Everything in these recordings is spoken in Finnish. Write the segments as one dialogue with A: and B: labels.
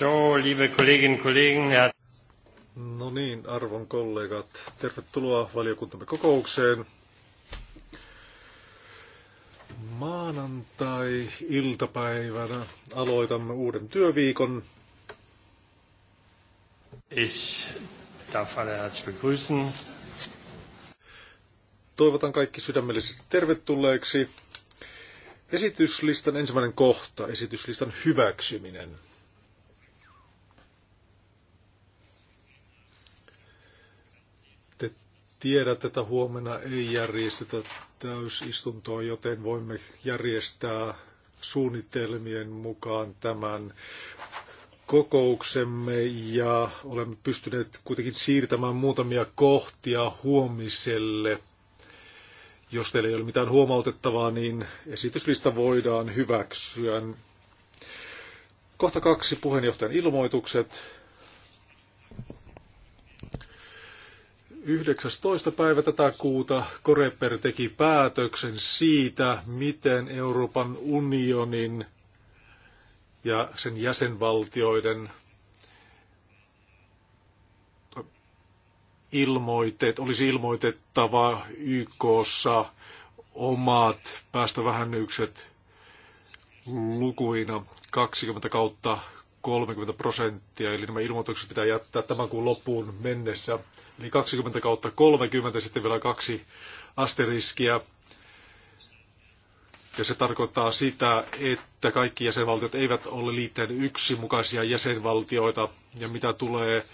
A: So, liebe Kolleginnen und Kollegen, ja.
B: No niin, arvon kollegat, tervetuloa valiokuntamme kokoukseen. Maanantai-iltapäivänä aloitamme uuden työviikon. Ich darf alle herzlich begrüßen. Toivotan kaikki sydämellisesti tervetulleeksi. Esityslistan ensimmäinen kohta, esityslistan hyväksyminen. tiedät, että huomenna ei järjestetä täysistuntoa, joten voimme järjestää suunnitelmien mukaan tämän kokouksemme ja olemme pystyneet kuitenkin siirtämään muutamia kohtia huomiselle. Jos teillä ei ole mitään huomautettavaa, niin esityslista voidaan hyväksyä. Kohta kaksi puheenjohtajan ilmoitukset. 19. päivä tätä kuuta Koreper teki päätöksen siitä, miten Euroopan unionin ja sen jäsenvaltioiden ilmoitet, olisi ilmoitettava YKssa omat päästövähennykset lukuina 20 kautta 30 prosenttia, eli nämä ilmoitukset pitää jättää tämän kuun loppuun mennessä. Eli 20 kautta 30 sitten vielä kaksi asteriskiä. Ja se tarkoittaa sitä, että kaikki jäsenvaltiot eivät ole liitteen yksi mukaisia jäsenvaltioita. Ja mitä tulee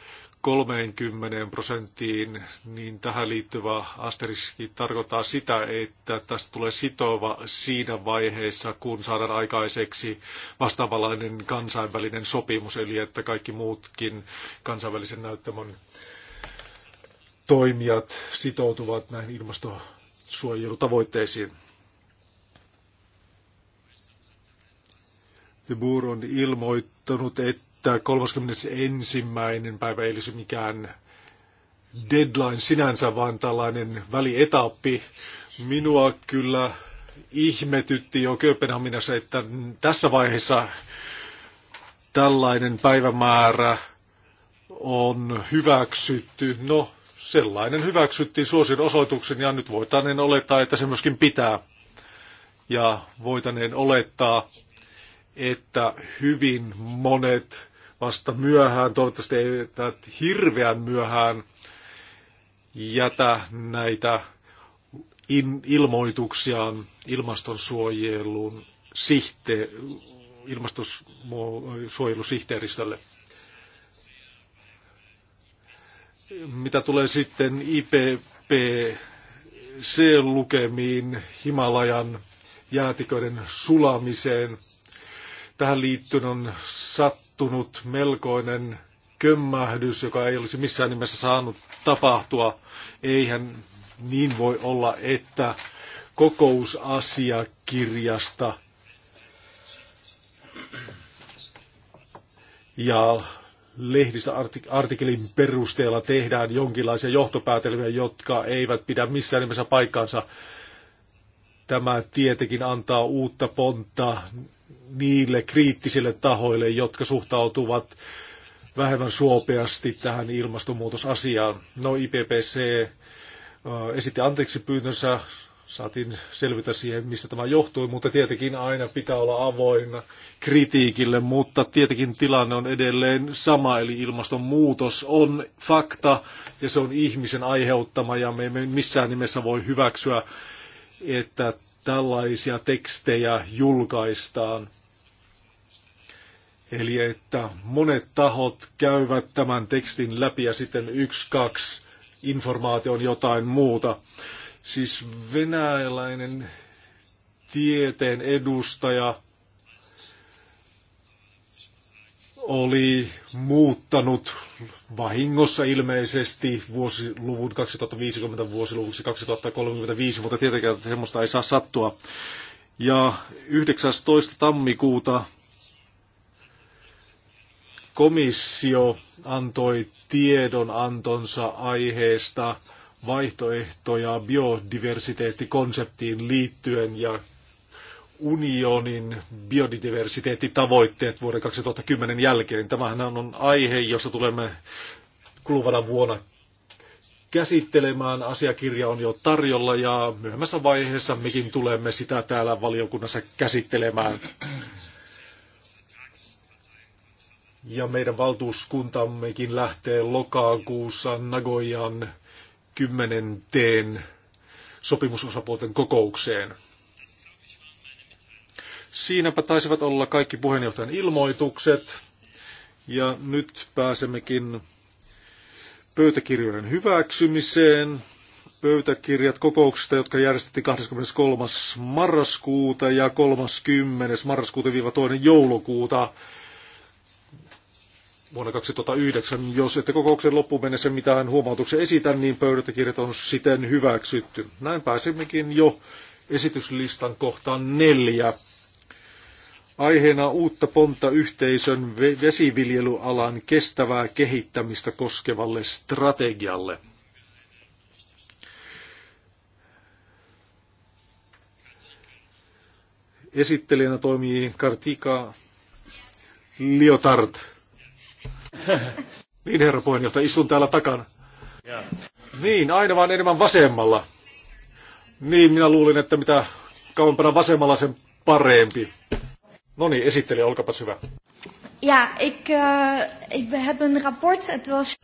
B: 30 prosenttiin, niin tähän liittyvä asteriski tarkoittaa sitä, että tästä tulee sitova siinä vaiheessa, kun saadaan aikaiseksi vastaavanlainen kansainvälinen sopimus, eli että kaikki muutkin kansainvälisen näyttämön toimijat sitoutuvat näihin ilmastosuojelutavoitteisiin. De Boer on ilmoittanut, että 31. päivä ei olisi mikään deadline sinänsä, vaan tällainen välietappi. Minua kyllä ihmetytti jo Kööpenhaminassa, että tässä vaiheessa tällainen päivämäärä on hyväksytty. No, sellainen hyväksyttiin suosin osoituksen ja nyt voitaneen olettaa, että se myöskin pitää. Ja voitaneen olettaa, että hyvin monet vasta myöhään, toivottavasti ei hirveän myöhään, jätä näitä in, ilmoituksiaan ilmastonsuojelun sihteerille ilmastonsuojelusihteeristölle. Mitä tulee sitten IPPC-lukemiin, Himalajan jäätiköiden sulamiseen, tähän liittyen on sattunut melkoinen kömmähdys, joka ei olisi missään nimessä saanut tapahtua. Eihän niin voi olla, että kokousasiakirjasta ja lehdistöartikkelin perusteella tehdään jonkinlaisia johtopäätelmiä, jotka eivät pidä missään nimessä paikkaansa. Tämä tietenkin antaa uutta pontta niille kriittisille tahoille, jotka suhtautuvat vähemmän suopeasti tähän ilmastonmuutosasiaan. No IPPC esitti anteeksi pyyntönsä saatiin selvitä siihen, mistä tämä johtui, mutta tietenkin aina pitää olla avoinna kritiikille, mutta tietenkin tilanne on edelleen sama, eli ilmastonmuutos on fakta ja se on ihmisen aiheuttama ja me emme missään nimessä voi hyväksyä, että tällaisia tekstejä julkaistaan. Eli että monet tahot käyvät tämän tekstin läpi ja sitten yksi, kaksi informaatio on jotain muuta. Siis venäläinen tieteen edustaja oli muuttanut vahingossa ilmeisesti vuosiluvun 2050 vuosiluvuksi 2035, mutta tietenkään semmoista ei saa sattua. Ja 19. tammikuuta komissio antoi tiedonantonsa aiheesta vaihtoehtoja biodiversiteettikonseptiin liittyen ja unionin biodiversiteettitavoitteet vuoden 2010 jälkeen. Tämähän on aihe, jossa tulemme kuluvana vuonna käsittelemään. Asiakirja on jo tarjolla ja myöhemmässä vaiheessa mekin tulemme sitä täällä valiokunnassa käsittelemään. Ja meidän valtuuskuntammekin lähtee lokakuussa Nagojan kymmenenteen sopimusosapuolten kokoukseen. Siinäpä taisivat olla kaikki puheenjohtajan ilmoitukset. Ja nyt pääsemmekin pöytäkirjojen hyväksymiseen. Pöytäkirjat kokouksista, jotka järjestettiin 23. marraskuuta ja 30. marraskuuta-2. joulukuuta vuonna 2009. Jos ette kokouksen loppuun mennessä mitään huomautuksia esitä, niin pöytäkirjat on siten hyväksytty. Näin pääsemmekin jo esityslistan kohtaan neljä. Aiheena uutta pontta yhteisön vesiviljelyalan kestävää kehittämistä koskevalle strategialle. Esittelijänä toimii Kartika Liotard niin, herra puheenjohtaja, istun täällä takana. Yeah. Niin, aina vaan enemmän vasemmalla. Niin, minä luulin, että mitä kauempana vasemmalla sen parempi. No niin, esitteli, olkapa hyvä. Ja, ik, uh, ik heb een rapport. Het was...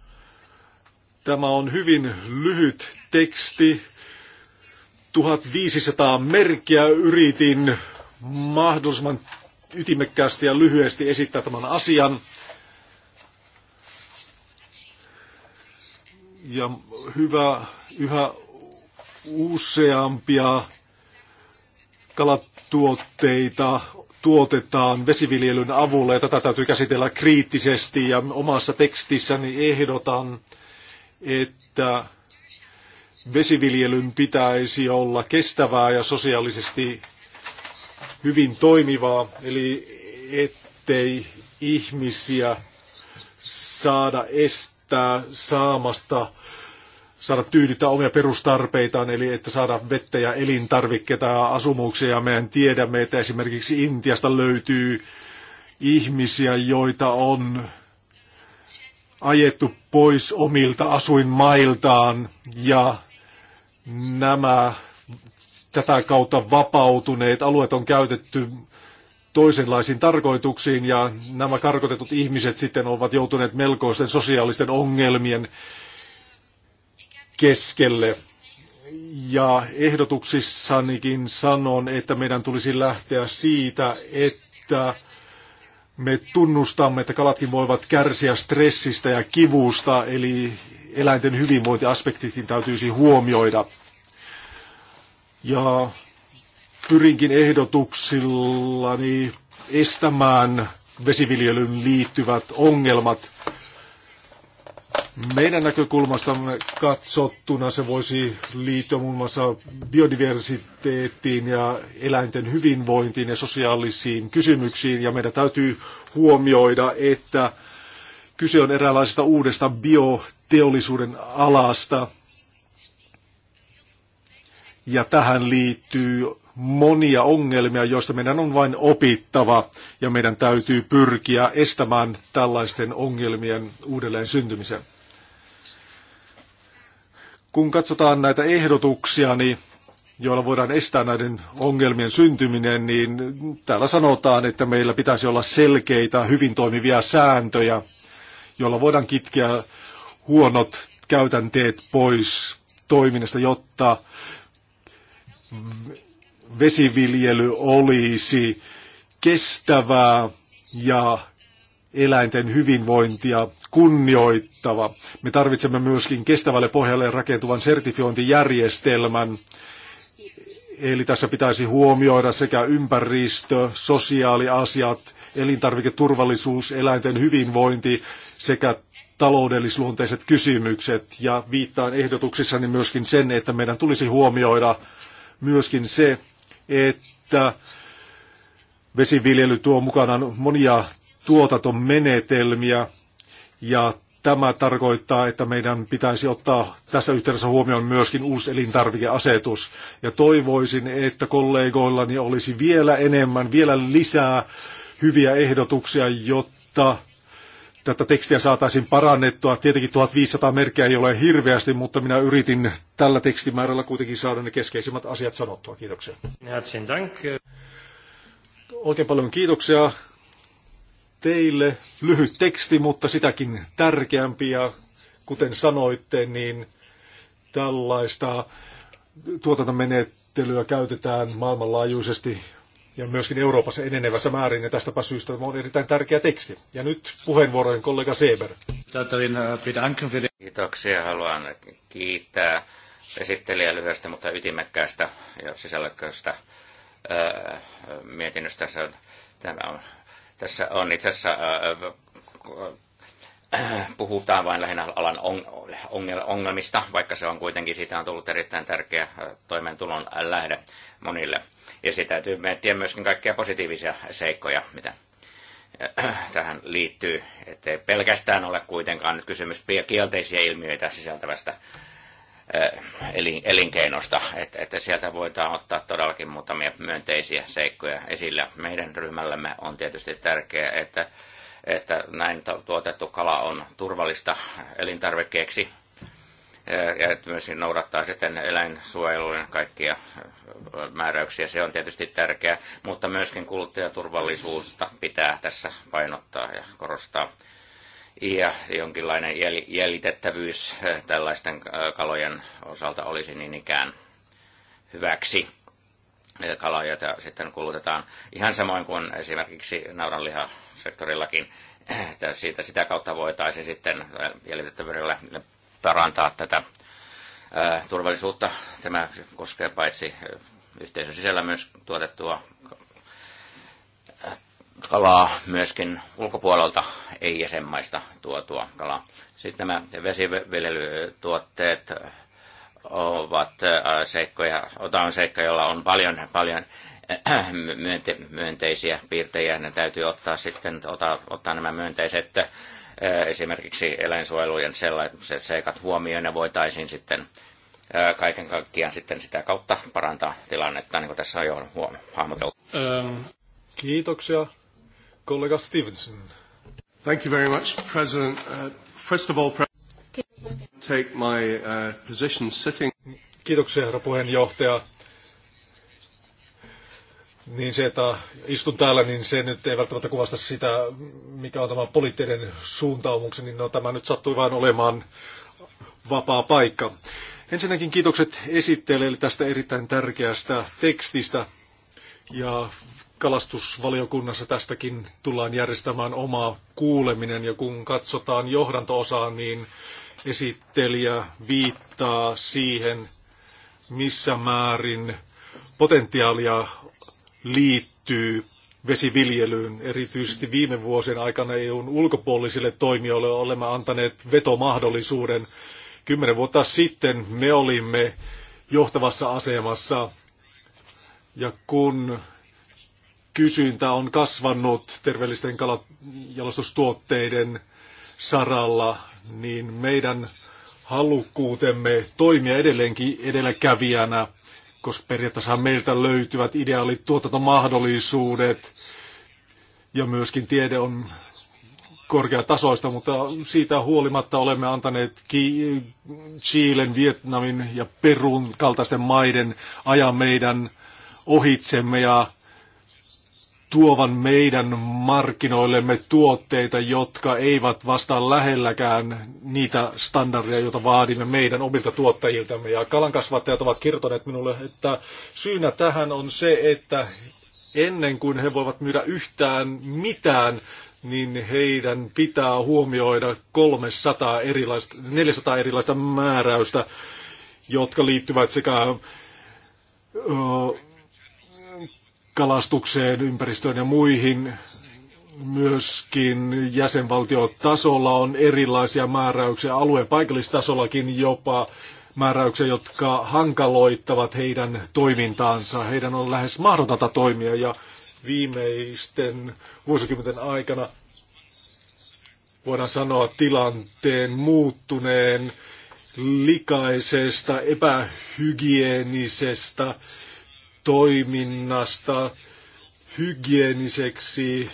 B: Tämä on hyvin lyhyt teksti. 1500 merkkiä yritin mahdollisimman ytimekkäästi ja lyhyesti esittää tämän asian. ja hyvä yhä useampia kalatuotteita tuotetaan vesiviljelyn avulla ja tätä täytyy käsitellä kriittisesti ja omassa tekstissäni ehdotan, että vesiviljelyn pitäisi olla kestävää ja sosiaalisesti hyvin toimivaa, eli ettei ihmisiä saada estää yrittää saamasta saada tyydyttää omia perustarpeitaan, eli että saada vettä ja elintarvikkeita ja asumuksia. Ja mehän tiedämme, että esimerkiksi Intiasta löytyy ihmisiä, joita on ajettu pois omilta asuinmailtaan ja nämä tätä kautta vapautuneet alueet on käytetty toisenlaisiin tarkoituksiin ja nämä karkotetut ihmiset sitten ovat joutuneet melkoisten sosiaalisten ongelmien keskelle. Ja ehdotuksissanikin sanon, että meidän tulisi lähteä siitä, että me tunnustamme, että kalatkin voivat kärsiä stressistä ja kivusta, eli eläinten hyvinvointiaspektitkin täytyisi huomioida. Ja pyrinkin ehdotuksillani estämään vesiviljelyyn liittyvät ongelmat. Meidän näkökulmastamme katsottuna se voisi liittyä muun muassa biodiversiteettiin ja eläinten hyvinvointiin ja sosiaalisiin kysymyksiin. Ja meidän täytyy huomioida, että kyse on eräänlaisesta uudesta bioteollisuuden alasta. Ja tähän liittyy monia ongelmia, joista meidän on vain opittava ja meidän täytyy pyrkiä estämään tällaisten ongelmien uudelleen syntymisen. Kun katsotaan näitä ehdotuksia, niin joilla voidaan estää näiden ongelmien syntyminen, niin täällä sanotaan, että meillä pitäisi olla selkeitä, hyvin toimivia sääntöjä, joilla voidaan kitkeä huonot käytänteet pois toiminnasta, jotta vesiviljely olisi kestävää ja eläinten hyvinvointia kunnioittava. Me tarvitsemme myöskin kestävälle pohjalle rakentuvan sertifiointijärjestelmän, Eli tässä pitäisi huomioida sekä ympäristö, sosiaaliasiat, elintarviketurvallisuus, eläinten hyvinvointi sekä taloudellisluonteiset kysymykset. Ja viittaan ehdotuksissani myöskin sen, että meidän tulisi huomioida myöskin se, että vesiviljely tuo mukanaan monia tuotantomenetelmiä ja tämä tarkoittaa, että meidän pitäisi ottaa tässä yhteydessä huomioon myöskin uusi elintarvikeasetus. Ja toivoisin, että kollegoillani olisi vielä enemmän, vielä lisää hyviä ehdotuksia, jotta tätä tekstiä saataisiin parannettua. Tietenkin 1500 merkkiä ei ole hirveästi, mutta minä yritin tällä tekstimäärällä kuitenkin saada ne keskeisimmät asiat sanottua. Kiitoksia. Oikein paljon kiitoksia teille. Lyhyt teksti, mutta sitäkin tärkeämpi ja kuten sanoitte, niin tällaista tuotantomenettelyä käytetään maailmanlaajuisesti ja myöskin Euroopassa enenevässä määrin, ja tästäpä syystä tämä on erittäin tärkeä teksti. Ja nyt puheenvuorojen kollega Seber.
A: Kiitoksia, haluan kiittää esittelijä lyhyestä, mutta ytimekkäästä ja sisällökkäistä mietinnöstä. tässä on, tämä on, tässä on itse asiassa puhutaan vain lähinnä alan ongelmista, vaikka se on kuitenkin siitä on tullut erittäin tärkeä toimeentulon lähde monille ja siitä täytyy miettiä myöskin kaikkia positiivisia seikkoja, mitä äh, tähän liittyy. Että pelkästään ole kuitenkaan nyt kysymys kielteisiä ilmiöitä sisältävästä äh, elinkeinosta, että, että sieltä voidaan ottaa todellakin muutamia myönteisiä seikkoja esillä. Meidän ryhmällämme on tietysti tärkeää, että, että näin tuotettu kala on turvallista elintarvikkeeksi ja että myös noudattaa sitten eläinsuojelun kaikkia määräyksiä. Se on tietysti tärkeää, mutta myöskin kuluttajaturvallisuutta pitää tässä painottaa ja korostaa. Ja jonkinlainen jäljitettävyys tällaisten kalojen osalta olisi niin ikään hyväksi kaloja, joita sitten kulutetaan. Ihan samoin kuin esimerkiksi naudanlihasektorillakin, että siitä, sitä kautta voitaisiin sitten jäljitettävyydellä parantaa tätä turvallisuutta. Tämä koskee paitsi yhteisön sisällä myös tuotettua kalaa myöskin ulkopuolelta ei jäsenmaista tuotua kalaa. Sitten nämä vesiviljelytuotteet ovat seikkoja, otan seikka, jolla on paljon, paljon äh, myönteisiä piirtejä. Ne täytyy ottaa sitten, ottaa, ottaa nämä myönteiset Äh, esimerkiksi eläinsuojelujen sellaiset seikat huomioon ja voitaisiin sitten äh, kaiken kaikkiaan sitten sitä kautta parantaa tilannetta, niin kuin tässä on jo hahmoteltu.
B: Ähm, kiitoksia, kollega Stevenson. Thank you very much, President. Uh, first of all, President, take my uh, position sitting. Kiitoksia, herra puheenjohtaja niin se, että istun täällä, niin se nyt ei välttämättä kuvasta sitä, mikä on tämä poliittinen suuntaumuksen, niin no tämä nyt sattui vain olemaan vapaa paikka. Ensinnäkin kiitokset esittelijälle tästä erittäin tärkeästä tekstistä ja kalastusvaliokunnassa tästäkin tullaan järjestämään oma kuuleminen ja kun katsotaan johdantoosaa, niin esittelijä viittaa siihen, missä määrin potentiaalia liittyy vesiviljelyyn. Erityisesti viime vuosien aikana EUn ulkopuolisille toimijoille olemme antaneet vetomahdollisuuden. Kymmenen vuotta sitten me olimme johtavassa asemassa ja kun kysyntä on kasvanut terveellisten kalajalostustuotteiden saralla, niin meidän halukkuutemme toimia edelleenkin edelläkävijänä – koska periaatteessa meiltä löytyvät ideaalit tuotantomahdollisuudet ja myöskin tiede on korkeatasoista, mutta siitä huolimatta olemme antaneet Chilen, Vietnamin ja Perun kaltaisten maiden ajan meidän ohitsemme ja tuovan meidän markkinoillemme tuotteita, jotka eivät vastaa lähelläkään niitä standardeja, joita vaadimme meidän omilta tuottajiltamme. Ja kalankasvattajat ovat kertoneet minulle, että syynä tähän on se, että ennen kuin he voivat myydä yhtään mitään, niin heidän pitää huomioida 300 erilaista, 400 erilaista määräystä, jotka liittyvät sekä öö, kalastukseen, ympäristöön ja muihin. Myöskin jäsenvaltiotasolla on erilaisia määräyksiä, alueen paikallistasollakin jopa määräyksiä, jotka hankaloittavat heidän toimintaansa. Heidän on lähes mahdotonta toimia ja viimeisten vuosikymmenten aikana voidaan sanoa tilanteen muuttuneen likaisesta, epähygienisestä toiminnasta hygieniseksi,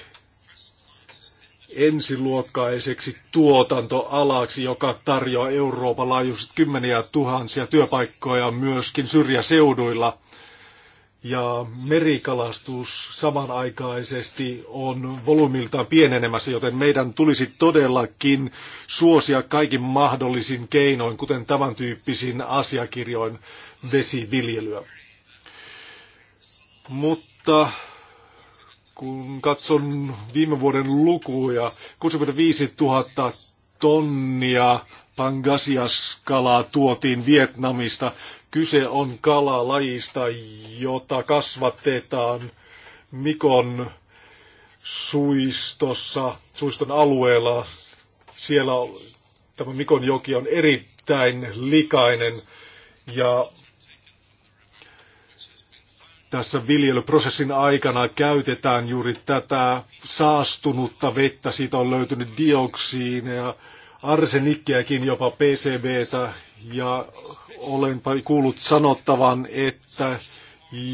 B: ensiluokkaiseksi tuotantoalaksi, joka tarjoaa Euroopan laajuisesti kymmeniä tuhansia työpaikkoja myöskin syrjäseuduilla. Ja merikalastus samanaikaisesti on volyymiltaan pienenemässä, joten meidän tulisi todellakin suosia kaikin mahdollisin keinoin, kuten tämän tyyppisin asiakirjoin vesiviljelyä. Mutta kun katson viime vuoden lukuja, 65 000 tonnia pangasiaskalaa tuotiin Vietnamista. Kyse on kalalajista, jota kasvatetaan Mikon suistossa, suiston alueella. Siellä tämä Mikon joki on erittäin likainen ja tässä viljelyprosessin aikana käytetään juuri tätä saastunutta vettä. Siitä on löytynyt dioksiineja, arsenikkiäkin, jopa PCBtä. Ja olen kuullut sanottavan, että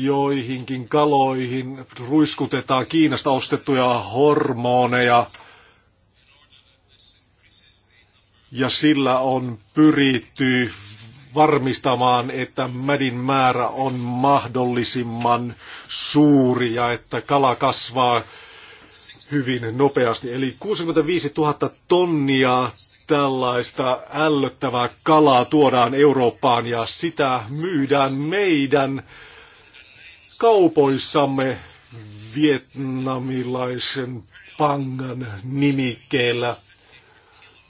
B: joihinkin kaloihin ruiskutetaan Kiinasta ostettuja hormoneja. Ja sillä on pyritty varmistamaan, että mädin määrä on mahdollisimman suuri ja että kala kasvaa hyvin nopeasti. Eli 65 000 tonnia tällaista ällöttävää kalaa tuodaan Eurooppaan ja sitä myydään meidän kaupoissamme vietnamilaisen pangan nimikkeellä.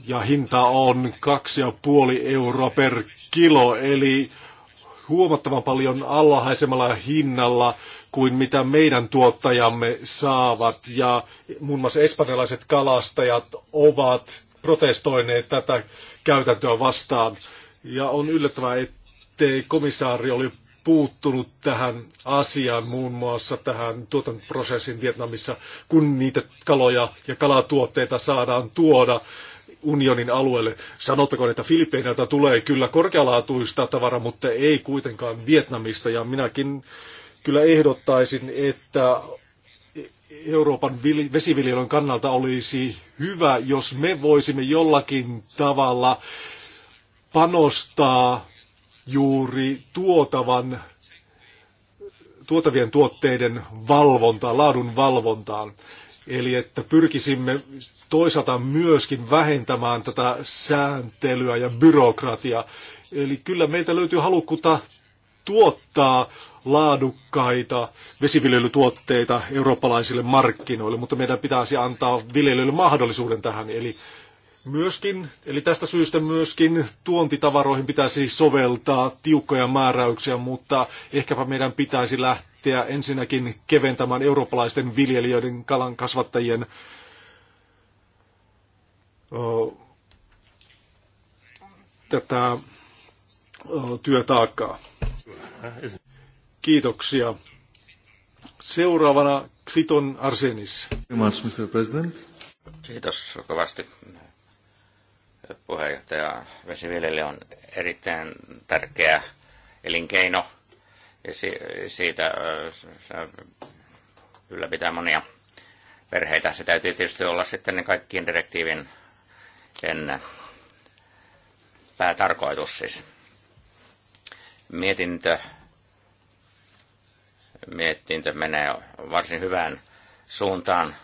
B: Ja hinta on 2,5 euroa per kilo, eli huomattavan paljon alhaisemmalla hinnalla kuin mitä meidän tuottajamme saavat. Ja muun muassa espanjalaiset kalastajat ovat protestoineet tätä käytäntöä vastaan. Ja on yllättävää, ettei komissaari oli puuttunut tähän asiaan, muun muassa tähän tuotantoprosessin Vietnamissa, kun niitä kaloja ja kalatuotteita saadaan tuoda unionin alueelle. Sanottakoon, että Filippiineiltä tulee kyllä korkealaatuista tavaraa, mutta ei kuitenkaan Vietnamista. Ja minäkin kyllä ehdottaisin, että Euroopan vesiviljelyn kannalta olisi hyvä, jos me voisimme jollakin tavalla panostaa juuri tuotavan, tuotavien tuotteiden valvontaan, laadun valvontaan. Eli että pyrkisimme toisaalta myöskin vähentämään tätä sääntelyä ja byrokratiaa. Eli kyllä meiltä löytyy halukkuutta tuottaa laadukkaita vesiviljelytuotteita eurooppalaisille markkinoille, mutta meidän pitäisi antaa viljelijöille mahdollisuuden tähän. Eli myöskin, eli tästä syystä myöskin tuontitavaroihin pitäisi soveltaa tiukkoja määräyksiä, mutta ehkäpä meidän pitäisi lähteä lähteä ensinnäkin keventämään eurooppalaisten viljelijöiden, kalan kasvattajien tätä työtaakkaa. Kiitoksia. Seuraavana Kriton Arsenis.
A: Kiitos kovasti. Puheenjohtaja vesiviljely on erittäin tärkeä elinkeino siitä ylläpitää monia perheitä. Se täytyy tietysti olla sitten kaikkien direktiivin ennen päätarkoitus siis. Mietintö, mietintö menee varsin hyvään suuntaan.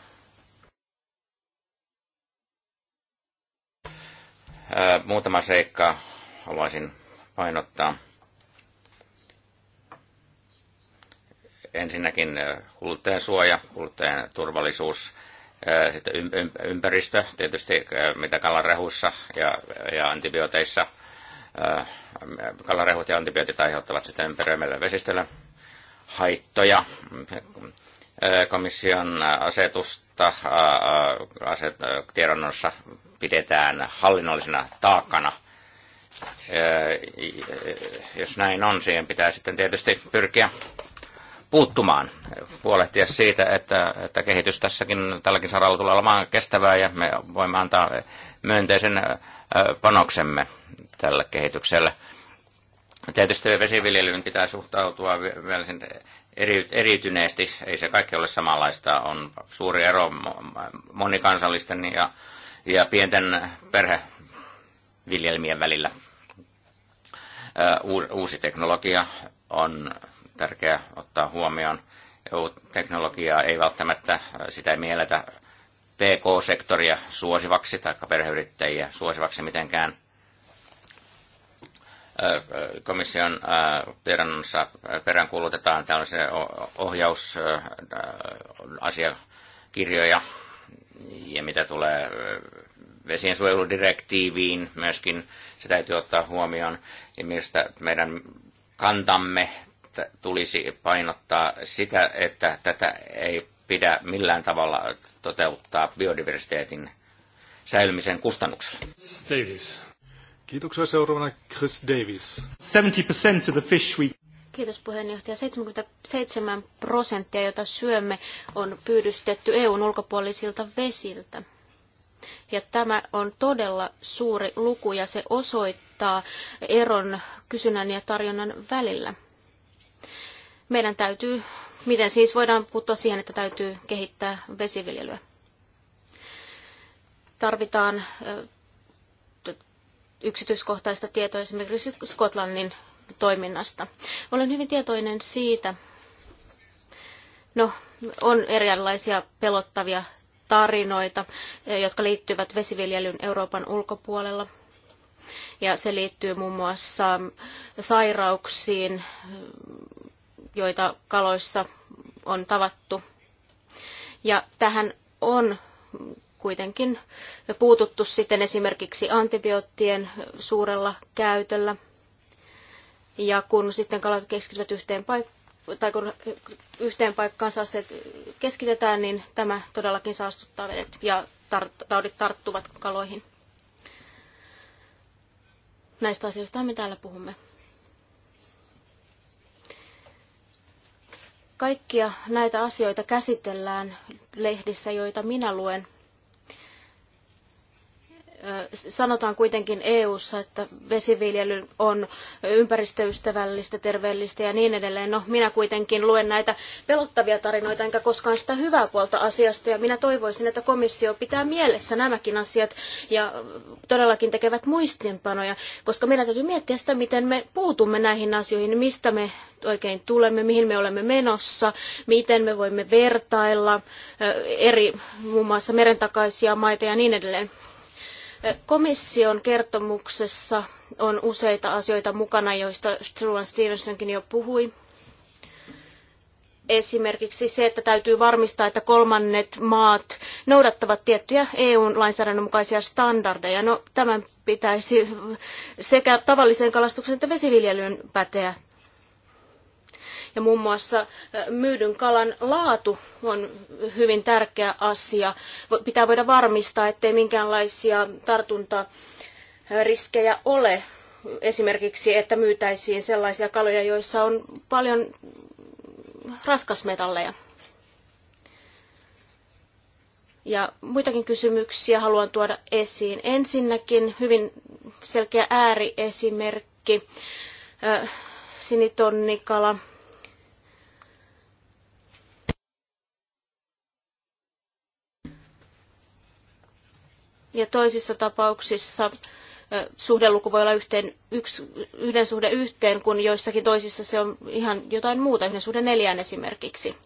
A: Muutama seikka haluaisin painottaa. Ensinnäkin äh, kuluttajan suoja, kuluttajan turvallisuus, äh, sitten ympäristö, tietysti äh, mitä kalarehuissa ja, ja antibiooteissa, kalarehut ja antibiootit aiheuttavat sitten ympäröimällä vesistöllä haittoja. Komission asetusta aset, tiedonnossa pidetään hallinnollisena taakkana. Jos näin on, siihen pitää sitten tietysti pyrkiä puuttumaan, huolehtia siitä, että, että kehitys tässäkin tälläkin saralla tulee olemaan kestävää ja me voimme antaa myönteisen panoksemme tälle kehitykselle. Tietysti vesiviljelyyn pitää suhtautua vielä sen eriytyneesti, ei se kaikki ole samanlaista, on suuri ero monikansallisten ja, ja pienten perheviljelmien välillä. Uusi teknologia on tärkeää ottaa huomioon. EU-teknologiaa ei välttämättä, äh, sitä ei mielletä PK-sektoria suosivaksi tai perheyrittäjiä suosivaksi mitenkään. Äh, äh, komission tiedonnossa peräänkuulutetaan tällaisia ohjausasiakirjoja ja mitä tulee vesiensuojeludirektiiviin myöskin, se täytyy ottaa huomioon. Ja mistä meidän kantamme tulisi painottaa sitä, että tätä ei pidä millään tavalla toteuttaa biodiversiteetin säilymisen kustannuksella. Davis. Kiitoksia seuraavana Chris Davis. 70% of the fish we...
C: Kiitos puheenjohtaja. 77 prosenttia, jota syömme, on pyydystetty EUn ulkopuolisilta vesiltä. Ja tämä on todella suuri luku ja se osoittaa eron kysynnän ja tarjonnan välillä. Meidän täytyy, miten siis voidaan puuttua siihen, että täytyy kehittää vesiviljelyä. Tarvitaan yksityiskohtaista tietoa esimerkiksi Skotlannin toiminnasta. Olen hyvin tietoinen siitä, no on erilaisia pelottavia tarinoita, jotka liittyvät vesiviljelyyn Euroopan ulkopuolella. Ja se liittyy muun muassa sairauksiin, joita kaloissa on tavattu. Ja tähän on kuitenkin puututtu sitten esimerkiksi antibioottien suurella käytöllä. Ja kun sitten kalat keskityt yhteen paikkaan, tai kun yhteen paikkaan saasteet keskitetään, niin tämä todellakin saastuttaa vedet ja taudit tarttuvat kaloihin. Näistä asioista me täällä puhumme. Kaikkia näitä asioita käsitellään lehdissä, joita minä luen, sanotaan kuitenkin EU:ssa, että vesiviljely on ympäristöystävällistä, terveellistä ja niin edelleen. No, minä kuitenkin luen näitä pelottavia tarinoita, enkä koskaan sitä hyvää puolta asiasta, ja minä toivoisin, että komissio pitää mielessä nämäkin asiat ja todellakin tekevät muistinpanoja, koska meidän täytyy miettiä sitä, miten me puutumme näihin asioihin, mistä me oikein tulemme, mihin me olemme menossa, miten me voimme vertailla eri muun muassa merentakaisia maita ja niin edelleen. Komission kertomuksessa on useita asioita mukana, joista Struan Stevensonkin jo puhui. Esimerkiksi se, että täytyy varmistaa, että kolmannet maat noudattavat tiettyjä EU-lainsäädännön mukaisia standardeja. No, tämän pitäisi sekä tavalliseen kalastukseen että vesiviljelyyn päteä ja muun muassa äh, myydyn kalan laatu on hyvin tärkeä asia. Pitää voida varmistaa, ettei minkäänlaisia tartuntariskejä äh, ole. Esimerkiksi, että myytäisiin sellaisia kaloja, joissa on paljon raskasmetalleja. Ja muitakin kysymyksiä haluan tuoda esiin. Ensinnäkin hyvin selkeä ääriesimerkki, äh, sinitonnikala. ja toisissa tapauksissa suhdeluku voi olla yhteen, yksi, yhden suhde yhteen, kun joissakin toisissa se on ihan jotain muuta, yhden suhde neljään esimerkiksi.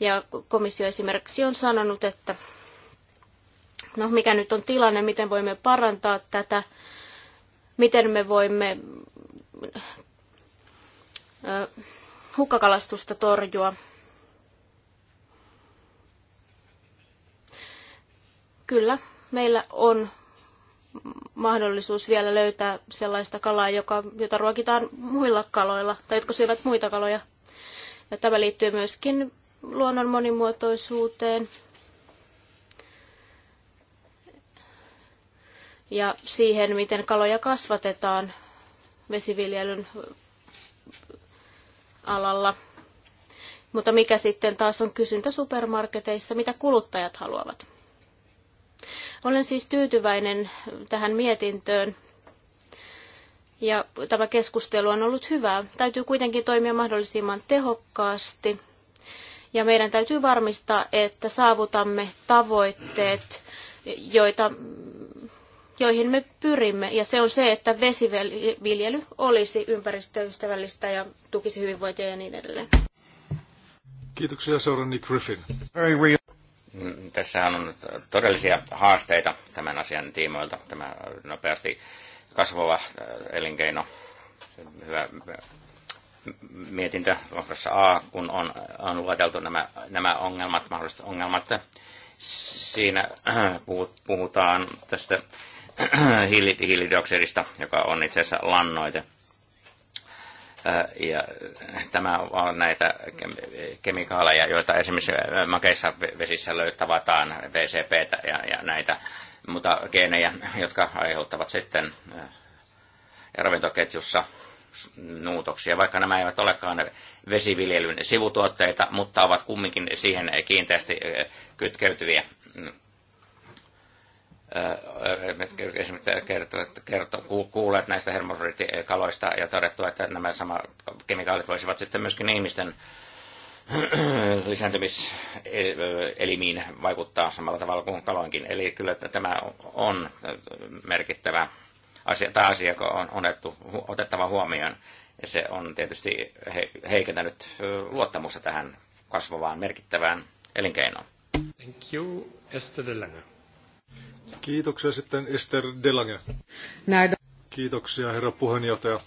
C: Ja komissio esimerkiksi on sanonut, että no mikä nyt on tilanne, miten voimme parantaa tätä, miten me voimme hukkakalastusta torjua. Kyllä, meillä on mahdollisuus vielä löytää sellaista kalaa, joka, jota ruokitaan muilla kaloilla tai jotka syövät muita kaloja. Ja tämä liittyy myöskin luonnon monimuotoisuuteen ja siihen, miten kaloja kasvatetaan vesiviljelyn alalla. Mutta mikä sitten taas on kysyntä supermarketeissa, mitä kuluttajat haluavat? Olen siis tyytyväinen tähän mietintöön ja tämä keskustelu on ollut hyvää. Täytyy kuitenkin toimia mahdollisimman tehokkaasti ja meidän täytyy varmistaa, että saavutamme tavoitteet, joita, joihin me pyrimme. Ja se on se, että vesiviljely olisi ympäristöystävällistä ja tukisi hyvinvointia ja niin edelleen.
B: Kiitoksia seurani Griffin.
A: Tässä on todellisia haasteita tämän asian tiimoilta. Tämä nopeasti kasvava äh, elinkeino, hyvä äh, mietintö kohdassa A, kun on, on luoteltu nämä, nämä ongelmat, mahdolliset ongelmat. Siinä äh, puhutaan tästä hiilidioksidista, joka on itse asiassa lannoite ja tämä on näitä kemikaaleja, joita esimerkiksi makeissa vesissä löytävataan, VCP ja, ja näitä mutta geenejä, jotka aiheuttavat sitten ravintoketjussa muutoksia, vaikka nämä eivät olekaan vesiviljelyn sivutuotteita, mutta ovat kumminkin siihen kiinteästi kytkeytyviä esimerkiksi kertovat, kuulleet näistä hermofriitikaloista ja todettu, että nämä samat kemikaalit voisivat sitten myöskin ihmisten lisääntymiselimiin vaikuttaa samalla tavalla kuin kaloinkin. Eli kyllä tämä on merkittävä asia, tämä asia joka on otettu, otettava huomioon. Ja se on tietysti heikentänyt luottamusta tähän kasvavaan merkittävään elinkeinoon. Thank you, Esther Lange. Kiitoksia sitten Esther Delange. Näin.
B: Kiitoksia herra puheenjohtaja.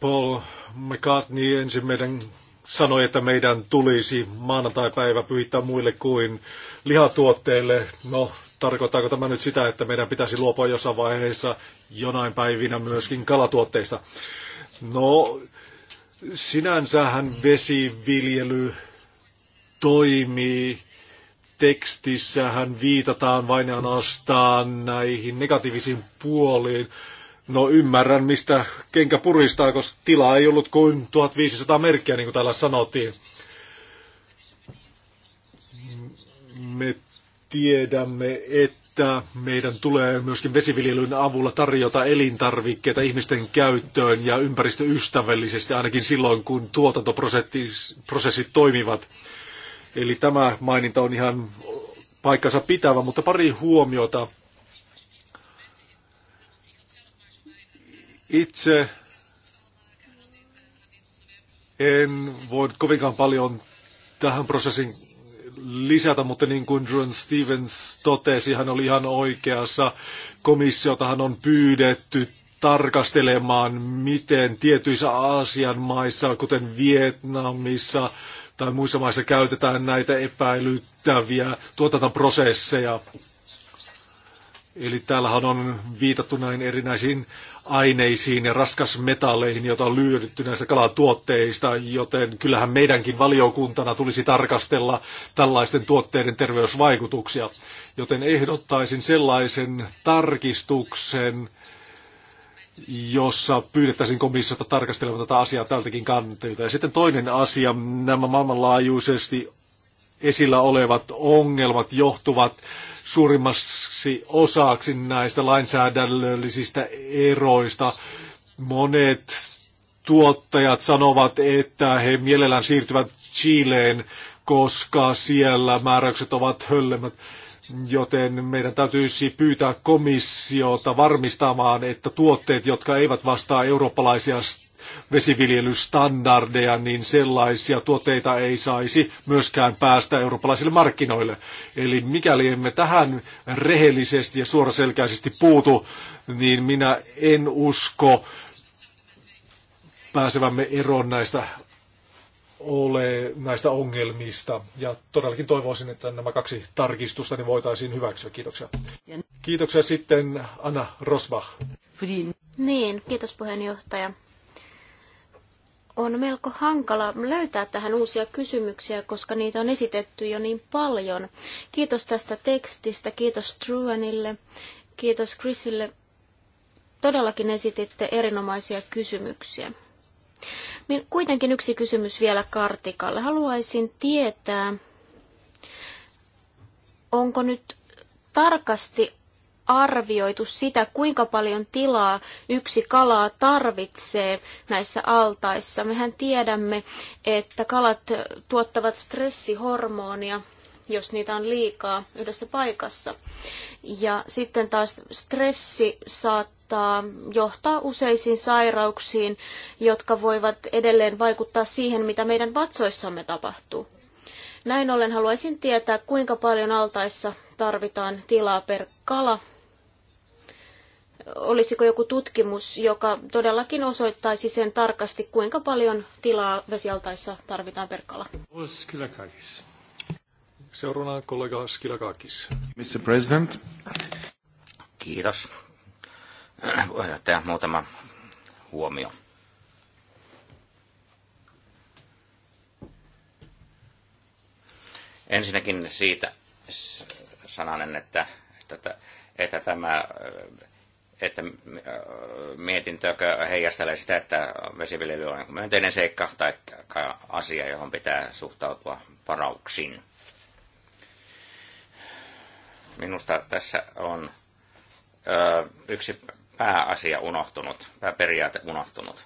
B: Paul McCartney ensin meidän sanoi, että meidän tulisi maanantai-päivä pyhittää muille kuin lihatuotteille. No, tarkoittaako tämä nyt sitä, että meidän pitäisi luopua jossain vaiheessa jonain päivinä myöskin kalatuotteista? No, sinänsähän vesiviljely toimii tekstissähän viitataan vain ainoastaan näihin negatiivisiin puoliin. No ymmärrän, mistä kenkä puristaa, koska tila ei ollut kuin 1500 merkkiä, niin kuin täällä sanottiin. Me tiedämme, että meidän tulee myöskin vesiviljelyn avulla tarjota elintarvikkeita ihmisten käyttöön ja ympäristöystävällisesti, ainakin silloin, kun tuotantoprosessit toimivat. Eli tämä maininta on ihan paikkansa pitävä, mutta pari huomiota. Itse en voi kovinkaan paljon tähän prosessin lisätä, mutta niin kuin John Stevens totesi, hän oli ihan oikeassa. Komissiotahan on pyydetty tarkastelemaan, miten tietyissä Aasian maissa, kuten Vietnamissa, tai muissa maissa käytetään näitä epäilyttäviä tuotantoprosesseja. Eli täällähän on viitattu näin erinäisiin aineisiin ja raskasmetalleihin, joita on lyödytty näistä kalatuotteista, joten kyllähän meidänkin valiokuntana tulisi tarkastella tällaisten tuotteiden terveysvaikutuksia. Joten ehdottaisin sellaisen tarkistuksen, jossa pyydettäisiin komissiota tarkastelemaan tätä asiaa tältäkin kantilta. Ja sitten toinen asia, nämä maailmanlaajuisesti esillä olevat ongelmat johtuvat suurimmaksi osaksi näistä lainsäädännöllisistä eroista. Monet tuottajat sanovat, että he mielellään siirtyvät Chileen, koska siellä määräykset ovat höllemmät joten meidän täytyisi pyytää komissiota varmistamaan, että tuotteet, jotka eivät vastaa eurooppalaisia vesiviljelystandardeja, niin sellaisia tuotteita ei saisi myöskään päästä eurooppalaisille markkinoille. Eli mikäli emme tähän rehellisesti ja suoraselkäisesti puutu, niin minä en usko pääsevämme eroon näistä ole näistä ongelmista. Ja todellakin toivoisin, että nämä kaksi tarkistusta niin voitaisiin hyväksyä. Kiitoksia. Kiitoksia sitten Anna Rosbach.
C: Niin, kiitos puheenjohtaja. On melko hankala löytää tähän uusia kysymyksiä, koska niitä on esitetty jo niin paljon. Kiitos tästä tekstistä, kiitos Truanille, kiitos Chrisille. Todellakin esititte erinomaisia kysymyksiä. Kuitenkin yksi kysymys vielä Kartikalle. Haluaisin tietää, onko nyt tarkasti arvioitu sitä, kuinka paljon tilaa yksi kalaa tarvitsee näissä altaissa. Mehän tiedämme, että kalat tuottavat stressihormonia, jos niitä on liikaa yhdessä paikassa. Ja sitten taas stressi saattaa tota, johtaa useisiin sairauksiin, jotka voivat edelleen vaikuttaa siihen, mitä meidän vatsoissamme tapahtuu. Näin ollen haluaisin tietää, kuinka paljon altaissa tarvitaan tilaa per kala. Olisiko joku tutkimus, joka todellakin osoittaisi sen tarkasti, kuinka paljon tilaa vesialtaissa tarvitaan per kala?
B: Seuraavana kollega Skilakakis.
A: Mr. President. Kiitos Puheenjohtaja, muutama huomio. Ensinnäkin siitä sananen, että, että, että tämä että äh, mietintö heijastelee sitä, että vesiviljely on myönteinen seikka tai asia, johon pitää suhtautua varauksin. Minusta tässä on äh, yksi pääasia unohtunut, pääperiaate unohtunut.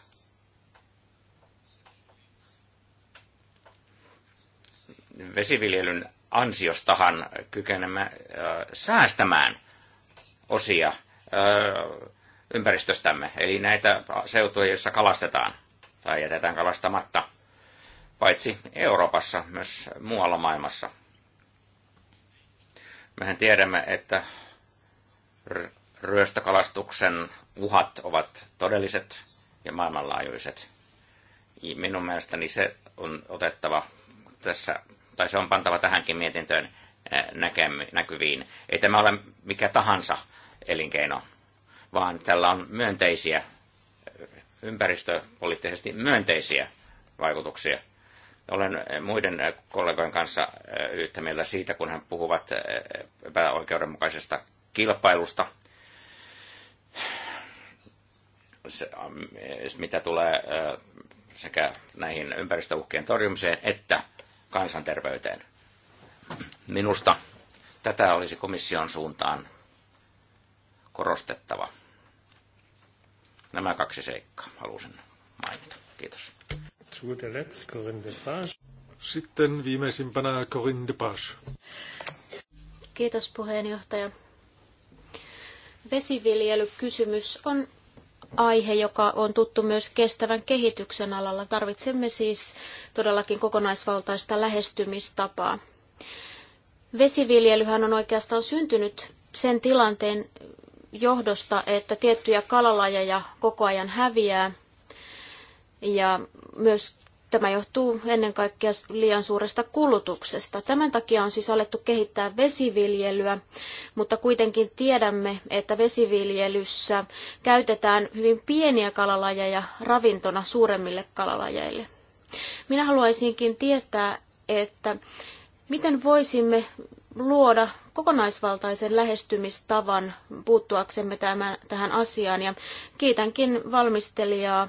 A: Vesiviljelyn ansiostahan kykenemme säästämään osia ympäristöstämme, eli näitä seutuja, joissa kalastetaan tai jätetään kalastamatta, paitsi Euroopassa, myös muualla maailmassa. Mehän tiedämme, että ryöstökalastuksen uhat ovat todelliset ja maailmanlaajuiset. Minun mielestäni se on otettava tässä, tai se on pantava tähänkin mietintöön eh, näkyviin. Ei tämä ole mikä tahansa elinkeino, vaan tällä on myönteisiä, eh, ympäristöpoliittisesti myönteisiä vaikutuksia. Olen eh, muiden kollegojen kanssa yhtä mieltä siitä, kun he puhuvat epäoikeudenmukaisesta kilpailusta – se, ähm, mitä tulee äh, sekä näihin ympäristöuhkien torjumiseen että kansanterveyteen. Minusta tätä olisi komission suuntaan korostettava. Nämä kaksi seikkaa halusin mainita. Kiitos.
B: Sitten viimeisimpänä Corinne De Page.
C: Kiitos puheenjohtaja. Vesiviljelykysymys on aihe, joka on tuttu myös kestävän kehityksen alalla. Tarvitsemme siis todellakin kokonaisvaltaista lähestymistapaa. Vesiviljelyhän on oikeastaan syntynyt sen tilanteen johdosta, että tiettyjä kalalajeja koko ajan häviää ja myös Tämä johtuu ennen kaikkea liian suuresta kulutuksesta. Tämän takia on siis alettu kehittää vesiviljelyä, mutta kuitenkin tiedämme, että vesiviljelyssä käytetään hyvin pieniä kalalajeja ravintona suuremmille kalalajeille. Minä haluaisinkin tietää, että miten voisimme luoda kokonaisvaltaisen lähestymistavan puuttuaksemme tämän, tähän asiaan ja kiitänkin valmistelijaa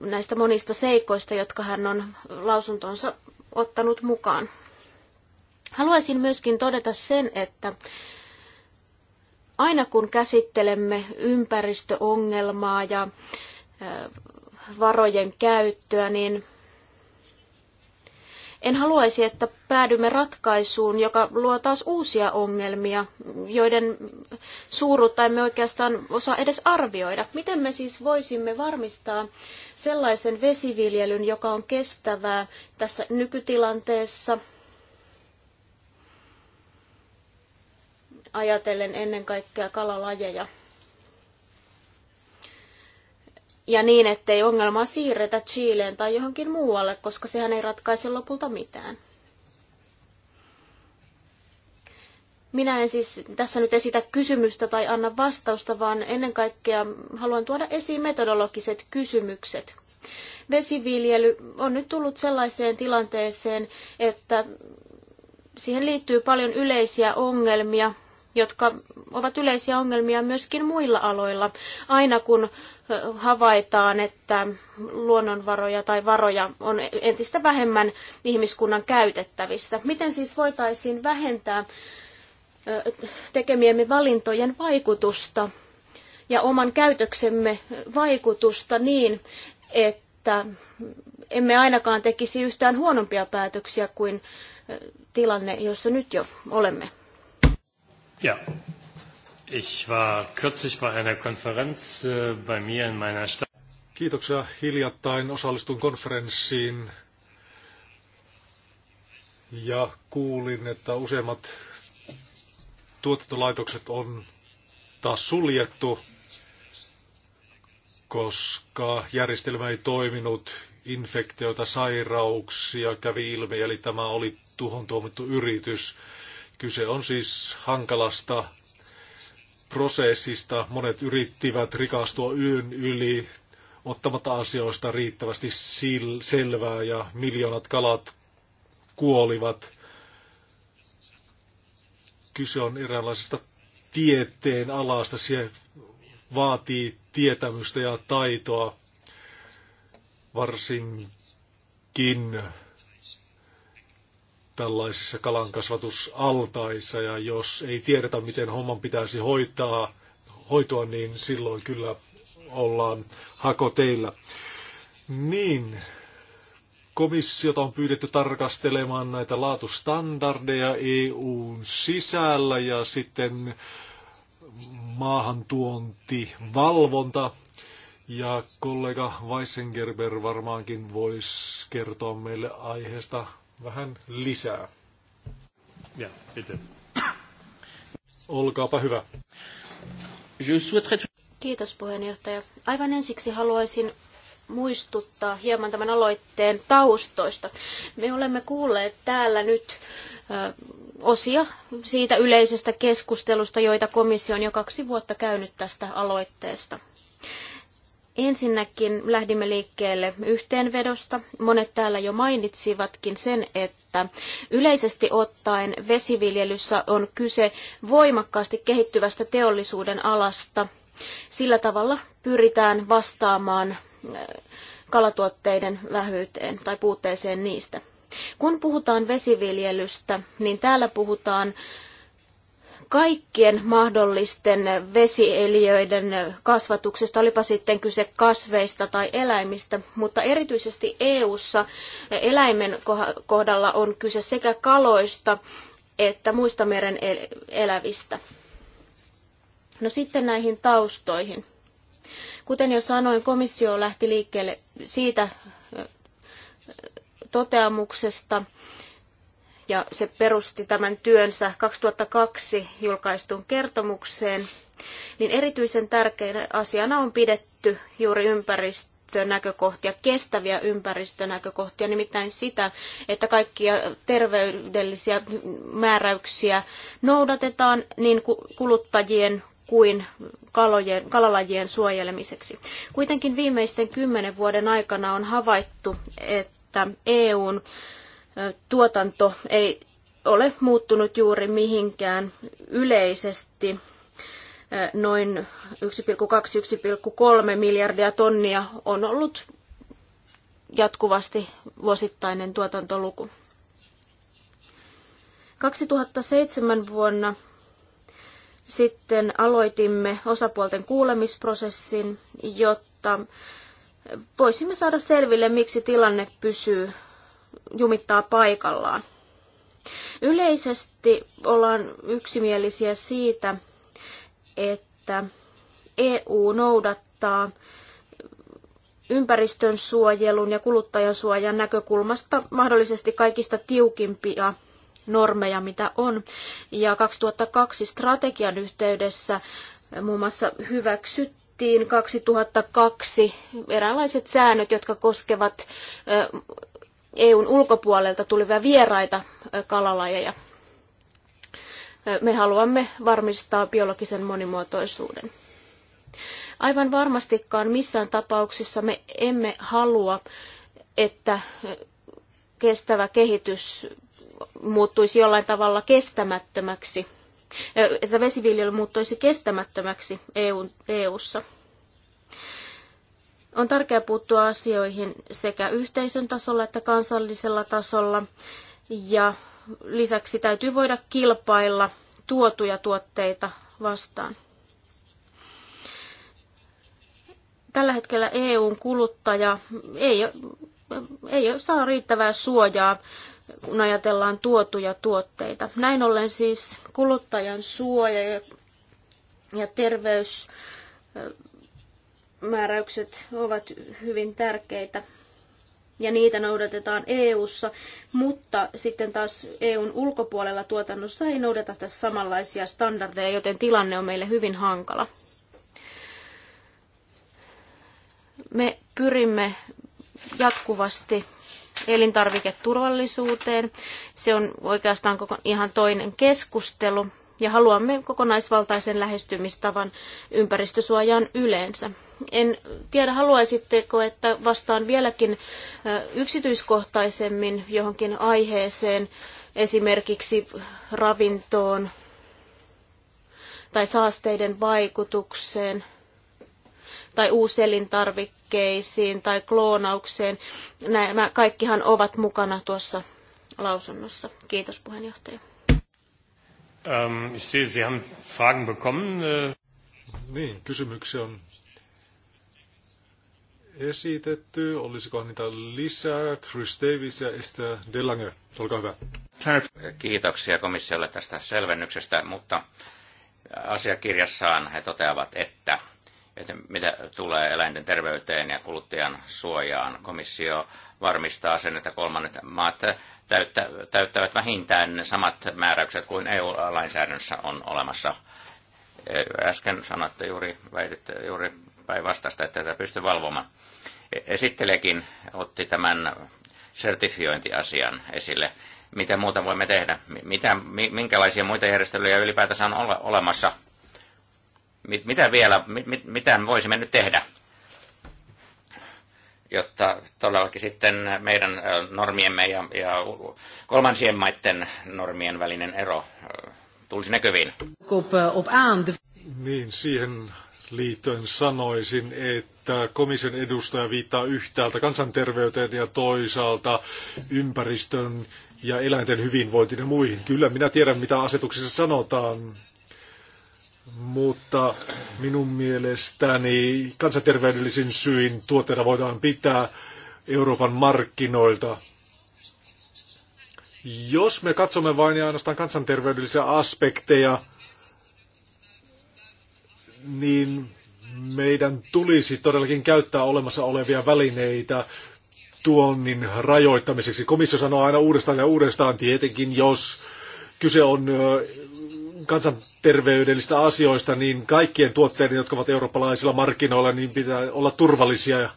C: näistä monista seikoista, jotka hän on lausuntonsa ottanut mukaan. Haluaisin myöskin todeta sen, että aina kun käsittelemme ympäristöongelmaa ja varojen käyttöä, niin en haluaisi, että päädymme ratkaisuun, joka luo taas uusia ongelmia, joiden suuruutta emme oikeastaan osaa edes arvioida. Miten me siis voisimme varmistaa sellaisen vesiviljelyn, joka on kestävää tässä nykytilanteessa, ajatellen ennen kaikkea kalalajeja? ja niin, ettei ongelmaa siirretä Chileen tai johonkin muualle, koska sehän ei ratkaise lopulta mitään. Minä en siis tässä nyt esitä kysymystä tai anna vastausta, vaan ennen kaikkea haluan tuoda esiin metodologiset kysymykset. Vesiviljely on nyt tullut sellaiseen tilanteeseen, että siihen liittyy paljon yleisiä ongelmia, jotka ovat yleisiä ongelmia myöskin muilla aloilla. Aina kun havaitaan, että luonnonvaroja tai varoja on entistä vähemmän ihmiskunnan käytettävissä. Miten siis voitaisiin vähentää tekemiemme valintojen vaikutusta ja oman käytöksemme vaikutusta niin, että emme ainakaan tekisi yhtään huonompia päätöksiä kuin tilanne, jossa nyt jo olemme. Ja, ich war kürzlich bei einer Konferenz
B: äh, bei mir in meiner Stadt. Kiitoksia. Hiljattain osallistun konferenssiin ja kuulin, että useimmat tuotantolaitokset on taas suljettu, koska järjestelmä ei toiminut, infektioita, sairauksia kävi ilmi, eli tämä oli tuhon tuomittu yritys. Kyse on siis hankalasta prosessista. Monet yrittivät rikastua yön yli ottamatta asioista riittävästi sil- selvää ja miljoonat kalat kuolivat. Kyse on eräänlaisesta tieteen alasta. Se vaatii tietämystä ja taitoa varsinkin tällaisissa kalankasvatusaltaissa ja jos ei tiedetä, miten homman pitäisi hoitaa, hoitoa, niin silloin kyllä ollaan hakoteillä. Niin, komissiota on pyydetty tarkastelemaan näitä laatustandardeja EUn sisällä ja sitten maahantuonti, valvonta. Ja kollega Weissengerber varmaankin voisi kertoa meille aiheesta vähän lisää. Ja, Olkaapa hyvä.
C: Kiitos puheenjohtaja. Aivan ensiksi haluaisin muistuttaa hieman tämän aloitteen taustoista. Me olemme kuulleet täällä nyt osia siitä yleisestä keskustelusta, joita komissio on jo kaksi vuotta käynyt tästä aloitteesta. Ensinnäkin lähdimme liikkeelle yhteenvedosta. Monet täällä jo mainitsivatkin sen, että yleisesti ottaen vesiviljelyssä on kyse voimakkaasti kehittyvästä teollisuuden alasta. Sillä tavalla pyritään vastaamaan äh, kalatuotteiden vähyyteen tai puutteeseen niistä. Kun puhutaan vesiviljelystä, niin täällä puhutaan kaikkien mahdollisten vesieliöiden kasvatuksesta, olipa sitten kyse kasveista tai eläimistä, mutta erityisesti EU:ssa eläimen kohdalla on kyse sekä kaloista että muista meren elävistä. No sitten näihin taustoihin. Kuten jo sanoin, komissio lähti liikkeelle siitä toteamuksesta, ja se perusti tämän työnsä 2002 julkaistuun kertomukseen, niin erityisen tärkeänä asiana on pidetty juuri ympäristönäkökohtia, kestäviä ympäristönäkökohtia, nimittäin sitä, että kaikkia terveydellisiä määräyksiä noudatetaan niin kuluttajien kuin kalojen, kalalajien suojelemiseksi. Kuitenkin viimeisten kymmenen vuoden aikana on havaittu, että EUn tuotanto ei ole muuttunut juuri mihinkään yleisesti. Noin 1,2-1,3 miljardia tonnia on ollut jatkuvasti vuosittainen tuotantoluku. 2007 vuonna sitten aloitimme osapuolten kuulemisprosessin, jotta voisimme saada selville, miksi tilanne pysyy jumittaa paikallaan. Yleisesti ollaan yksimielisiä siitä, että EU noudattaa ympäristön suojelun ja kuluttajan suojan näkökulmasta mahdollisesti kaikista tiukimpia normeja, mitä on. Ja 2002 strategian yhteydessä muun muassa hyväksyttiin 2002 eräänlaiset säännöt, jotka koskevat EUn ulkopuolelta tulevia vieraita kalalajeja. Me haluamme varmistaa biologisen monimuotoisuuden. Aivan varmastikaan missään tapauksessa me emme halua, että kestävä kehitys muuttuisi jollain tavalla kestämättömäksi, että vesiviljely muuttuisi kestämättömäksi EU, EU-ssa. On tärkeää puuttua asioihin sekä yhteisön tasolla että kansallisella tasolla ja lisäksi täytyy voida kilpailla tuotuja tuotteita vastaan. Tällä hetkellä EUn kuluttaja ei, ei saa riittävää suojaa, kun ajatellaan tuotuja tuotteita. Näin ollen siis kuluttajan suoja ja terveys määräykset ovat hyvin tärkeitä ja niitä noudatetaan EU:ssa, mutta sitten taas EUn ulkopuolella tuotannossa ei noudateta samanlaisia standardeja, joten tilanne on meille hyvin hankala. Me pyrimme jatkuvasti elintarviketurvallisuuteen. Se on oikeastaan koko ihan toinen keskustelu, ja haluamme kokonaisvaltaisen lähestymistavan ympäristösuojaan yleensä. En tiedä, haluaisitteko, että vastaan vieläkin yksityiskohtaisemmin johonkin aiheeseen, esimerkiksi ravintoon tai saasteiden vaikutukseen tai uuselintarvikkeisiin tai kloonaukseen. Nämä kaikkihan ovat mukana tuossa lausunnossa. Kiitos puheenjohtaja.
B: Ähm, ich sehe, Sie haben Fragen bekommen. Äh... Niin, kysymyksiä on esitetty. Olisiko niitä lisää? Chris Davis ja Esther Delange. Olkaa hyvä.
A: Kiitoksia komissiolle tästä selvennyksestä, mutta asiakirjassaan he toteavat, että, että mitä tulee eläinten terveyteen ja kuluttajan suojaan. Komissio varmistaa sen, että kolmannet maat täyttävät vähintään samat määräykset kuin EU-lainsäädännössä on olemassa. E, äsken sanoitte juuri, väiditte juuri päinvastaista, että tätä pystyy valvomaan. E, Esittelekin otti tämän sertifiointiasian esille. Mitä muuta voimme tehdä? Mitä, minkälaisia muita järjestelyjä ylipäätään on olemassa? Mitä vielä, mitä voisimme nyt tehdä? jotta todellakin sitten meidän normiemme ja, ja kolmansien maiden normien välinen ero tulisi näkyviin.
B: Niin, siihen liittyen sanoisin, että komission edustaja viittaa yhtäältä kansanterveyteen ja toisaalta ympäristön ja eläinten hyvinvointiin ja muihin. Kyllä minä tiedän, mitä asetuksessa sanotaan mutta minun mielestäni kansanterveydellisin syin tuotteita voidaan pitää Euroopan markkinoilta. Jos me katsomme vain ja ainoastaan kansanterveydellisiä aspekteja, niin meidän tulisi todellakin käyttää olemassa olevia välineitä tuonnin rajoittamiseksi. Komissio sanoo aina uudestaan ja uudestaan tietenkin, jos kyse on kansanterveydellistä asioista, niin kaikkien tuotteiden, jotka ovat eurooppalaisilla markkinoilla, niin pitää olla turvallisia.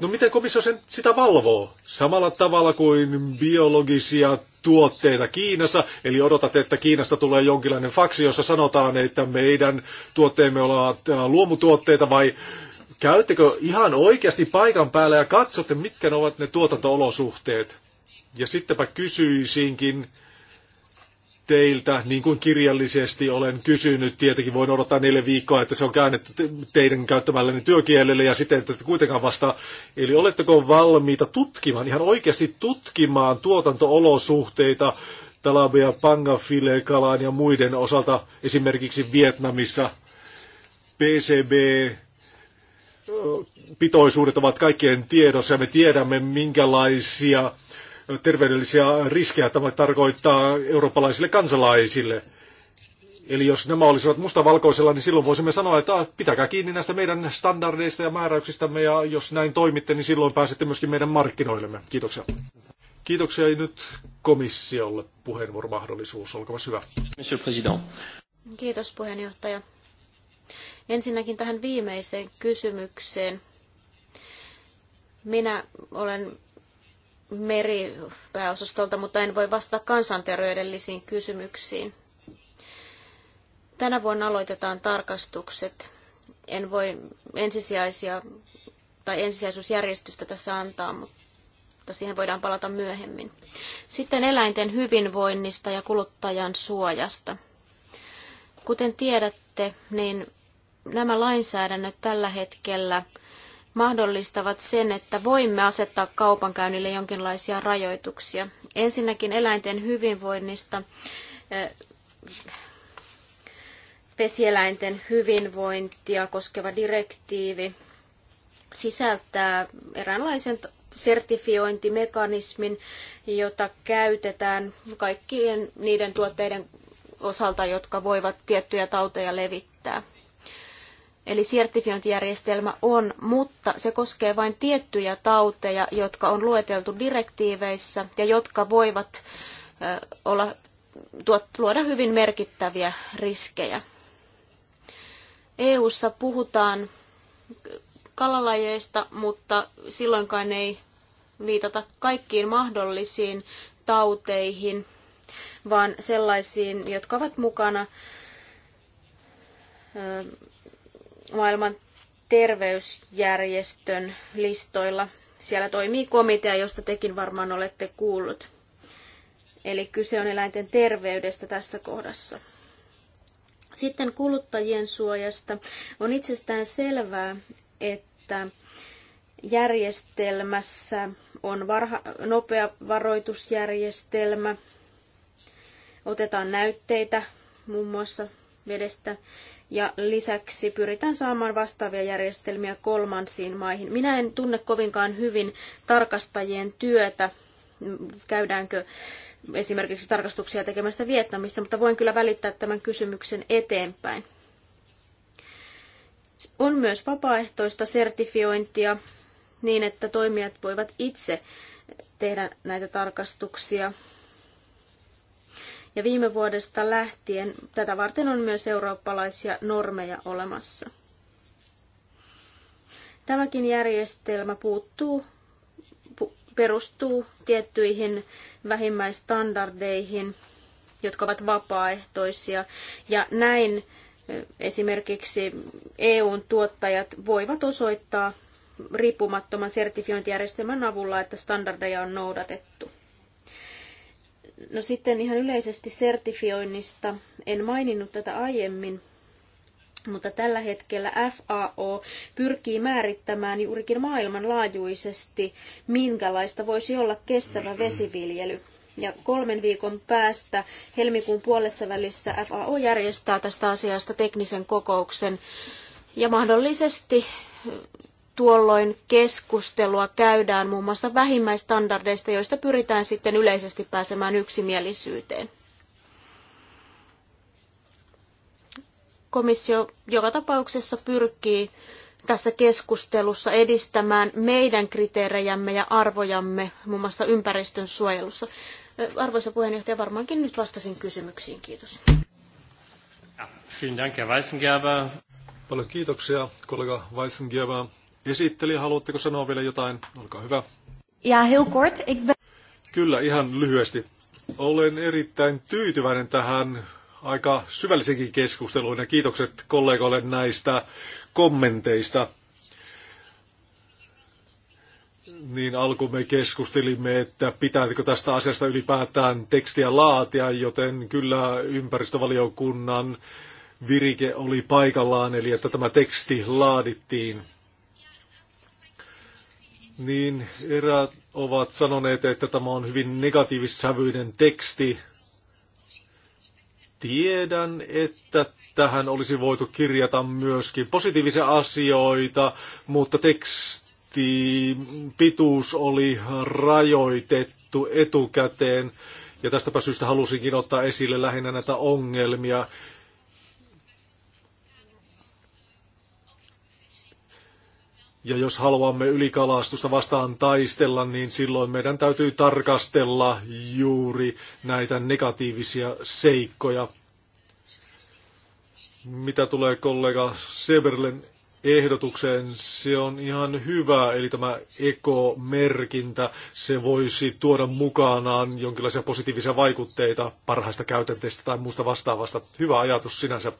B: No miten komissio sen, sitä valvoo? Samalla tavalla kuin biologisia tuotteita Kiinassa, eli odotat, että Kiinasta tulee jonkinlainen faksi, jossa sanotaan, että meidän tuotteemme ovat äh, luomutuotteita vai käyttekö ihan oikeasti paikan päällä ja katsotte, mitkä ovat ne tuotantoolosuhteet? Ja sittenpä kysyisinkin, teiltä, niin kuin kirjallisesti olen kysynyt, tietenkin voin odottaa neljä viikkoa, että se on käännetty teidän käyttämällenne työkielelle ja sitten, että kuitenkaan vastaa. Eli oletteko valmiita tutkimaan, ihan oikeasti tutkimaan tuotantoolosuhteita talabia, pangafile, kalan ja muiden osalta esimerkiksi Vietnamissa PCB pitoisuudet ovat kaikkien tiedossa ja me tiedämme minkälaisia terveydellisiä riskejä tämä tarkoittaa eurooppalaisille kansalaisille. Eli jos nämä olisivat mustavalkoisella, niin silloin voisimme sanoa, että ah, pitäkää kiinni näistä meidän standardeista ja määräyksistämme, ja jos näin toimitte, niin silloin pääsette myöskin meidän markkinoillemme. Kiitoksia. Kiitoksia ja nyt komissiolle puheenvuoromahdollisuus. Olkaa hyvä. Monsieur
A: President.
C: Kiitos puheenjohtaja. Ensinnäkin tähän viimeiseen kysymykseen. Minä olen meripääosastolta, mutta en voi vastata kansanterveydellisiin kysymyksiin. Tänä vuonna aloitetaan tarkastukset. En voi ensisijaisia tai ensisijaisuusjärjestystä tässä antaa, mutta siihen voidaan palata myöhemmin. Sitten eläinten hyvinvoinnista ja kuluttajan suojasta. Kuten tiedätte, niin nämä lainsäädännöt tällä hetkellä – mahdollistavat sen, että voimme asettaa kaupankäynnille jonkinlaisia rajoituksia. Ensinnäkin eläinten hyvinvoinnista, pesieläinten hyvinvointia koskeva direktiivi sisältää eräänlaisen sertifiointimekanismin, jota käytetään kaikkien niiden tuotteiden osalta, jotka voivat tiettyjä tauteja levittää. Eli sertifiointijärjestelmä on, mutta se koskee vain tiettyjä tauteja, jotka on lueteltu direktiiveissä ja jotka voivat olla, tuot, luoda hyvin merkittäviä riskejä. EU:ssa puhutaan kalalajeista, mutta silloinkaan ei viitata kaikkiin mahdollisiin tauteihin, vaan sellaisiin, jotka ovat mukana maailman terveysjärjestön listoilla. Siellä toimii komitea, josta tekin varmaan olette kuullut. Eli kyse on eläinten terveydestä tässä kohdassa. Sitten kuluttajien suojasta. On itsestään selvää, että järjestelmässä on varha, nopea varoitusjärjestelmä. Otetaan näytteitä muun muassa vedestä ja lisäksi pyritään saamaan vastaavia järjestelmiä kolmansiin maihin. Minä en tunne kovinkaan hyvin tarkastajien työtä, käydäänkö esimerkiksi tarkastuksia tekemässä Vietnamista, mutta voin kyllä välittää tämän kysymyksen eteenpäin. On myös vapaaehtoista sertifiointia niin, että toimijat voivat itse tehdä näitä tarkastuksia ja viime vuodesta lähtien tätä varten on myös eurooppalaisia normeja olemassa. Tämäkin järjestelmä puuttuu, perustuu tiettyihin vähimmäistandardeihin, jotka ovat vapaaehtoisia. Ja näin esimerkiksi EUn tuottajat voivat osoittaa riippumattoman sertifiointijärjestelmän avulla, että standardeja on noudatettu. No sitten ihan yleisesti sertifioinnista. En maininnut tätä aiemmin, mutta tällä hetkellä FAO pyrkii määrittämään juurikin maailmanlaajuisesti, minkälaista voisi olla kestävä vesiviljely. Ja kolmen viikon päästä helmikuun puolessa välissä FAO järjestää tästä asiasta teknisen kokouksen ja mahdollisesti Tuolloin keskustelua käydään muun muassa vähimmäistandardeista, joista pyritään sitten yleisesti pääsemään yksimielisyyteen. Komissio joka tapauksessa pyrkii tässä keskustelussa edistämään meidän kriteerejämme ja arvojamme muun muassa ympäristön suojelussa. Arvoisa puheenjohtaja, varmaankin nyt vastasin kysymyksiin. Kiitos.
B: Vielen Dank, Herr Paljon kiitoksia, kollega Weissengerber esitteli. haluatteko sanoa vielä jotain? Olkaa hyvä.
A: Ja heel kort. Ik ben...
B: Kyllä, ihan lyhyesti. Olen erittäin tyytyväinen tähän aika syvällisenkin keskusteluun ja kiitokset kollegoille näistä kommenteista. Niin alkuun me keskustelimme, että pitääkö tästä asiasta ylipäätään tekstiä laatia, joten kyllä ympäristövaliokunnan virike oli paikallaan, eli että tämä teksti laadittiin niin eräät ovat sanoneet, että tämä on hyvin negatiivissävyinen teksti. Tiedän, että tähän olisi voitu kirjata myöskin positiivisia asioita, mutta teksti pituus oli rajoitettu etukäteen. Ja tästäpä syystä halusinkin ottaa esille lähinnä näitä ongelmia, Ja jos haluamme ylikalastusta vastaan taistella, niin silloin meidän täytyy tarkastella juuri näitä negatiivisia seikkoja. Mitä tulee kollega Seberlen ehdotukseen, se on ihan hyvä, eli tämä ekomerkintä, se voisi tuoda mukanaan jonkinlaisia positiivisia vaikutteita parhaista käytänteistä tai muusta vastaavasta. Hyvä ajatus sinänsä.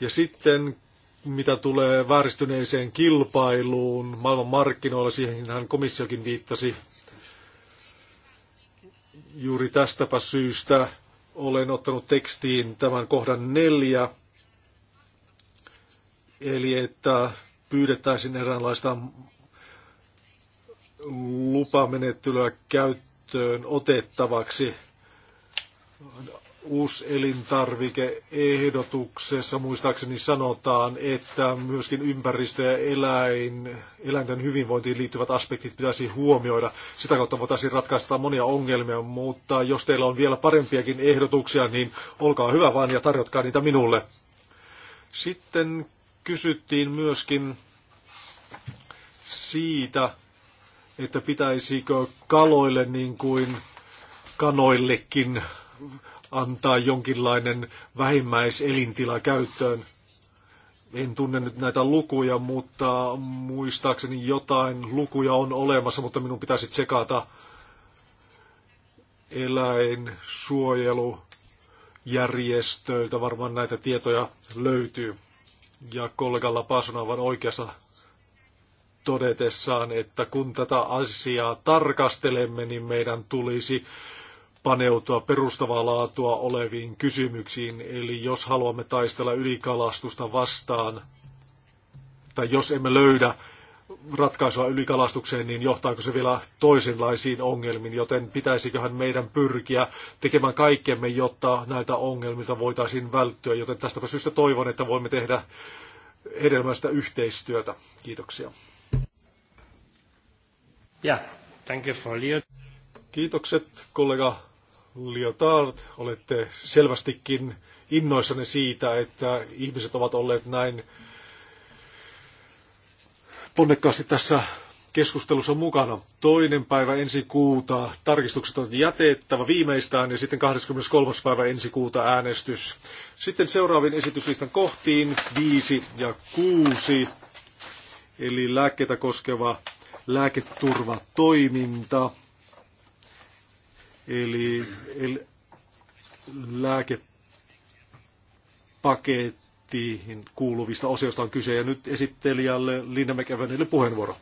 B: Ja sitten mitä tulee vääristyneeseen kilpailuun maailman markkinoilla, siihenhän komissiokin viittasi. Juuri tästäpä syystä olen ottanut tekstiin tämän kohdan neljä, eli että pyydettäisiin eräänlaista lupamenettelyä käyttöön otettavaksi uuselintarvikeehdotuksessa muistaakseni sanotaan, että myöskin ympäristö ja eläin, eläinten hyvinvointiin liittyvät aspektit pitäisi huomioida. Sitä kautta voitaisiin ratkaista monia ongelmia, mutta jos teillä on vielä parempiakin ehdotuksia, niin olkaa hyvä vaan ja tarjotkaa niitä minulle. Sitten kysyttiin myöskin siitä, että pitäisikö kaloille niin kuin kanoillekin antaa jonkinlainen vähimmäiselintila käyttöön. En tunne nyt näitä lukuja, mutta muistaakseni jotain lukuja on olemassa, mutta minun pitäisi tsekata eläinsuojelujärjestöiltä. Varmaan näitä tietoja löytyy. Ja kollegalla Paason aivan oikeassa todetessaan, että kun tätä asiaa tarkastelemme, niin meidän tulisi paneutua perustavaa laatua oleviin kysymyksiin, eli jos haluamme taistella ylikalastusta vastaan, tai jos emme löydä ratkaisua ylikalastukseen, niin johtaako se vielä toisenlaisiin ongelmiin, joten pitäisiköhän meidän pyrkiä tekemään kaikkemme, jotta näitä ongelmilta voitaisiin välttyä, joten tästä syystä toivon, että voimme tehdä hedelmällistä yhteistyötä. Kiitoksia. Ja, danke Frau Liot. Kiitokset kollega Liotard. Olette selvästikin innoissanne siitä, että ihmiset ovat olleet näin ponnekkaasti tässä keskustelussa mukana. Toinen päivä ensi kuuta tarkistukset on jätettävä viimeistään ja sitten 23. päivä ensi kuuta äänestys. Sitten seuraavin esityslistan kohtiin 5 ja 6, eli lääkkeitä koskeva lääketurvatoiminta. Eli, eli lääkepakettiin kuuluvista osioista on kyse. Ja nyt esittelijälle Linna McEvenille
A: puheenvuoro.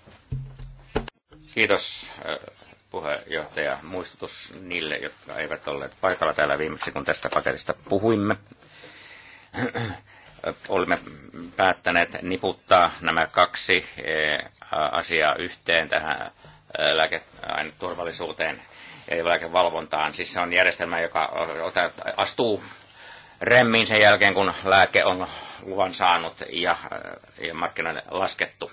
A: Kiitos äh, puheenjohtaja. Muistutus niille, jotka eivät olleet paikalla täällä viimeksi, kun tästä paketista puhuimme. Äh, Olimme päättäneet niputtaa nämä kaksi äh, asiaa yhteen tähän lääkeaineturvallisuuteen lääkevalvontaan. Siis se on järjestelmä, joka astuu remmiin sen jälkeen, kun lääke on luvan saanut ja, ja markkinoille laskettu.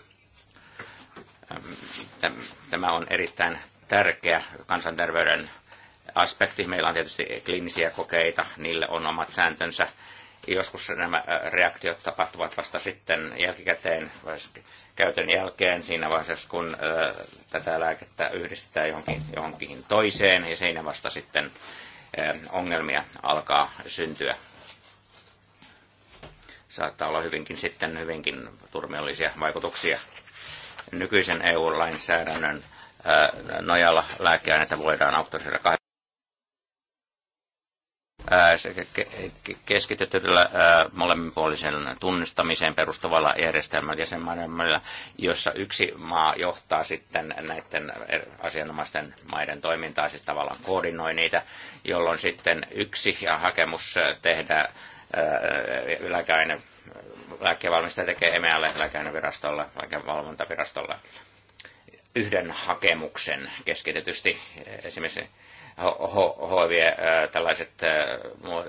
A: Tämä on erittäin tärkeä kansanterveyden aspekti. Meillä on tietysti kliinisiä kokeita, niille on omat sääntönsä Joskus nämä reaktiot tapahtuvat vasta sitten jälkikäteen, käytön jälkeen, siinä vaiheessa kun tätä lääkettä yhdistetään johonkin, johonkin toiseen, ja siinä vasta sitten ongelmia alkaa syntyä. Saattaa olla hyvinkin sitten hyvinkin turmiollisia vaikutuksia. Nykyisen EU-lainsäädännön nojalla lääkeaineita voidaan auktorisoida keskitetyllä molemminpuolisen tunnistamiseen perustuvalla järjestelmällä jäsenmaiden, jossa yksi maa johtaa sitten näiden er- asianomaisten maiden toimintaa, siis tavallaan koordinoi niitä, jolloin sitten yksi hakemus tehdään yläkäinen lääkevalmistaja tekee EMEAlle, lääkeainevirastolle, lääkevalvontavirastolle yhden hakemuksen keskitetysti esimerkiksi HIV, äh, tällaiset äh, muut,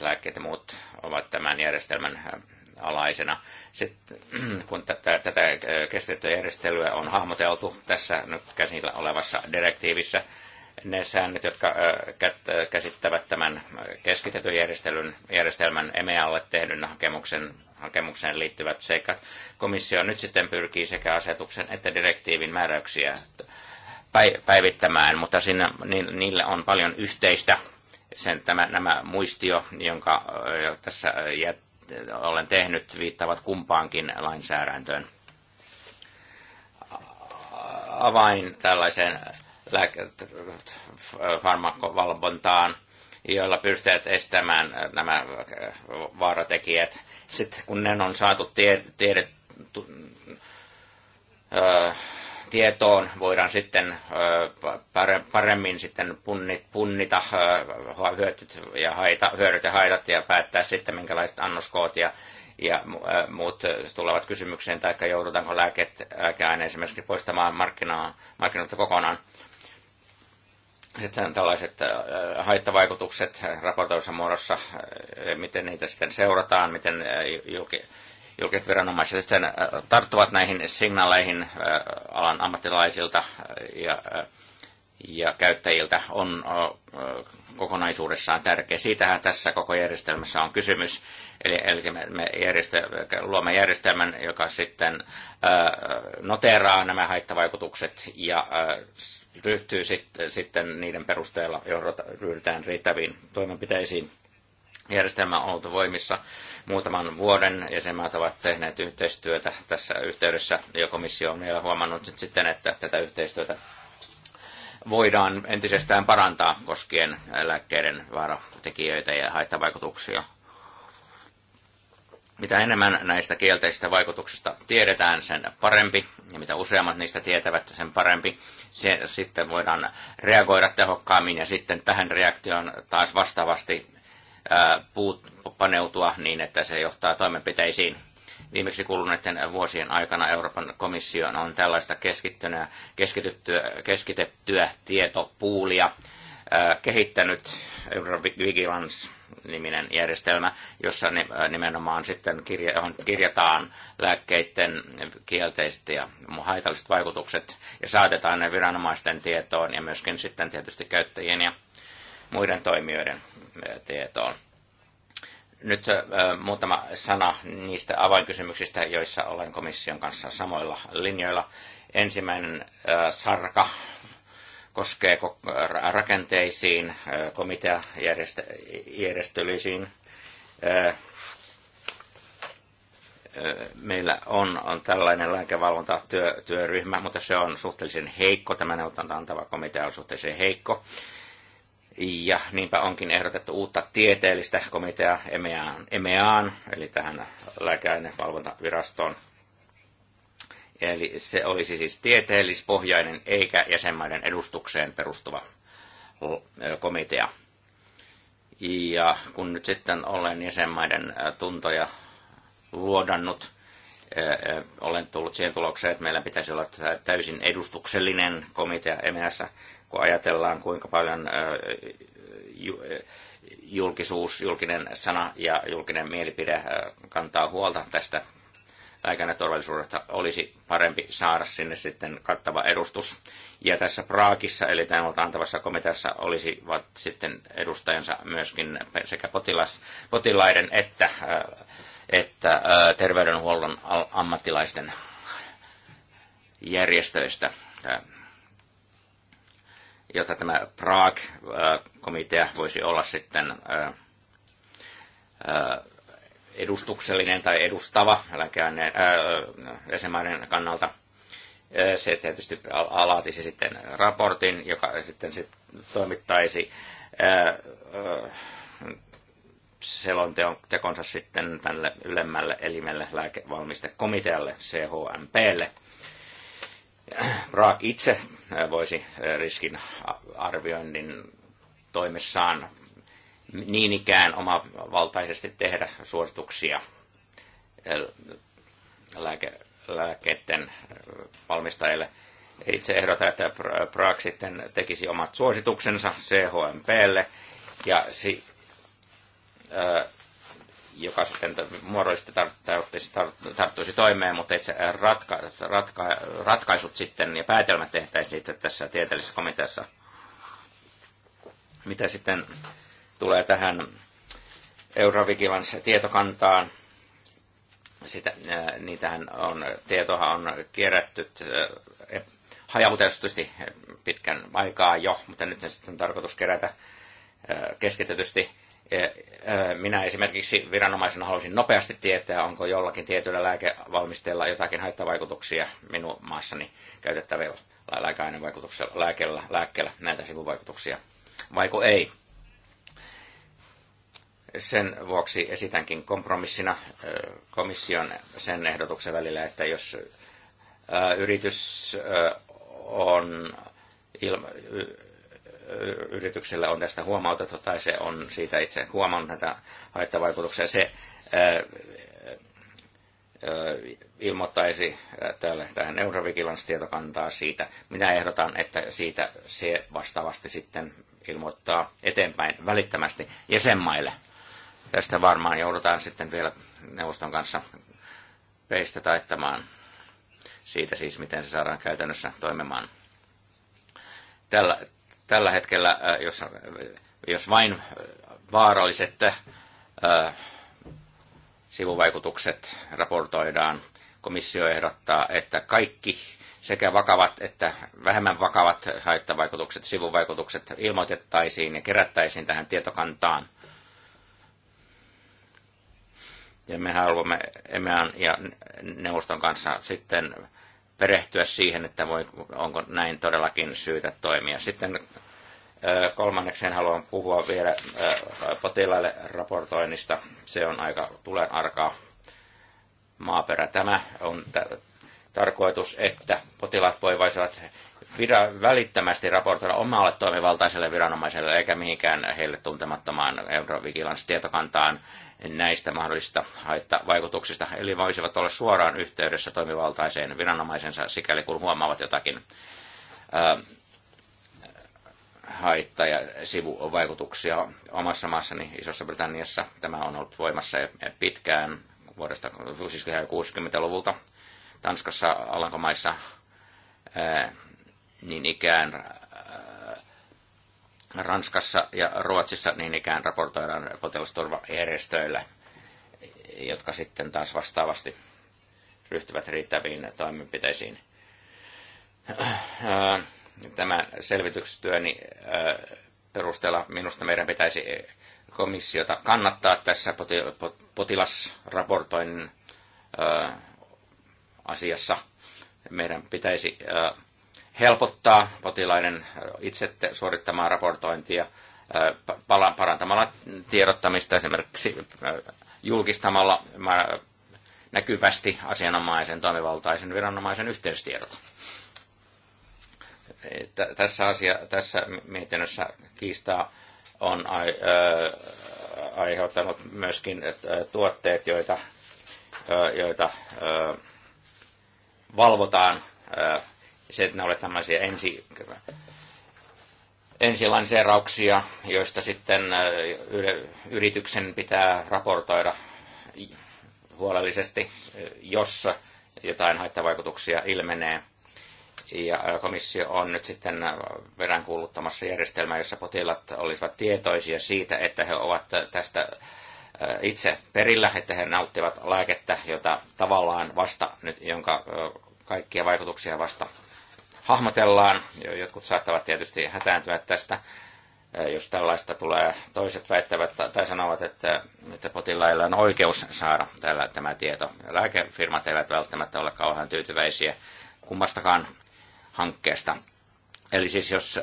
A: lääkkeet ja muut ovat tämän järjestelmän äh, alaisena. Sitten kun tätä, tätä kestettyä järjestelyä on hahmoteltu tässä nyt käsillä olevassa direktiivissä, ne säännöt, jotka käsittävät tämän keskitetyn järjestelyn, järjestelmän EMEAlle tehdyn hakemuksen, hakemukseen liittyvät seikat. Komissio nyt sitten pyrkii sekä asetuksen että direktiivin määräyksiä päivittämään, mutta siinä, niin niillä on paljon yhteistä. Sen, tämä, nämä muistio, jonka tässä jät, olen tehnyt, viittavat kumpaankin lainsäädäntöön. Avain tällaiseen farmakovalvontaan, joilla pystytään estämään nämä vaaratekijät. Sitten kun ne on saatu tiedet, tiedet, tietoon voidaan sitten paremmin sitten punnita hyötyt ja haita, hyödyt ja haitat ja päättää sitten minkälaiset annoskoot ja, ja muut tulevat kysymykseen, tai joudutaanko lääket, esimerkiksi poistamaan markkinoilta kokonaan. Sitten tällaiset haittavaikutukset raportoissa muodossa, miten niitä sitten seurataan, miten julkiset viranomaiset sitten äh, tarttuvat näihin signaaleihin äh, alan ammattilaisilta äh, ja, ja käyttäjiltä on kokonaisuudessaan tärkeä. Siitähän tässä koko järjestelmässä on kysymys. Eli, eli me järjestö, luomme järjestelmän, joka sitten ää, noteraa nämä haittavaikutukset ja ää, ryhtyy sit, sitten niiden perusteella, johon ryhdytään riittäviin toimenpiteisiin järjestelmä on ollut voimissa muutaman vuoden. Jäsenmaat ovat tehneet yhteistyötä tässä yhteydessä ja komissio on vielä huomannut nyt sitten, että tätä yhteistyötä voidaan entisestään parantaa koskien lääkkeiden vaaratekijöitä ja haittavaikutuksia. Mitä enemmän näistä kielteisistä vaikutuksista tiedetään, sen parempi, ja mitä useammat niistä tietävät, sen parempi. Se, sitten voidaan reagoida tehokkaammin, ja sitten tähän reaktioon taas vastaavasti puut, paneutua niin, että se johtaa toimenpiteisiin. Viimeksi kuluneiden vuosien aikana Euroopan komissio on tällaista keskitettyä, keskitettyä tietopuulia kehittänyt Eurovigilance niminen järjestelmä, jossa nimenomaan sitten kirja, kirjataan lääkkeiden kielteiset ja haitalliset vaikutukset ja saatetaan ne viranomaisten tietoon ja myöskin sitten tietysti käyttäjien ja muiden toimijoiden tietoon. Nyt muutama sana niistä avainkysymyksistä, joissa olen komission kanssa samoilla linjoilla. Ensimmäinen sarka koskee rakenteisiin, komiteajärjestelyisiin. Meillä on, on tällainen lääkevalvontatyöryhmä, mutta se on suhteellisen heikko. Tämä neuvonantava komitea on suhteellisen heikko. Ja niinpä onkin ehdotettu uutta tieteellistä komiteaa EMEAan, EMEAan eli tähän lääkeainevalvontavirastoon. Eli se olisi siis tieteellispohjainen eikä jäsenmaiden edustukseen perustuva komitea. Ja kun nyt sitten olen jäsenmaiden tuntoja luodannut, olen tullut siihen tulokseen, että meillä pitäisi olla täysin edustuksellinen komitea EMEAssa, kun ajatellaan kuinka paljon julkisuus, julkinen sana ja julkinen mielipide kantaa huolta tästä lääkäneturvallisuudesta, olisi parempi saada sinne sitten kattava edustus. Ja tässä Praakissa, eli tämän antavassa komiteassa, olisivat sitten edustajansa myöskin sekä potilas, potilaiden että, että terveydenhuollon ammattilaisten järjestöistä jota tämä Prague-komitea äh, voisi olla sitten äh, äh, edustuksellinen tai edustava jäsenmaiden kannalta. Se tietysti alaatisi sitten raportin, joka sitten sit toimittaisi selonteon ää, selontekonsa sitten tälle ylemmälle elimelle lääkevalmistekomitealle, CHMPlle – Braak itse voisi riskin arvioinnin toimessaan niin ikään omavaltaisesti tehdä suosituksia lääke, lääkkeiden valmistajille. Itse ehdotan, että Praag sitten tekisi omat suosituksensa CHMPlle ja si, ää, joka sitten muodollisesti tarttuisi, tarttuisi toimeen, mutta itse ratka, ratka, ratkaisut sitten ja päätelmät tehtäisiin itse tässä tieteellisessä komiteassa. Mitä sitten tulee tähän Eurovigilans tietokantaan, sitä, niitähän on, tietoa on kerätty hajautetusti pitkän aikaa jo, mutta nyt on tarkoitus kerätä keskitetysti minä esimerkiksi viranomaisena halusin nopeasti tietää, onko jollakin tietyllä lääkevalmisteella jotakin haittavaikutuksia minun maassani käytettävillä lääkeainevaikutuksella, lääkellä, lääkkeellä näitä sivuvaikutuksia, vaiko ei. Sen vuoksi esitänkin kompromissina komission sen ehdotuksen välillä, että jos yritys on ilma, yrityksellä on tästä huomautettu tai se on siitä itse huomannut näitä haittavaikutuksia, se ilmoittaisi tälle, tähän Eurovigilance-tietokantaa siitä. Minä ehdotan, että siitä se vastaavasti sitten ilmoittaa eteenpäin välittömästi jäsenmaille. Tästä varmaan joudutaan sitten vielä neuvoston kanssa peistä taittamaan siitä siis, miten se saadaan käytännössä toimimaan. Tällä, Tällä hetkellä, äh, jos, äh, jos vain äh, vaaralliset sivuvaikutukset raportoidaan, komissio ehdottaa, että kaikki sekä vakavat että vähemmän vakavat haittavaikutukset, sivuvaikutukset ilmoitettaisiin ja kerättäisiin tähän tietokantaan. Ja me haluamme EMEAN ja neuvoston kanssa sitten perehtyä siihen, että voi, onko näin todellakin syytä toimia. Sitten kolmanneksi haluan puhua vielä potilaille raportoinnista. Se on aika tulen arkaa maaperä. Tämä on tarkoitus, että potilaat voivat vira, välittömästi raportoida omalle toimivaltaiselle viranomaiselle eikä mihinkään heille tuntemattomaan Eurovigilance-tietokantaan näistä mahdollisista haittavaikutuksista. Eli voisivat olla suoraan yhteydessä toimivaltaiseen viranomaisensa sikäli kun huomaavat jotakin äh, haitta- ja sivuvaikutuksia omassa maassani Isossa-Britanniassa. Tämä on ollut voimassa pitkään vuodesta 60-luvulta. Siis Tanskassa, Alankomaissa, niin ikään äh, Ranskassa ja Ruotsissa niin ikään raportoidaan potilasturvajärjestöillä, jotka sitten taas vastaavasti ryhtyvät riittäviin toimenpiteisiin. Äh, Tämän selvitystyöni äh, perusteella minusta meidän pitäisi komissiota kannattaa tässä potilasraportoinnin asiassa. Meidän pitäisi helpottaa potilaiden itse suorittamaa raportointia parantamalla tiedottamista esimerkiksi julkistamalla näkyvästi asianomaisen toimivaltaisen viranomaisen yhteystiedot. Tässä, asia, tässä mietinnössä kiistaa on aiheuttanut myöskin tuotteet, joita, joita valvotaan se, että ne olivat tämmöisiä ensi, ensilanseerauksia, joista sitten yrityksen pitää raportoida huolellisesti, jos jotain haittavaikutuksia ilmenee. Ja komissio on nyt sitten peräänkuuluttamassa järjestelmää, jossa potilaat olisivat tietoisia siitä, että he ovat tästä itse perillä, että he nauttivat lääkettä, jota tavallaan vasta nyt, jonka kaikkia vaikutuksia vasta hahmotellaan. Jotkut saattavat tietysti hätääntyä tästä, jos tällaista tulee. Toiset väittävät tai sanovat, että, että potilailla on oikeus saada tällä, tämä tieto. Lääkefirmat eivät välttämättä ole kauhean tyytyväisiä kummastakaan hankkeesta. Eli siis jos,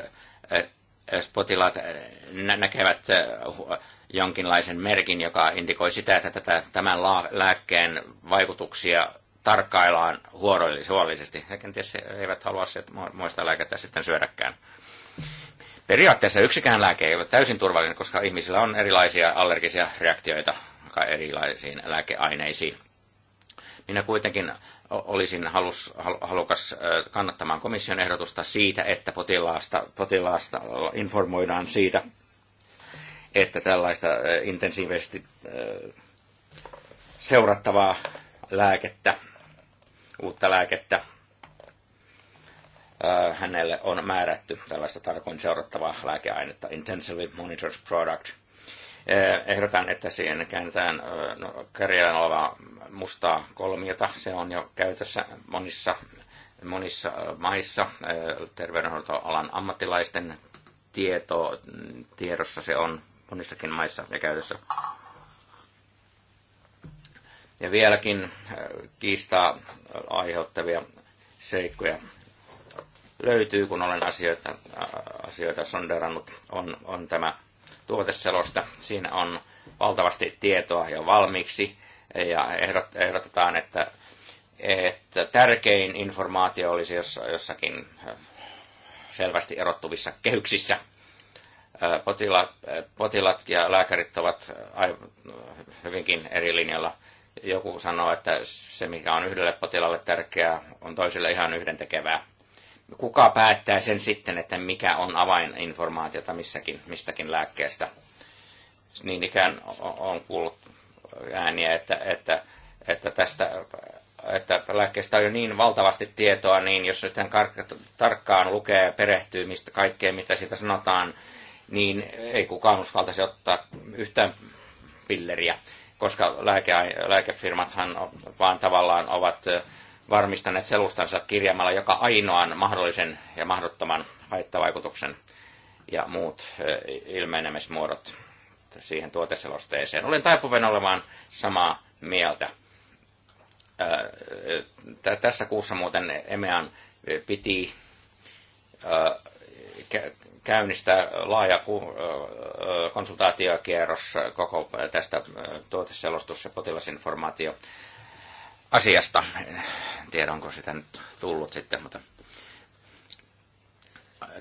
A: jos potilaat näkevät jonkinlaisen merkin, joka indikoi sitä, että tämän lääkkeen vaikutuksia tarkkaillaan huolellisesti. He kenties eivät halua muista lääkettä sitten syödäkään. Periaatteessa yksikään lääke ei ole täysin turvallinen, koska ihmisillä on erilaisia allergisia reaktioita erilaisiin lääkeaineisiin. Minä kuitenkin olisin halus, halukas kannattamaan komission ehdotusta siitä, että potilaasta, potilaasta informoidaan siitä, että tällaista intensiivisesti seurattavaa lääkettä uutta lääkettä hänelle on määrätty tällaista tarkoin seurattavaa lääkeainetta, Intensively Monitored Product. Ehdotan, että siihen käännetään no, kärjellä olevaa mustaa kolmiota. Se on jo käytössä monissa, monissa maissa terveydenhuoltoalan ammattilaisten tieto, tiedossa se on monissakin maissa ja käytössä ja vieläkin äh, kiistaa äh, aiheuttavia seikkoja löytyy, kun olen asioita, äh, asioita sonderannut, on, on tämä tuoteselosta. Siinä on valtavasti tietoa jo valmiiksi ja ehdot, ehdotetaan, että, että tärkein informaatio olisi jossakin selvästi erottuvissa kehyksissä. Potilaat, potilaat ja lääkärit ovat aivan, hyvinkin eri linjalla joku sanoo, että se mikä on yhdelle potilaalle tärkeää, on toiselle ihan yhdentekevää. Kuka päättää sen sitten, että mikä on avaininformaatiota missäkin, mistäkin lääkkeestä? Niin ikään on kuullut ääniä, että, että, että tästä että lääkkeestä on jo niin valtavasti tietoa, niin jos sitten tarkkaan lukee ja perehtyy mistä kaikkea, mitä siitä sanotaan, niin ei kukaan uskaltaisi ottaa yhtään pilleriä koska lääke, lääkefirmathan vaan tavallaan ovat varmistaneet selustansa kirjaamalla joka ainoan mahdollisen ja mahdottoman haittavaikutuksen ja muut ilmenemismuodot siihen tuoteselosteeseen. Olen taipuven olemaan samaa mieltä. Tässä kuussa muuten EMEAN piti käynnistää laaja konsultaatiokierros koko tästä tuoteselostus- ja potilasinformaatio asiasta. onko sitä nyt tullut sitten, mutta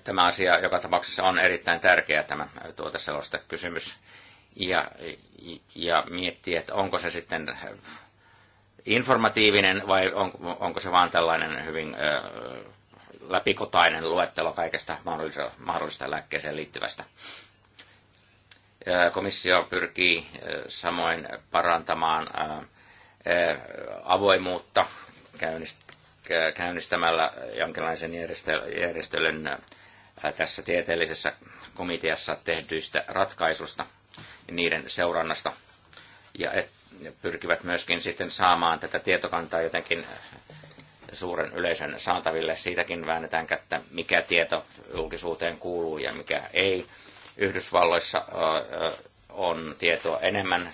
A: tämä asia joka tapauksessa on erittäin tärkeä tämä tuoteselostekysymys. Ja, ja miettiä, että onko se sitten informatiivinen vai on, onko se vaan tällainen hyvin läpikotainen luettelo kaikesta mahdollista lääkkeeseen liittyvästä. Komissio pyrkii samoin parantamaan avoimuutta käynnistämällä jonkinlaisen järjestelyn tässä tieteellisessä komiteassa tehdyistä ratkaisusta ja niiden seurannasta. Ja pyrkivät myöskin sitten saamaan tätä tietokantaa jotenkin suuren yleisön saataville. Siitäkin väännetään kättä, mikä tieto julkisuuteen kuuluu ja mikä ei. Yhdysvalloissa on tietoa enemmän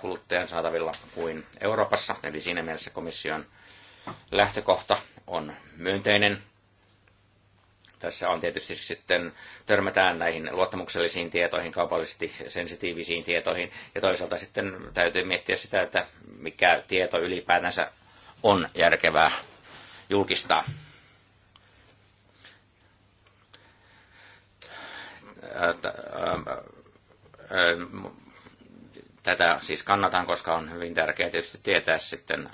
A: kuluttajan saatavilla kuin Euroopassa, eli siinä mielessä komission lähtökohta on myönteinen. Tässä on tietysti sitten törmätään näihin luottamuksellisiin tietoihin, kaupallisesti sensitiivisiin tietoihin, ja toisaalta sitten täytyy miettiä sitä, että mikä tieto ylipäätänsä on järkevää julkistaa. Tätä siis kannatan, koska on hyvin tärkeää tietysti tietää sitten,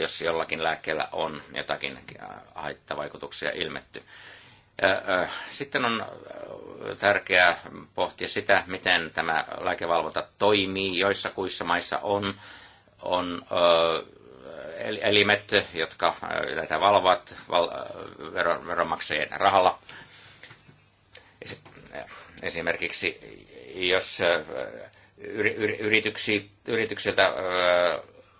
A: jos jollakin lääkkeellä on jotakin haittavaikutuksia ilmetty. Sitten on tärkeää pohtia sitä, miten tämä lääkevalvonta toimii. Joissa kuissa maissa on, on elimet, jotka tätä äh, valvovat val, äh, veron, veronmaksajien rahalla. Äh, esimerkiksi jos yrityksi, yrityksiltä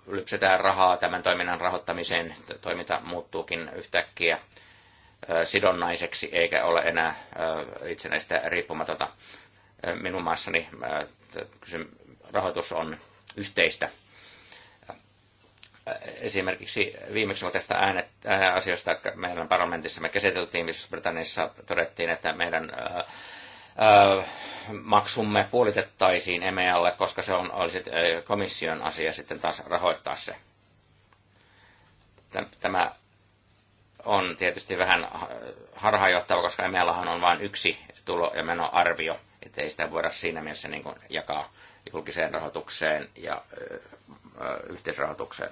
A: lypsetään rahaa tämän toiminnan rahoittamiseen, toiminta muuttuukin yhtäkkiä sidonnaiseksi eikä ole enää itsenäistä riippumatonta. Minun maassani rahoitus on yhteistä esimerkiksi viimeksi tästä äänet, ää, asiasta meidän parlamentissa me käsiteltiin, missä Britanniassa todettiin, että meidän ää, ää, maksumme puolitettaisiin EMEAlle, koska se on, olisi ää, komission asia sitten taas rahoittaa se. Tämä on tietysti vähän harhaanjohtava, koska EMEAllahan on vain yksi tulo- ja menoarvio, ettei sitä voida siinä mielessä niin jakaa julkiseen rahoitukseen ja yhteisrahoitukseen.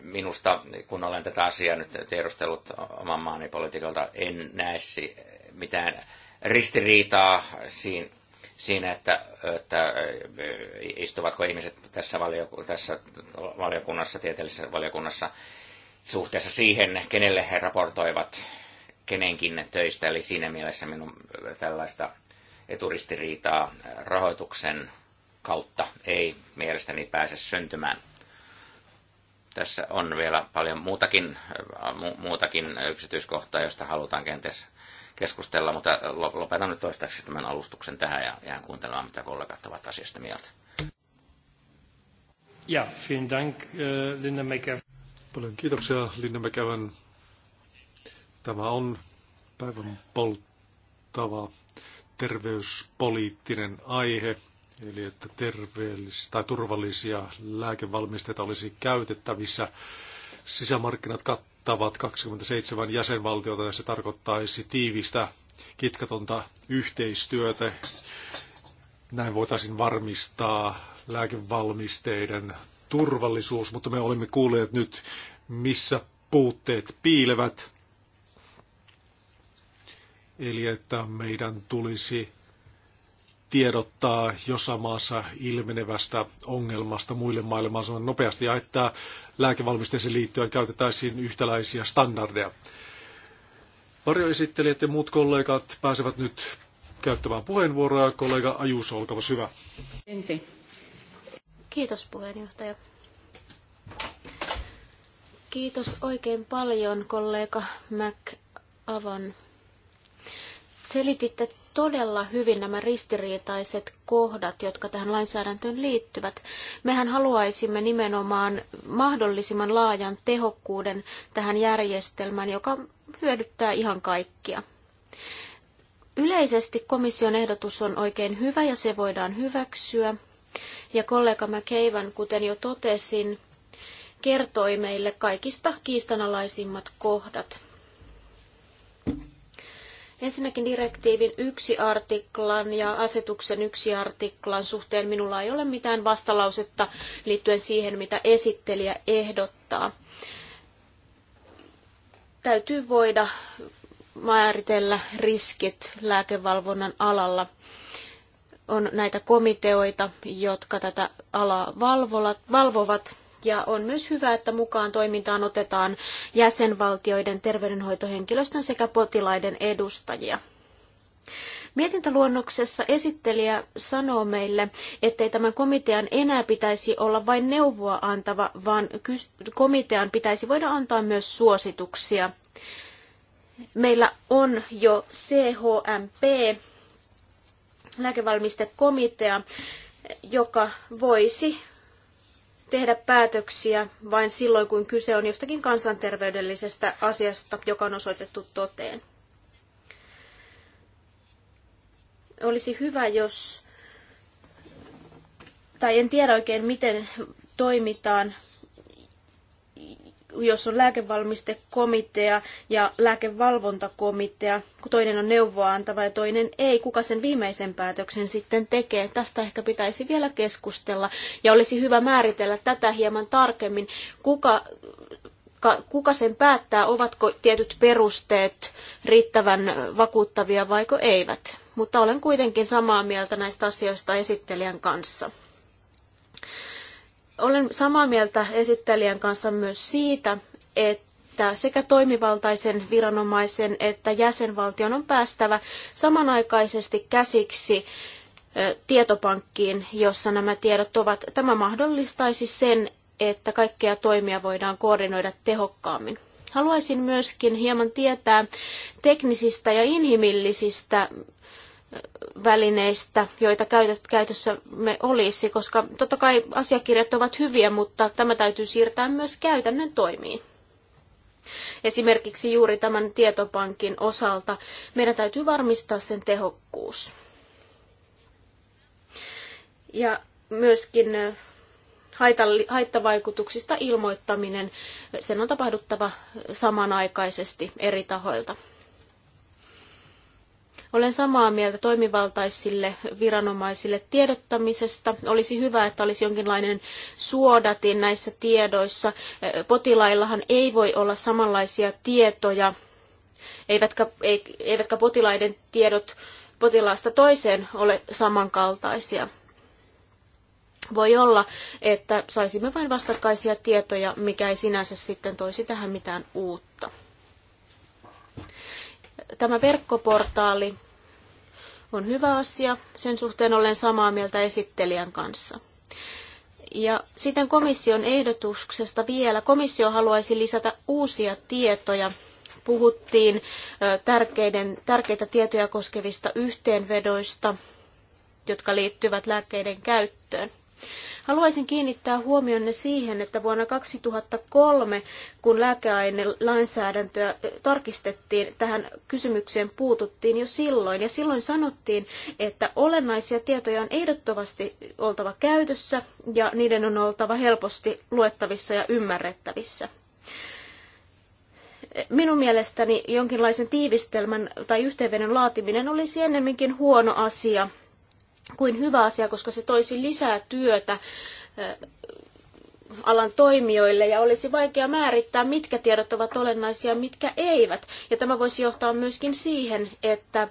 A: minusta, kun olen tätä asiaa nyt tiedustellut oman maani politiikalta, en näe mitään ristiriitaa siinä, siinä että, että äh, istuvatko ihmiset tässä, valioku- tässä valiokunnassa, tieteellisessä valiokunnassa, suhteessa siihen, kenelle he raportoivat kenenkin töistä. Eli siinä mielessä minun tällaista eturistiriitaa rahoituksen kautta ei mielestäni pääse syntymään. Tässä on vielä paljon muutakin, äh, mu- muutakin yksityiskohtaa, josta halutaan kenties keskustella, mutta lopetan nyt toistaiseksi tämän alustuksen tähän ja jään kuuntelemaan, mitä kollegat ovat asiasta mieltä.
B: Ja, vielen dank, äh, Linda Mäkäv. Paljon kiitoksia, Linda Mekävän. Tämä on päivän polttava terveyspoliittinen aihe eli että terveellisiä tai turvallisia lääkevalmisteita olisi käytettävissä. Sisämarkkinat kattavat 27 jäsenvaltiota ja se tarkoittaisi tiivistä kitkatonta yhteistyötä. Näin voitaisiin varmistaa lääkevalmisteiden turvallisuus, mutta me olemme kuulleet nyt, missä puutteet piilevät. Eli että meidän tulisi tiedottaa jossain maassa ilmenevästä ongelmasta muille maille mahdollisimman nopeasti ja että lääkevalmisteeseen liittyen käytettäisiin yhtäläisiä standardeja. Varjoesittelijät ja muut kollegat pääsevät nyt käyttämään puheenvuoroja. Kollega Ajuus, olkaa hyvä.
C: Enti. Kiitos puheenjohtaja. Kiitos oikein paljon kollega Mac Avan. Selititte todella hyvin nämä ristiriitaiset kohdat, jotka tähän lainsäädäntöön liittyvät. Mehän haluaisimme nimenomaan mahdollisimman laajan tehokkuuden tähän järjestelmään, joka hyödyttää ihan kaikkia. Yleisesti komission ehdotus on oikein hyvä ja se voidaan hyväksyä. Ja kollega McKeivan, kuten jo totesin, kertoi meille kaikista kiistanalaisimmat kohdat. Ensinnäkin direktiivin yksi artiklan ja asetuksen yksi artiklan suhteen minulla ei ole mitään vastalausetta liittyen siihen, mitä esittelijä ehdottaa. Täytyy voida määritellä riskit lääkevalvonnan alalla. On näitä komiteoita, jotka tätä alaa valvovat, ja on myös hyvä, että mukaan toimintaan otetaan jäsenvaltioiden terveydenhoitohenkilöstön sekä potilaiden edustajia. Mietintöluonnoksessa esittelijä sanoo meille, ettei tämän komitean enää pitäisi olla vain neuvoa antava, vaan komitean pitäisi voida antaa myös suosituksia. Meillä on jo CHMP, lääkevalmistekomitea, joka voisi tehdä päätöksiä vain silloin, kun kyse on jostakin kansanterveydellisestä asiasta, joka on osoitettu toteen. Olisi hyvä, jos, tai en tiedä oikein miten toimitaan jos on lääkevalmistekomitea ja lääkevalvontakomitea, kun toinen on neuvoa antava ja toinen ei, kuka sen viimeisen päätöksen sitten tekee. Tästä ehkä pitäisi vielä keskustella ja olisi hyvä määritellä tätä hieman tarkemmin, kuka kuka sen päättää, ovatko tietyt perusteet riittävän vakuuttavia vaiko eivät. Mutta olen kuitenkin samaa mieltä näistä asioista esittelijän kanssa. Olen samaa mieltä esittelijän kanssa myös siitä, että sekä toimivaltaisen viranomaisen että jäsenvaltion on päästävä samanaikaisesti käsiksi tietopankkiin, jossa nämä tiedot ovat. Tämä mahdollistaisi sen, että kaikkia toimia voidaan koordinoida tehokkaammin. Haluaisin myöskin hieman tietää teknisistä ja inhimillisistä välineistä, joita käytössämme olisi, koska totta kai asiakirjat ovat hyviä, mutta tämä täytyy siirtää myös käytännön toimiin. Esimerkiksi juuri tämän tietopankin osalta meidän täytyy varmistaa sen tehokkuus. Ja myöskin haittavaikutuksista ilmoittaminen, sen on tapahduttava samanaikaisesti eri tahoilta. Olen samaa mieltä toimivaltaisille viranomaisille tiedottamisesta. Olisi hyvä, että olisi jonkinlainen suodatin näissä tiedoissa. Eh, potilaillahan ei voi olla samanlaisia tietoja, eivätkä, eivätkä potilaiden tiedot potilaasta toiseen ole samankaltaisia. Voi olla, että saisimme vain vastakkaisia tietoja, mikä ei sinänsä sitten toisi tähän mitään uutta. Tämä verkkoportaali on hyvä asia. Sen suhteen olen samaa mieltä esittelijän kanssa. Ja sitten komission ehdotuksesta vielä. Komissio haluaisi lisätä uusia tietoja. Puhuttiin tärkeiden, tärkeitä tietoja koskevista yhteenvedoista, jotka liittyvät lääkkeiden käyttöön. Haluaisin kiinnittää huomionne siihen, että vuonna 2003, kun lääkeainelainsäädäntöä tarkistettiin, tähän kysymykseen puututtiin jo silloin. Ja silloin sanottiin, että olennaisia tietoja on ehdottomasti oltava käytössä ja niiden on oltava helposti luettavissa ja ymmärrettävissä minun mielestäni jonkinlaisen tiivistelmän tai yhteenvedon laatiminen olisi ennemminkin huono asia kuin hyvä asia, koska se toisi lisää työtä eh, alan toimijoille ja olisi vaikea määrittää, mitkä tiedot ovat olennaisia, mitkä eivät. Ja tämä voisi johtaa myöskin siihen, että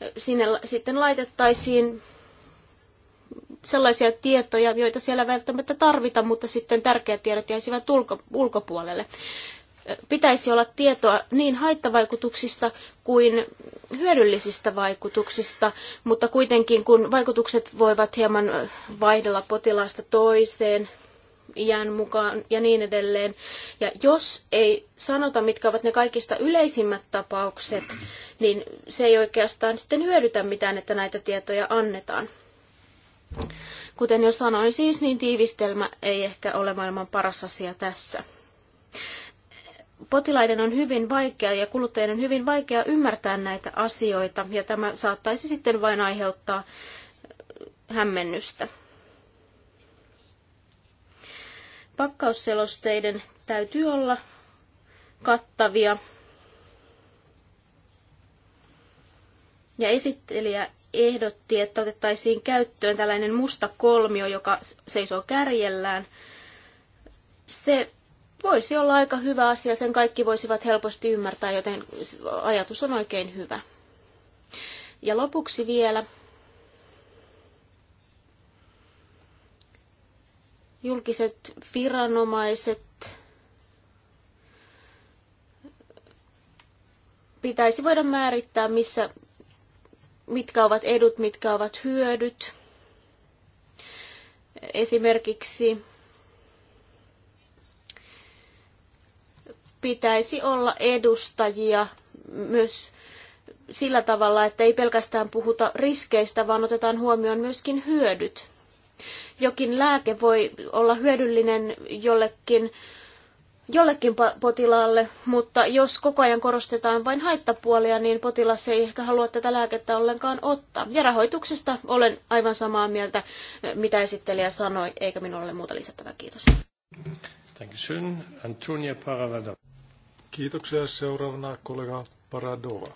C: eh, sinne sitten laitettaisiin sellaisia tietoja, joita siellä välttämättä tarvita, mutta sitten tärkeät tiedot jäisivät ulkopuolelle pitäisi olla tietoa niin haittavaikutuksista kuin hyödyllisistä vaikutuksista, mutta kuitenkin kun vaikutukset voivat hieman vaihdella potilaasta toiseen, iän mukaan ja niin edelleen. Ja jos ei sanota, mitkä ovat ne kaikista yleisimmät tapaukset, niin se ei oikeastaan sitten hyödytä mitään, että näitä tietoja annetaan. Kuten jo sanoin siis, niin tiivistelmä ei ehkä ole maailman paras asia tässä potilaiden on hyvin vaikea ja kuluttajien on hyvin vaikea ymmärtää näitä asioita ja tämä saattaisi sitten vain aiheuttaa äh, hämmennystä. Pakkausselosteiden täytyy olla kattavia. Ja esittelijä ehdotti, että otettaisiin käyttöön tällainen musta kolmio, joka seisoo kärjellään. Se voisi olla aika hyvä asia, sen kaikki voisivat helposti ymmärtää, joten ajatus on oikein hyvä. Ja lopuksi vielä julkiset viranomaiset pitäisi voida määrittää, missä, mitkä ovat edut, mitkä ovat hyödyt. Esimerkiksi pitäisi olla edustajia myös sillä tavalla, että ei pelkästään puhuta riskeistä, vaan otetaan huomioon myöskin hyödyt. Jokin lääke voi olla hyödyllinen jollekin, jollekin potilaalle, mutta jos koko ajan korostetaan vain haittapuolia, niin potilas ei ehkä halua tätä lääkettä ollenkaan ottaa. Ja rahoituksesta olen aivan samaa mieltä, mitä esittelijä sanoi, eikä minulla ole muuta lisättävää. Kiitos.
B: Dankeschön. Antonia Paravada. Kiitoksia. Seuraavana kollega Paradova.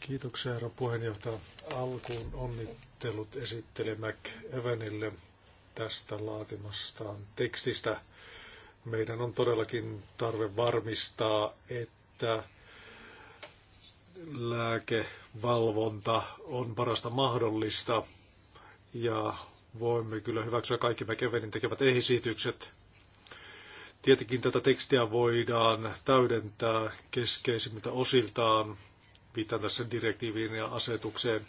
B: Kiitoksia herra puheenjohtaja. Alkuun onnittelut esittelemäk Evenille tästä laatimastaan tekstistä. Meidän on todellakin tarve varmistaa, että lääkevalvonta on parasta mahdollista ja voimme kyllä hyväksyä kaikki McEvenin tekevät esitykset. Tietenkin tätä tekstiä voidaan täydentää keskeisimmiltä osiltaan, viittaan tässä direktiiviin ja asetukseen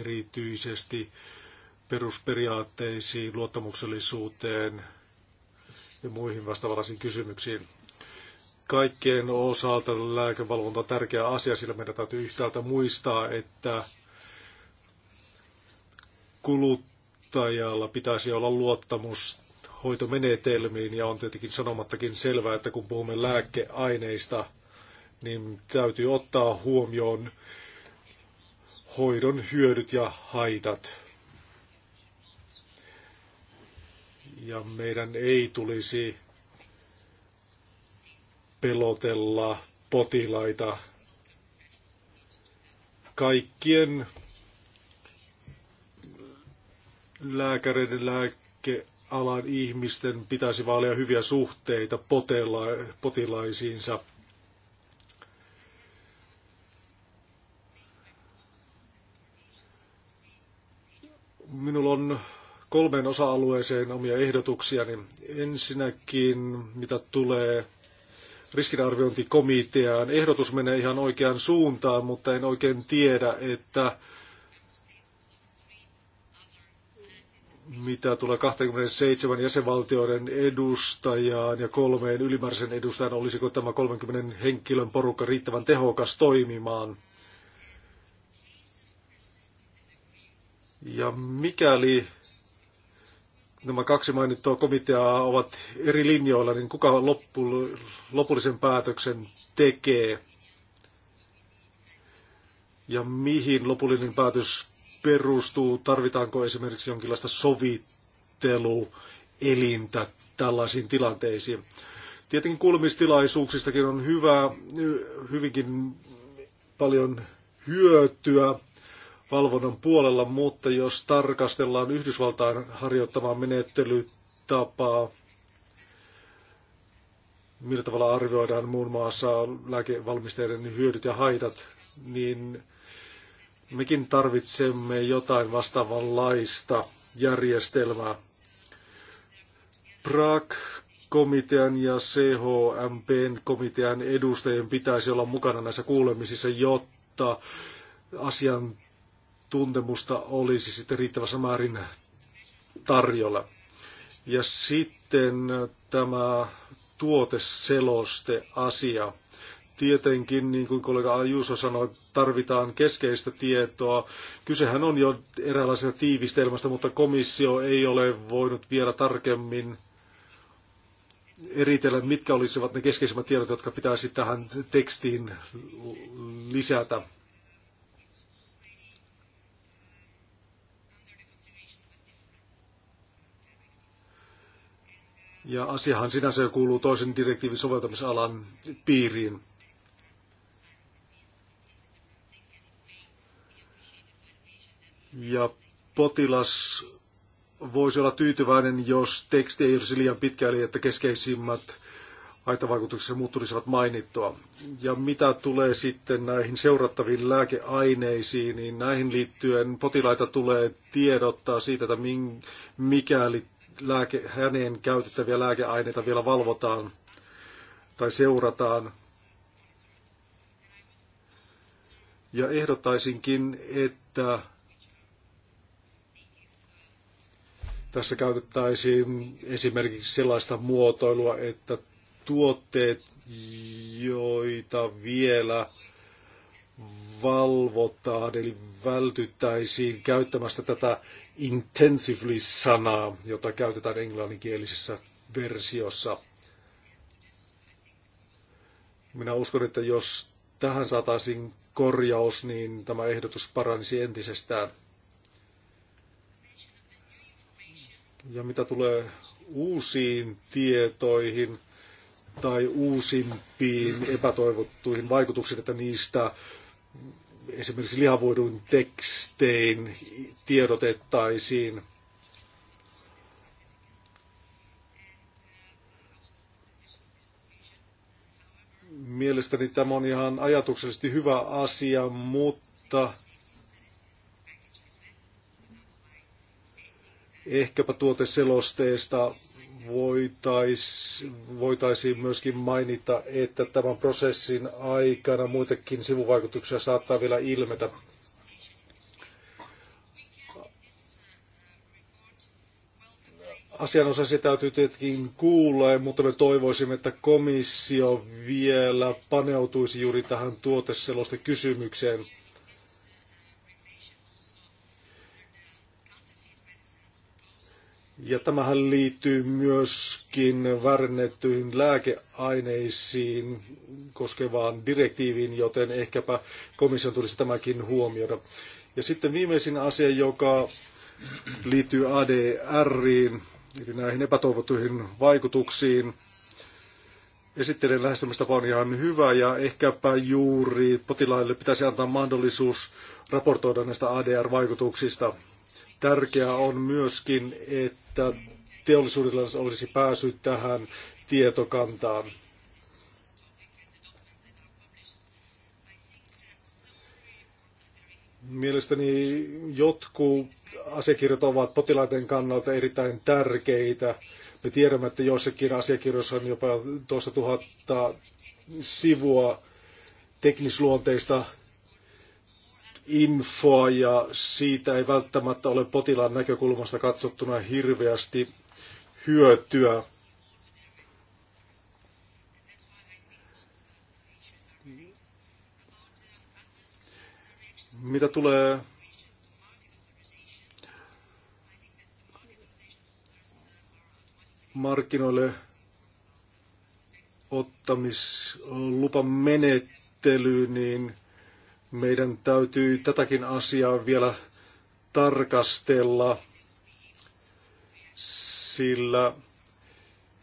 B: erityisesti perusperiaatteisiin, luottamuksellisuuteen ja muihin vastaavallisiin kysymyksiin. Kaikkien osalta lääkevalvonta on tärkeä asia, sillä meidän täytyy yhtäältä muistaa, että kuluttajalla pitäisi olla luottamus hoitomenetelmiin ja on tietenkin sanomattakin selvää, että kun puhumme lääkeaineista, niin täytyy ottaa huomioon hoidon hyödyt ja haitat. Ja meidän ei tulisi pelotella potilaita. Kaikkien lääkäreiden lääkkeiden alan ihmisten pitäisi vaalia hyviä suhteita potela- potilaisiinsa. Minulla on kolmeen osa-alueeseen omia ehdotuksiani. Ensinnäkin, mitä tulee riskinarviointikomiteaan. Ehdotus menee ihan oikeaan suuntaan, mutta en oikein tiedä, että mitä tulee 27 jäsenvaltioiden edustajaan ja kolmeen ylimääräisen edustajan, olisiko tämä 30 henkilön porukka riittävän tehokas toimimaan? Ja mikäli nämä kaksi mainittua komiteaa ovat eri linjoilla, niin kuka loppu, lopullisen päätöksen tekee? Ja mihin lopullinen päätös perustuu, tarvitaanko esimerkiksi jonkinlaista sovitteluelintä tällaisiin tilanteisiin. Tietenkin kuulemistilaisuuksistakin on hyvä, hyvinkin paljon hyötyä valvonnan puolella, mutta jos tarkastellaan Yhdysvaltain harjoittamaa menettelytapaa, millä tavalla arvioidaan muun muassa lääkevalmisteiden hyödyt ja haitat, niin mekin tarvitsemme jotain vastaavanlaista järjestelmää. Prag-komitean ja CHMP-komitean edustajien pitäisi olla mukana näissä kuulemisissa, jotta asiantuntemusta olisi sitten riittävässä määrin tarjolla. Ja sitten tämä tuoteseloste asia. Tietenkin, niin kuin kollega Ajuso sanoi, tarvitaan keskeistä tietoa. Kysehän on jo eräänlaisesta tiivistelmästä, mutta komissio ei ole voinut vielä tarkemmin eritellä, mitkä olisivat ne keskeisimmät tiedot, jotka pitäisi tähän tekstiin lisätä. Ja asiahan sinänsä jo kuuluu toisen direktiivin soveltamisalan piiriin. Ja potilas voisi olla tyytyväinen, jos teksti ei olisi liian pitkä, eli että keskeisimmät haittavaikutukset muut tulisivat mainittua. Ja mitä tulee sitten näihin seurattaviin lääkeaineisiin, niin näihin liittyen potilaita tulee tiedottaa siitä, että mikäli lääke, hänen käytettäviä lääkeaineita vielä valvotaan tai seurataan. Ja ehdottaisinkin, että Tässä käytettäisiin esimerkiksi sellaista muotoilua, että tuotteet, joita vielä valvotaan, eli vältyttäisiin käyttämästä tätä intensively-sanaa, jota käytetään englanninkielisessä versiossa. Minä uskon, että jos tähän saataisiin korjaus, niin tämä ehdotus paranisi entisestään. Ja mitä tulee uusiin tietoihin tai uusimpiin epätoivottuihin vaikutuksiin, että niistä esimerkiksi lihavoidun tekstein tiedotettaisiin, mielestäni tämä on ihan ajatuksellisesti hyvä asia, mutta Ehkäpä tuoteselosteesta voitaisiin voitaisi myöskin mainita, että tämän prosessin aikana muitakin sivuvaikutuksia saattaa vielä ilmetä. asianosaisia täytyy tietenkin kuulla, mutta me toivoisimme, että komissio vielä paneutuisi juuri tähän tuoteseloste kysymykseen. Ja tämähän liittyy myöskin värnettyihin lääkeaineisiin koskevaan direktiiviin, joten ehkäpä komission tulisi tämäkin huomioida. Ja sitten viimeisin asia, joka liittyy ADRiin, eli näihin epätoivottuihin vaikutuksiin. Esittelen lähestymistapa on ihan hyvä ja ehkäpä juuri potilaille pitäisi antaa mahdollisuus raportoida näistä ADR-vaikutuksista. Tärkeää on myöskin, että teollisuudella olisi pääsy tähän tietokantaan. Mielestäni jotkut asiakirjat ovat potilaiden kannalta erittäin tärkeitä. Me tiedämme, että joissakin asiakirjoissa on jopa toista tuhatta sivua teknisluonteista infoa ja siitä ei välttämättä ole potilaan näkökulmasta katsottuna hirveästi hyötyä. Mitä tulee markkinoille ottamislupamenettelyyn, niin meidän täytyy tätäkin asiaa vielä tarkastella, sillä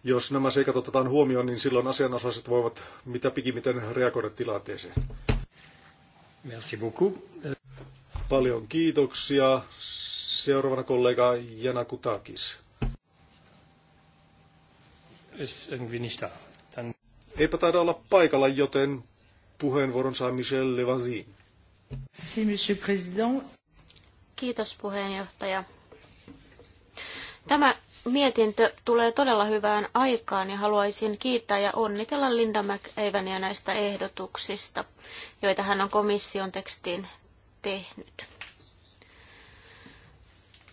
B: jos nämä seikat otetaan huomioon, niin silloin asianosaiset voivat mitä pikimiten reagoida tilanteeseen.
C: Merci beaucoup.
B: Paljon kiitoksia. Seuraavana kollega Jana Kutakis. Eipä taida olla paikalla, joten puheenvuoron saa Michel Levasin.
C: Kiitos puheenjohtaja. Tämä mietintö tulee todella hyvään aikaan ja haluaisin kiittää ja onnitella Linda McEvania näistä ehdotuksista, joita hän on komission tekstiin tehnyt.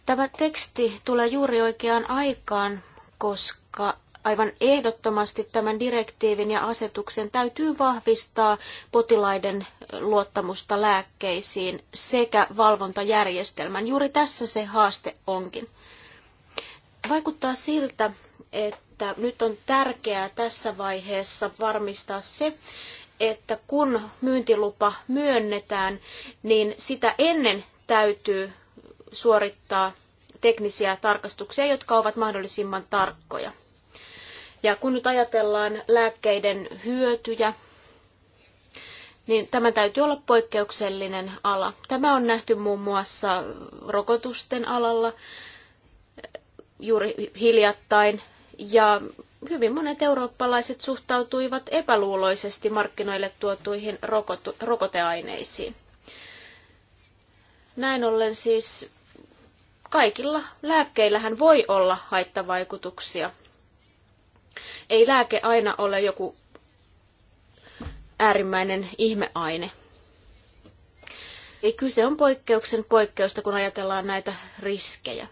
C: Tämä teksti tulee juuri oikeaan aikaan, koska Aivan ehdottomasti tämän direktiivin ja asetuksen täytyy vahvistaa potilaiden luottamusta lääkkeisiin sekä valvontajärjestelmän. Juuri tässä se haaste onkin. Vaikuttaa siltä, että nyt on tärkeää tässä vaiheessa varmistaa se, että kun myyntilupa myönnetään, niin sitä ennen täytyy suorittaa teknisiä tarkastuksia, jotka ovat mahdollisimman tarkkoja. Ja kun nyt ajatellaan lääkkeiden hyötyjä, niin tämä täytyy olla poikkeuksellinen ala. Tämä on nähty muun muassa rokotusten alalla juuri hiljattain, ja hyvin monet eurooppalaiset suhtautuivat epäluuloisesti markkinoille tuotuihin rokotu- rokoteaineisiin. Näin ollen siis kaikilla lääkkeillähän voi olla haittavaikutuksia ei lääke aina ole joku äärimmäinen ihmeaine. Eli kyse on poikkeuksen poikkeusta, kun ajatellaan näitä riskejä.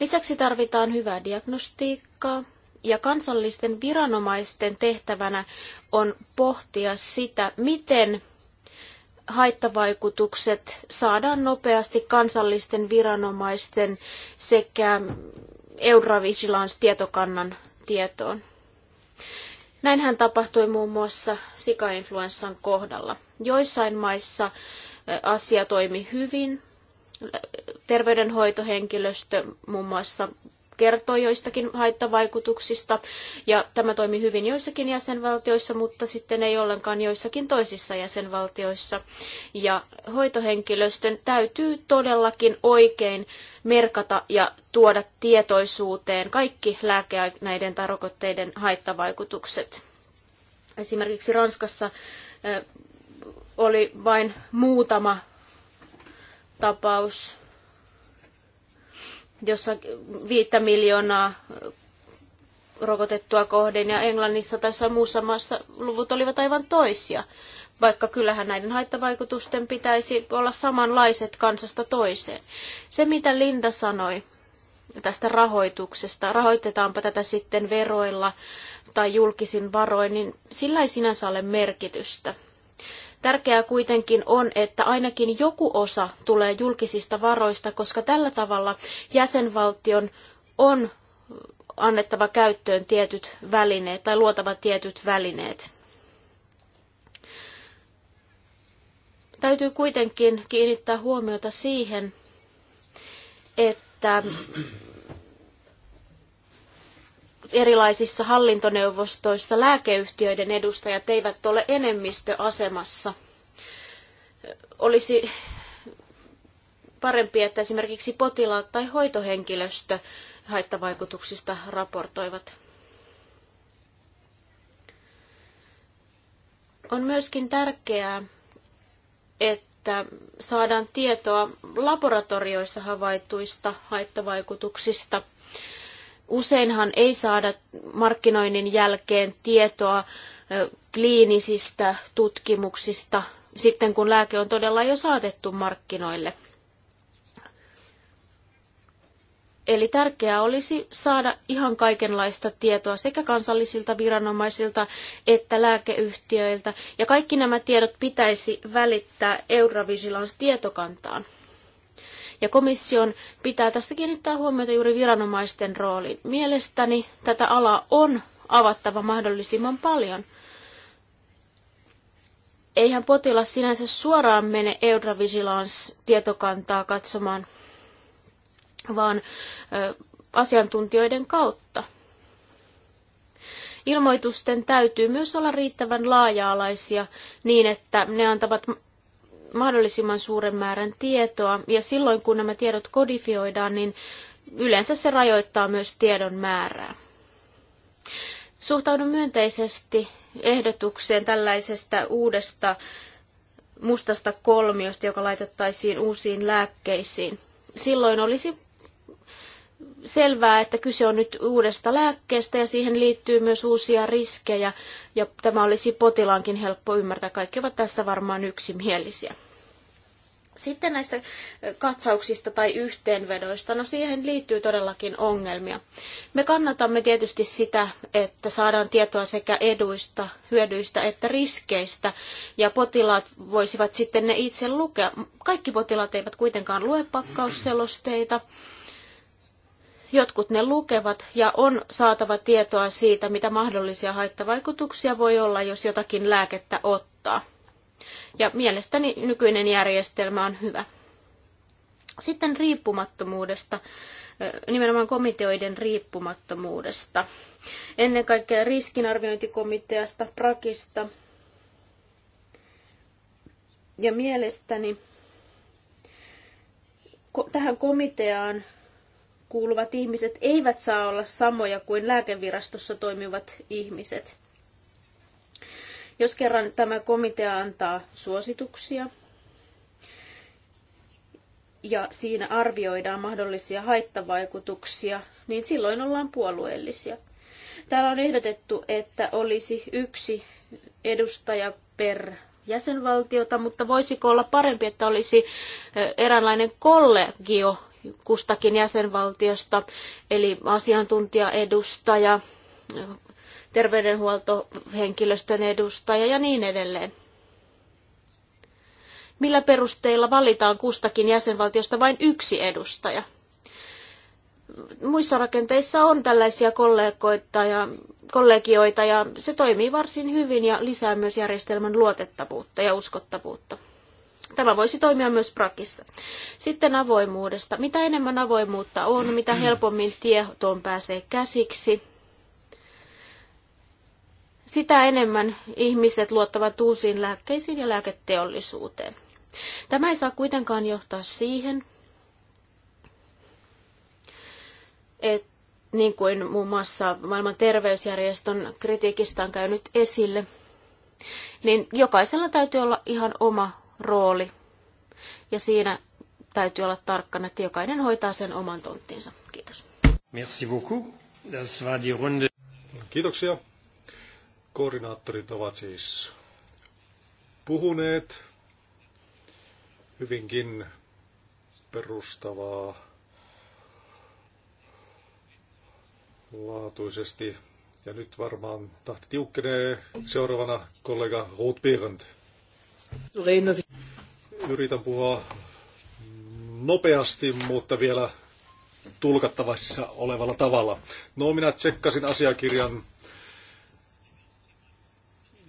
C: Lisäksi tarvitaan hyvää diagnostiikkaa, ja kansallisten viranomaisten tehtävänä on pohtia sitä, miten haittavaikutukset saadaan nopeasti kansallisten viranomaisten sekä Eurovigilance-tietokannan tietoon. Näinhän tapahtui muun muassa sikainfluenssan kohdalla. Joissain maissa asia toimi hyvin. Terveydenhoitohenkilöstö muun muassa kertoi joistakin haittavaikutuksista, ja tämä toimi hyvin joissakin jäsenvaltioissa, mutta sitten ei ollenkaan joissakin toisissa jäsenvaltioissa. Ja hoitohenkilöstön täytyy todellakin oikein merkata ja tuoda tietoisuuteen kaikki lääkeaineiden tarkoitteiden haittavaikutukset. Esimerkiksi Ranskassa oli vain muutama tapaus jossa viittä miljoonaa rokotettua kohden ja Englannissa tai muussa maassa luvut olivat aivan toisia, vaikka kyllähän näiden haittavaikutusten pitäisi olla samanlaiset kansasta toiseen. Se, mitä Linda sanoi tästä rahoituksesta, rahoitetaanpa tätä sitten veroilla tai julkisin varoin, niin sillä ei sinänsä ole merkitystä. Tärkeää kuitenkin on, että ainakin joku osa tulee julkisista varoista, koska tällä tavalla jäsenvaltion on annettava käyttöön tietyt välineet tai luotava tietyt välineet. Täytyy kuitenkin kiinnittää huomiota siihen, että erilaisissa hallintoneuvostoissa lääkeyhtiöiden edustajat eivät ole enemmistöasemassa. Olisi parempi, että esimerkiksi potilaat tai hoitohenkilöstö haittavaikutuksista raportoivat. On myöskin tärkeää, että saadaan tietoa laboratorioissa havaituista haittavaikutuksista – Useinhan ei saada markkinoinnin jälkeen tietoa kliinisistä tutkimuksista sitten, kun lääke on todella jo saatettu markkinoille. Eli tärkeää olisi saada ihan kaikenlaista tietoa sekä kansallisilta viranomaisilta että lääkeyhtiöiltä. Ja kaikki nämä tiedot pitäisi välittää Eurovisilans tietokantaan ja komission pitää tästä kiinnittää huomiota juuri viranomaisten rooliin. Mielestäni tätä alaa on avattava mahdollisimman paljon. Eihän potilas sinänsä suoraan mene Eudravigilance-tietokantaa katsomaan, vaan ö, asiantuntijoiden kautta. Ilmoitusten täytyy myös olla riittävän laaja-alaisia niin, että ne antavat mahdollisimman suuren määrän tietoa, ja silloin kun nämä tiedot kodifioidaan, niin yleensä se rajoittaa myös tiedon määrää. Suhtaudun myönteisesti ehdotukseen tällaisesta uudesta mustasta kolmiosta, joka laitettaisiin uusiin lääkkeisiin. Silloin olisi selvää, että kyse on nyt uudesta lääkkeestä ja siihen liittyy myös uusia riskejä ja tämä olisi potilaankin helppo ymmärtää. Kaikki ovat tästä varmaan yksimielisiä. Sitten näistä katsauksista tai yhteenvedoista, no siihen liittyy todellakin ongelmia. Me kannatamme tietysti sitä, että saadaan tietoa sekä eduista, hyödyistä että riskeistä, ja potilaat voisivat sitten ne itse lukea. Kaikki potilaat eivät kuitenkaan lue pakkausselosteita, Jotkut ne lukevat ja on saatava tietoa siitä, mitä mahdollisia haittavaikutuksia voi olla, jos jotakin lääkettä ottaa. Ja mielestäni nykyinen järjestelmä on hyvä. Sitten riippumattomuudesta, nimenomaan komiteoiden riippumattomuudesta. Ennen kaikkea riskinarviointikomiteasta, Prakista. Ja mielestäni tähän komiteaan kuuluvat ihmiset eivät saa olla samoja kuin lääkevirastossa toimivat ihmiset. Jos kerran tämä komitea antaa suosituksia ja siinä arvioidaan mahdollisia haittavaikutuksia, niin silloin ollaan puolueellisia. Täällä on ehdotettu, että olisi yksi edustaja per jäsenvaltiota, mutta voisiko olla parempi, että olisi eräänlainen kollegio kustakin jäsenvaltiosta, eli asiantuntijaedustaja, terveydenhuoltohenkilöstön edustaja ja niin edelleen. Millä perusteilla valitaan kustakin jäsenvaltiosta vain yksi edustaja? Muissa rakenteissa on tällaisia kollegoita ja kollegioita ja se toimii varsin hyvin ja lisää myös järjestelmän luotettavuutta ja uskottavuutta. Tämä voisi toimia myös Prakissa. Sitten avoimuudesta. Mitä enemmän avoimuutta on, mitä helpommin tietoon pääsee käsiksi, sitä enemmän ihmiset luottavat uusiin lääkkeisiin ja lääketeollisuuteen. Tämä ei saa kuitenkaan johtaa siihen, että niin kuin muun muassa maailman terveysjärjestön kritiikistä on käynyt esille, niin jokaisella täytyy olla ihan oma rooli. Ja siinä täytyy olla tarkkana, että jokainen hoitaa sen oman tonttinsa. Kiitos.
B: Merci beaucoup. Das war die Runde. Kiitoksia. Koordinaattorit ovat siis puhuneet hyvinkin perustavaa laatuisesti. Ja nyt varmaan tahti tiukkenee. Seuraavana kollega Ruth Birnd. Yritän puhua nopeasti, mutta vielä tulkattavassa olevalla tavalla. No, minä tsekkasin asiakirjan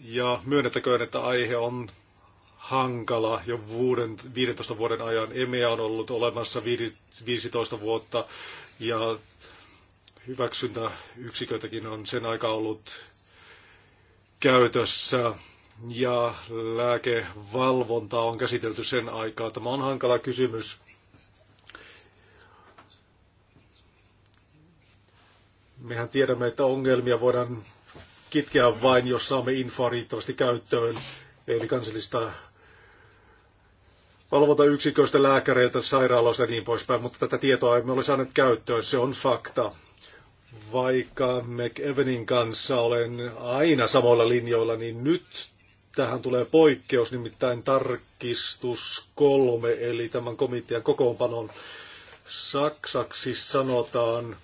B: ja myönnettäköön, että aihe on hankala jo vuoden, 15 vuoden ajan. EMEA on ollut olemassa 15 vuotta ja hyväksyntäyksiköitäkin on sen aika ollut käytössä ja lääkevalvonta on käsitelty sen aikaa. Tämä on hankala kysymys. Mehän tiedämme, että ongelmia voidaan kitkeä vain, jos saamme infoa riittävästi käyttöön, eli kansallista valvontayksiköistä, lääkäreiltä, sairaaloista ja niin poispäin, mutta tätä tietoa emme ole saaneet käyttöön, se on fakta vaikka McEvenin kanssa olen aina samoilla linjoilla, niin nyt tähän tulee poikkeus, nimittäin tarkistus kolme, eli tämän komitean kokoonpanon saksaksi sanotaan,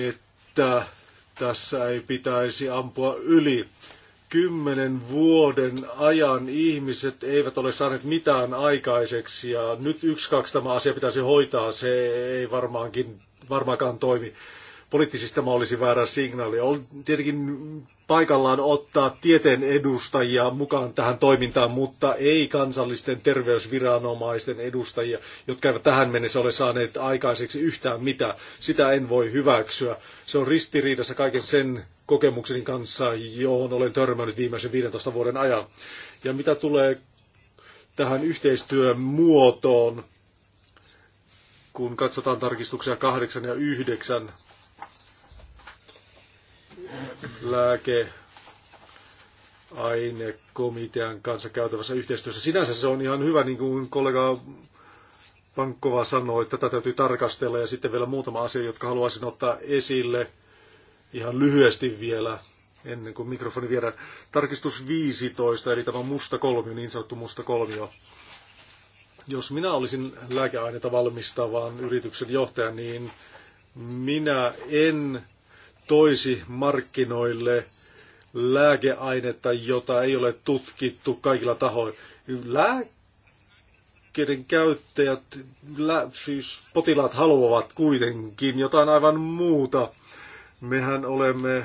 B: että tässä ei pitäisi ampua yli. Kymmenen vuoden ajan ihmiset eivät ole saaneet mitään aikaiseksi ja nyt yksi kaksi tämä asia pitäisi hoitaa. Se ei varmaankin varmaankaan toimi. Poliittisesti tämä olisi väärä signaali. On tietenkin paikallaan ottaa tieteen edustajia mukaan tähän toimintaan, mutta ei kansallisten terveysviranomaisten edustajia, jotka eivät tähän mennessä ole saaneet aikaiseksi yhtään mitään. Sitä en voi hyväksyä. Se on ristiriidassa kaiken sen kokemukseni kanssa, johon olen törmännyt viimeisen 15 vuoden ajan. Ja mitä tulee tähän yhteistyön muotoon, kun katsotaan tarkistuksia 8 ja 9, lääke ainekomitean kanssa käytävässä yhteistyössä. Sinänsä se on ihan hyvä, niin kuin kollega Pankkova sanoi, että tätä täytyy tarkastella. Ja sitten vielä muutama asia, jotka haluaisin ottaa esille ihan lyhyesti vielä, ennen kuin mikrofoni viedään. Tarkistus 15, eli tämä musta kolmio, niin sanottu musta kolmio. Jos minä olisin lääkeaineita valmistavan yrityksen johtaja, niin minä en toisi markkinoille lääkeainetta, jota ei ole tutkittu kaikilla tahoilla. Lääkkeiden käyttäjät, lä- siis potilaat haluavat kuitenkin jotain aivan muuta. Mehän olemme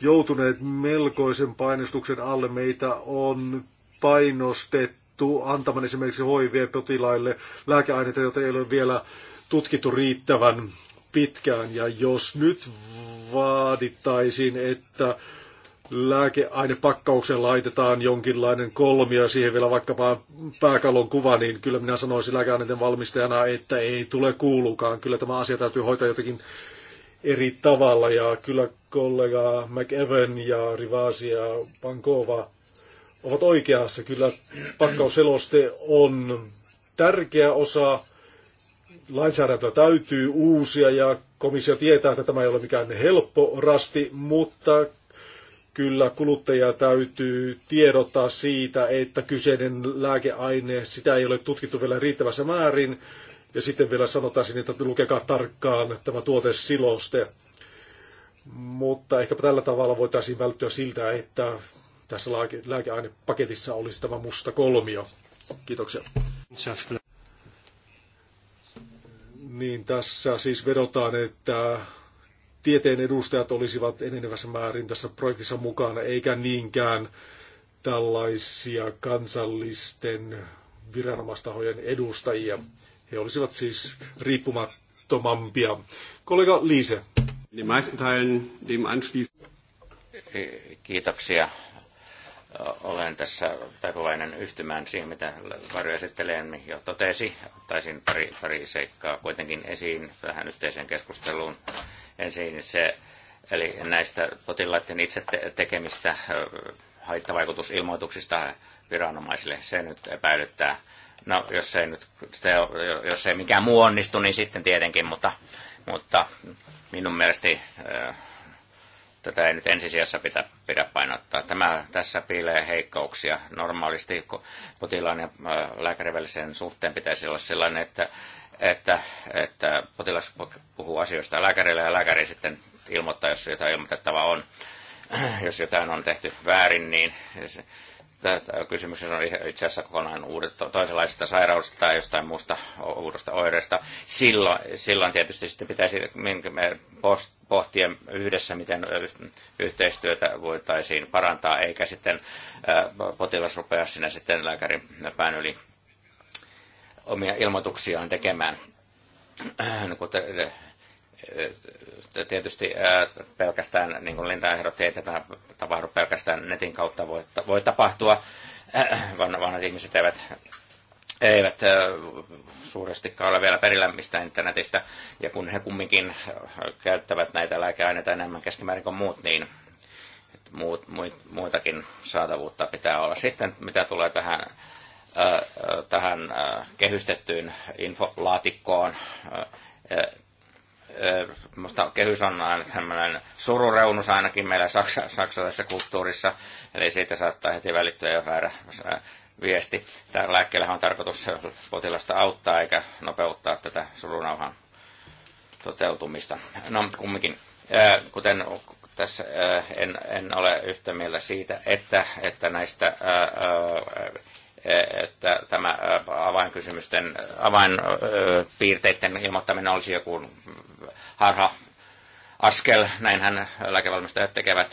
B: joutuneet melkoisen painostuksen alle. Meitä on painostettu alettu antamaan esimerkiksi HIV-potilaille lääkeaineita, joita ei ole vielä tutkittu riittävän pitkään. Ja jos nyt vaadittaisiin, että lääkeainepakkaukseen laitetaan jonkinlainen kolmio, siihen vielä vaikkapa pääkalon kuva, niin kyllä minä sanoisin lääkeaineiden valmistajana, että ei tule kuulukaan. Kyllä tämä asia täytyy hoitaa jotenkin eri tavalla ja kyllä kollega McEwen ja Rivasi ja Pankova ovat oikeassa. Kyllä pakkausseloste on tärkeä osa. Lainsäädäntöä täytyy uusia ja komissio tietää, että tämä ei ole mikään helppo rasti, mutta kyllä kuluttajia täytyy tiedottaa siitä, että kyseinen lääkeaine, sitä ei ole tutkittu vielä riittävässä määrin. Ja sitten vielä sanotaan että lukekaa tarkkaan tämä tuotesiloste. Mutta ehkäpä tällä tavalla voitaisiin välttyä siltä, että tässä lääke- lääkeainepaketissa olisi tämä musta kolmio. Kiitoksia. Niin tässä siis vedotaan, että tieteen edustajat olisivat enenevässä määrin tässä projektissa mukana, eikä niinkään tällaisia kansallisten viranomaistahojen edustajia. He olisivat siis riippumattomampia. Kollega Liise.
A: Kiitoksia olen tässä taipuvainen yhtymään siihen, mitä varjoesittelijämme jo totesi. Ottaisin pari, pari seikkaa kuitenkin esiin tähän yhteiseen keskusteluun. Ensin se, eli näistä potilaiden itse te- tekemistä haittavaikutusilmoituksista viranomaisille, se nyt epäilyttää. No, jos ei, nyt, jos ei mikään muu onnistu, niin sitten tietenkin, mutta, mutta minun mielestäni tätä ei nyt ensisijassa pitä, pidä painottaa. Tämä, tässä piilee heikkouksia. Normaalisti potilaan ja lääkärin välisen suhteen pitäisi olla sellainen, että, että, että potilas puhuu asioista lääkärille ja lääkäri sitten ilmoittaa, jos jotain ilmoitettavaa on. Jos jotain on tehty väärin, niin kysymys on itse asiassa kokonaan uudesta toisenlaisesta sairaudesta tai jostain muusta uudesta oireesta. Silloin, silloin tietysti sitten pitäisi pohtia yhdessä, miten yhteistyötä voitaisiin parantaa, eikä sitten potilas rupea sinne sitten lääkärin pään yli omia ilmoituksiaan tekemään. Niin tietysti pelkästään, niin kuin Linda ehdotti, ei tätä tapahdu pelkästään netin kautta voi, voi tapahtua, vaan vanhat ihmiset eivät, eivät suurestikaan ole vielä perillä mistä internetistä, ja kun he kumminkin käyttävät näitä lääkeaineita enemmän keskimäärin kuin muut, niin muut, muit, muitakin saatavuutta pitää olla. Sitten mitä tulee tähän tähän kehystettyyn infolaatikkoon, Musta kehys on aina tämmöinen surureunus ainakin meillä saksa, saksalaisessa kulttuurissa, eli siitä saattaa heti välittyä jo väärä viesti. Tämä lääkkeellä on tarkoitus potilasta auttaa eikä nopeuttaa tätä surunauhan toteutumista. No, kumminkin, kuten tässä en, en ole yhtä mieltä siitä, että, että näistä että tämä avainkysymysten, avainpiirteiden ilmoittaminen olisi joku harha askel, näinhän lääkevalmistajat tekevät.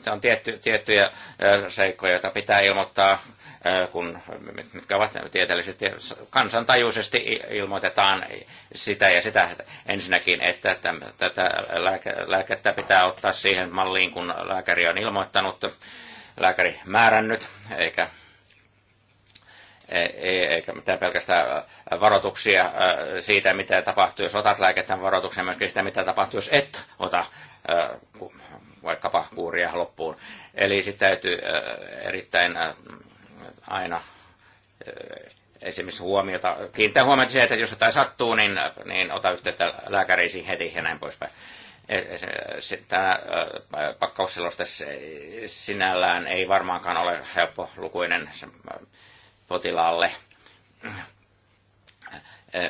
A: Se on tietty, tiettyjä seikkoja, joita pitää ilmoittaa, kun, mitkä ovat tieteellisesti kansantajuisesti ilmoitetaan sitä ja sitä ensinnäkin, että tätä lääkettä pitää ottaa siihen malliin, kun lääkäri on ilmoittanut, lääkäri määrännyt, eikä eikä mitään pelkästään äh, varoituksia äh, siitä, mitä tapahtuu, jos otat lääkettä, varoituksia myöskin sitä, mitä tapahtuu, jos et ota äh, vaikkapa kuuria loppuun. Eli sitten täytyy erittäin aina esimerkiksi huomiota, kiinnittää huomiota siihen, että jos jotain sattuu, niin, niin ota yhteyttä lääkäriisiin heti ja näin poispäin. E, e, tämä pakkausseloste sinällään ei varmaankaan ole helppo lukuinen potilaalle.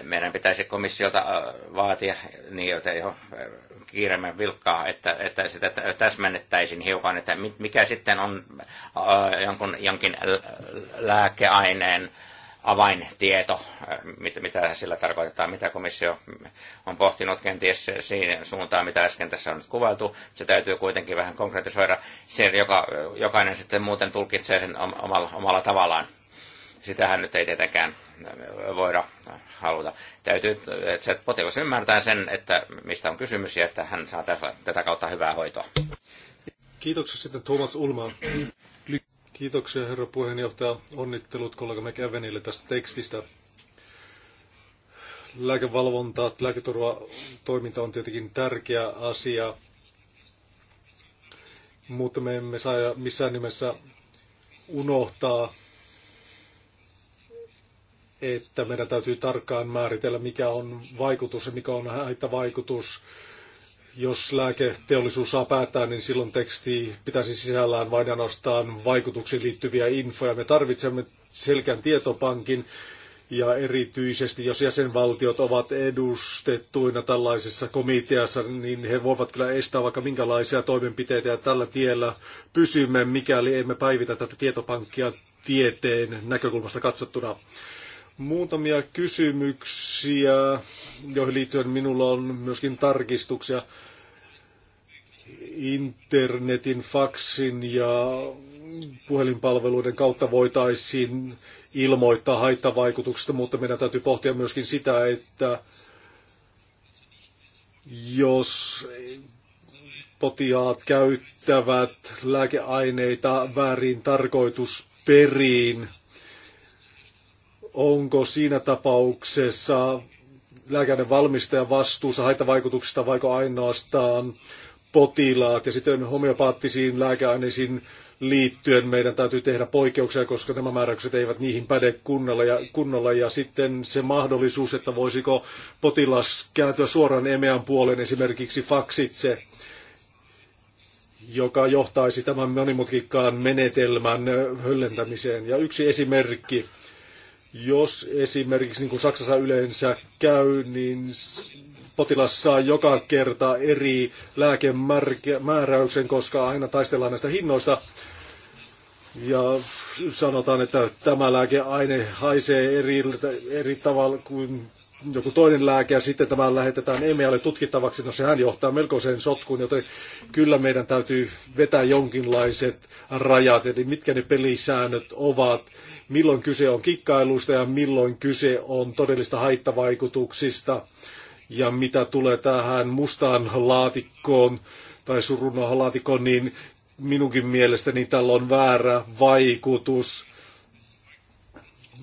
A: Meidän pitäisi komissiota äh, vaatia niin, että jo äh, kiiremmän vilkkaa, että, että sitä täsmennettäisiin hiukan, että mikä sitten on äh, jonkun, jonkin lääkeaineen avaintieto, mitä sillä tarkoitetaan, mitä komissio on pohtinut kenties siinä suuntaan, mitä äsken tässä on nyt kuvailtu. Se täytyy kuitenkin vähän konkretisoida. Se, joka, jokainen sitten muuten tulkitsee sen omalla, omalla tavallaan. Sitähän nyt ei tietenkään voida haluta. Täytyy, että se potilas ymmärtää sen, että mistä on kysymys ja että hän saa tätä kautta hyvää hoitoa.
B: Kiitoksia sitten Thomas Ulma. Kiitoksia herra puheenjohtaja. Onnittelut kollega McEvenille tästä tekstistä. Lääkevalvonta, lääketurvatoiminta on tietenkin tärkeä asia, mutta me emme saa missään nimessä unohtaa että meidän täytyy tarkkaan määritellä, mikä on vaikutus ja mikä on haittavaikutus. Jos lääketeollisuus saa päättää, niin silloin teksti pitäisi sisällään vain ainoastaan vaikutuksiin liittyviä infoja. Me tarvitsemme selkeän tietopankin ja erityisesti jos jäsenvaltiot ovat edustettuina tällaisessa komiteassa, niin he voivat kyllä estää vaikka minkälaisia toimenpiteitä ja tällä tiellä pysymme, mikäli emme päivitä tätä tietopankkia tieteen näkökulmasta katsottuna. Muutamia kysymyksiä, joihin liittyen minulla on myöskin tarkistuksia internetin, faksin ja puhelinpalveluiden kautta voitaisiin ilmoittaa haittavaikutuksista, mutta meidän täytyy pohtia myöskin sitä, että jos potiaat käyttävät lääkeaineita väärin tarkoitusperiin, onko siinä tapauksessa lääkäinen valmistaja vastuussa haittavaikutuksista vaiko ainoastaan potilaat. Ja sitten homeopaattisiin lääkeaineisiin liittyen meidän täytyy tehdä poikkeuksia, koska nämä määräykset eivät niihin päde kunnolla ja, kunnolla. ja sitten se mahdollisuus, että voisiko potilas kääntyä suoraan emeän puoleen esimerkiksi faksitse, joka johtaisi tämän monimutkikkaan menetelmän höllentämiseen. Ja yksi esimerkki jos esimerkiksi niin kuin Saksassa yleensä käy, niin potilas saa joka kerta eri lääkemääräyksen, koska aina taistellaan näistä hinnoista. Ja sanotaan, että tämä lääkeaine haisee eri, eri tavalla kuin joku toinen lääke ja sitten tämä lähetetään EMEAlle tutkittavaksi, no sehän johtaa melkoiseen sotkuun, joten kyllä meidän täytyy vetää jonkinlaiset rajat, eli mitkä ne pelisäännöt ovat milloin kyse on kikkailusta ja milloin kyse on todellista haittavaikutuksista. Ja mitä tulee tähän mustaan laatikkoon tai surunnohan laatikkoon, niin minunkin mielestäni tällä on väärä vaikutus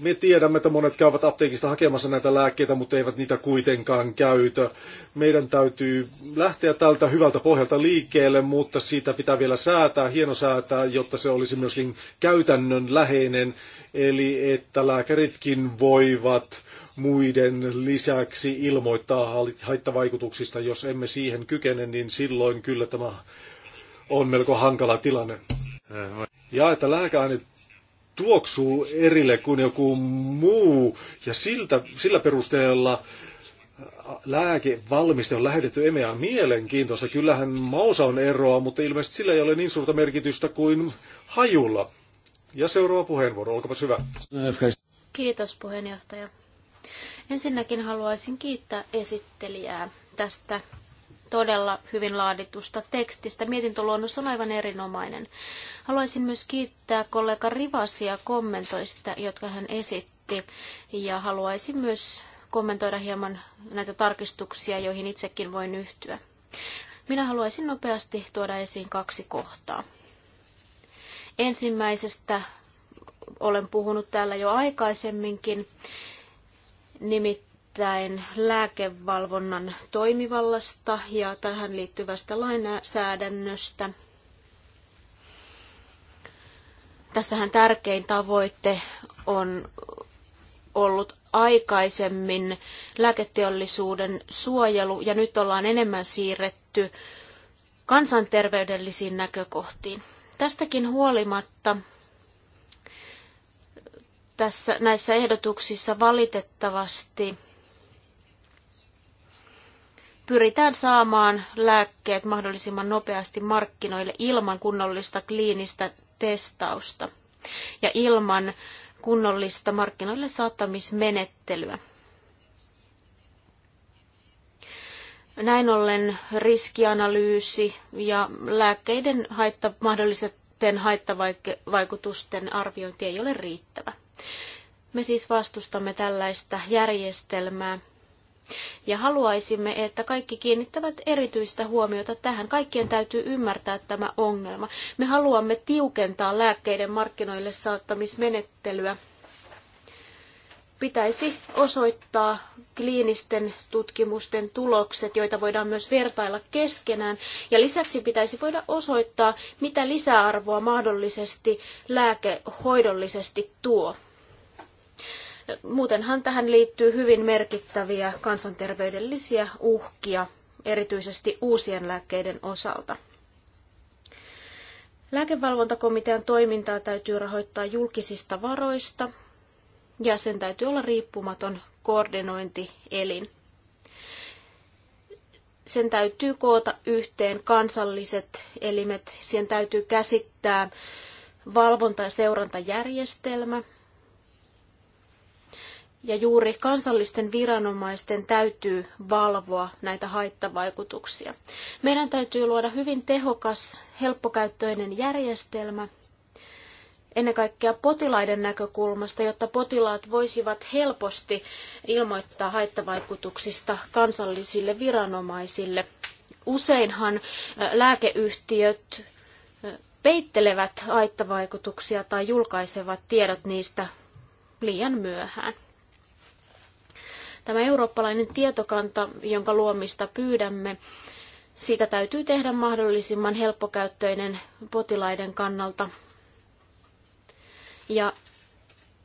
B: me tiedämme, että monet käyvät apteekista hakemassa näitä lääkkeitä, mutta eivät niitä kuitenkaan käytä. Meidän täytyy lähteä tältä hyvältä pohjalta liikkeelle, mutta siitä pitää vielä säätää, hieno säätää, jotta se olisi myöskin käytännön läheinen, eli että lääkäritkin voivat muiden lisäksi ilmoittaa haittavaikutuksista. Jos emme siihen kykene, niin silloin kyllä tämä on melko hankala tilanne. Äh, ja että lääkäaineet tuoksuu erille kuin joku muu, ja siltä, sillä perusteella lääkevalmiste on lähetetty EMEAan mielenkiintoista. Kyllähän mausa on eroa, mutta ilmeisesti sillä ei ole niin suurta merkitystä kuin hajulla. Ja seuraava puheenvuoro, olkaapa hyvä.
C: Kiitos puheenjohtaja. Ensinnäkin haluaisin kiittää esittelijää tästä todella hyvin laaditusta tekstistä. Mietintöluonnos on aivan erinomainen. Haluaisin myös kiittää kollega Rivasia kommentoista, jotka hän esitti, ja haluaisin myös kommentoida hieman näitä tarkistuksia, joihin itsekin voin yhtyä. Minä haluaisin nopeasti tuoda esiin kaksi kohtaa. Ensimmäisestä olen puhunut täällä jo aikaisemminkin, nimittäin nimittäin lääkevalvonnan toimivallasta ja tähän liittyvästä lainsäädännöstä. Tässähän tärkein tavoite on ollut aikaisemmin lääketeollisuuden suojelu ja nyt ollaan enemmän siirretty kansanterveydellisiin näkökohtiin. Tästäkin huolimatta tässä, näissä ehdotuksissa valitettavasti pyritään saamaan lääkkeet mahdollisimman nopeasti markkinoille ilman kunnollista kliinistä testausta ja ilman kunnollista markkinoille saattamismenettelyä. Näin ollen riskianalyysi ja lääkkeiden haitta, mahdollisten haittavaikutusten arviointi ei ole riittävä. Me siis vastustamme tällaista järjestelmää, ja haluaisimme, että kaikki kiinnittävät erityistä huomiota tähän. Kaikkien täytyy ymmärtää tämä ongelma. Me haluamme tiukentaa lääkkeiden markkinoille saattamismenettelyä. Pitäisi osoittaa kliinisten tutkimusten tulokset, joita voidaan myös vertailla keskenään. Ja lisäksi pitäisi voida osoittaa, mitä lisäarvoa mahdollisesti lääkehoidollisesti tuo. Muutenhan tähän liittyy hyvin merkittäviä kansanterveydellisiä uhkia, erityisesti uusien lääkkeiden osalta. Lääkevalvontakomitean toimintaa täytyy rahoittaa julkisista varoista ja sen täytyy olla riippumaton koordinointielin. Sen täytyy koota yhteen kansalliset elimet, sen täytyy käsittää valvonta- ja seurantajärjestelmä, ja juuri kansallisten viranomaisten täytyy valvoa näitä haittavaikutuksia. Meidän täytyy luoda hyvin tehokas, helppokäyttöinen järjestelmä, ennen kaikkea potilaiden näkökulmasta, jotta potilaat voisivat helposti ilmoittaa haittavaikutuksista kansallisille viranomaisille. Useinhan lääkeyhtiöt peittelevät haittavaikutuksia tai julkaisevat tiedot niistä liian myöhään. Tämä eurooppalainen tietokanta, jonka luomista pyydämme, siitä täytyy tehdä mahdollisimman helppokäyttöinen potilaiden kannalta. Ja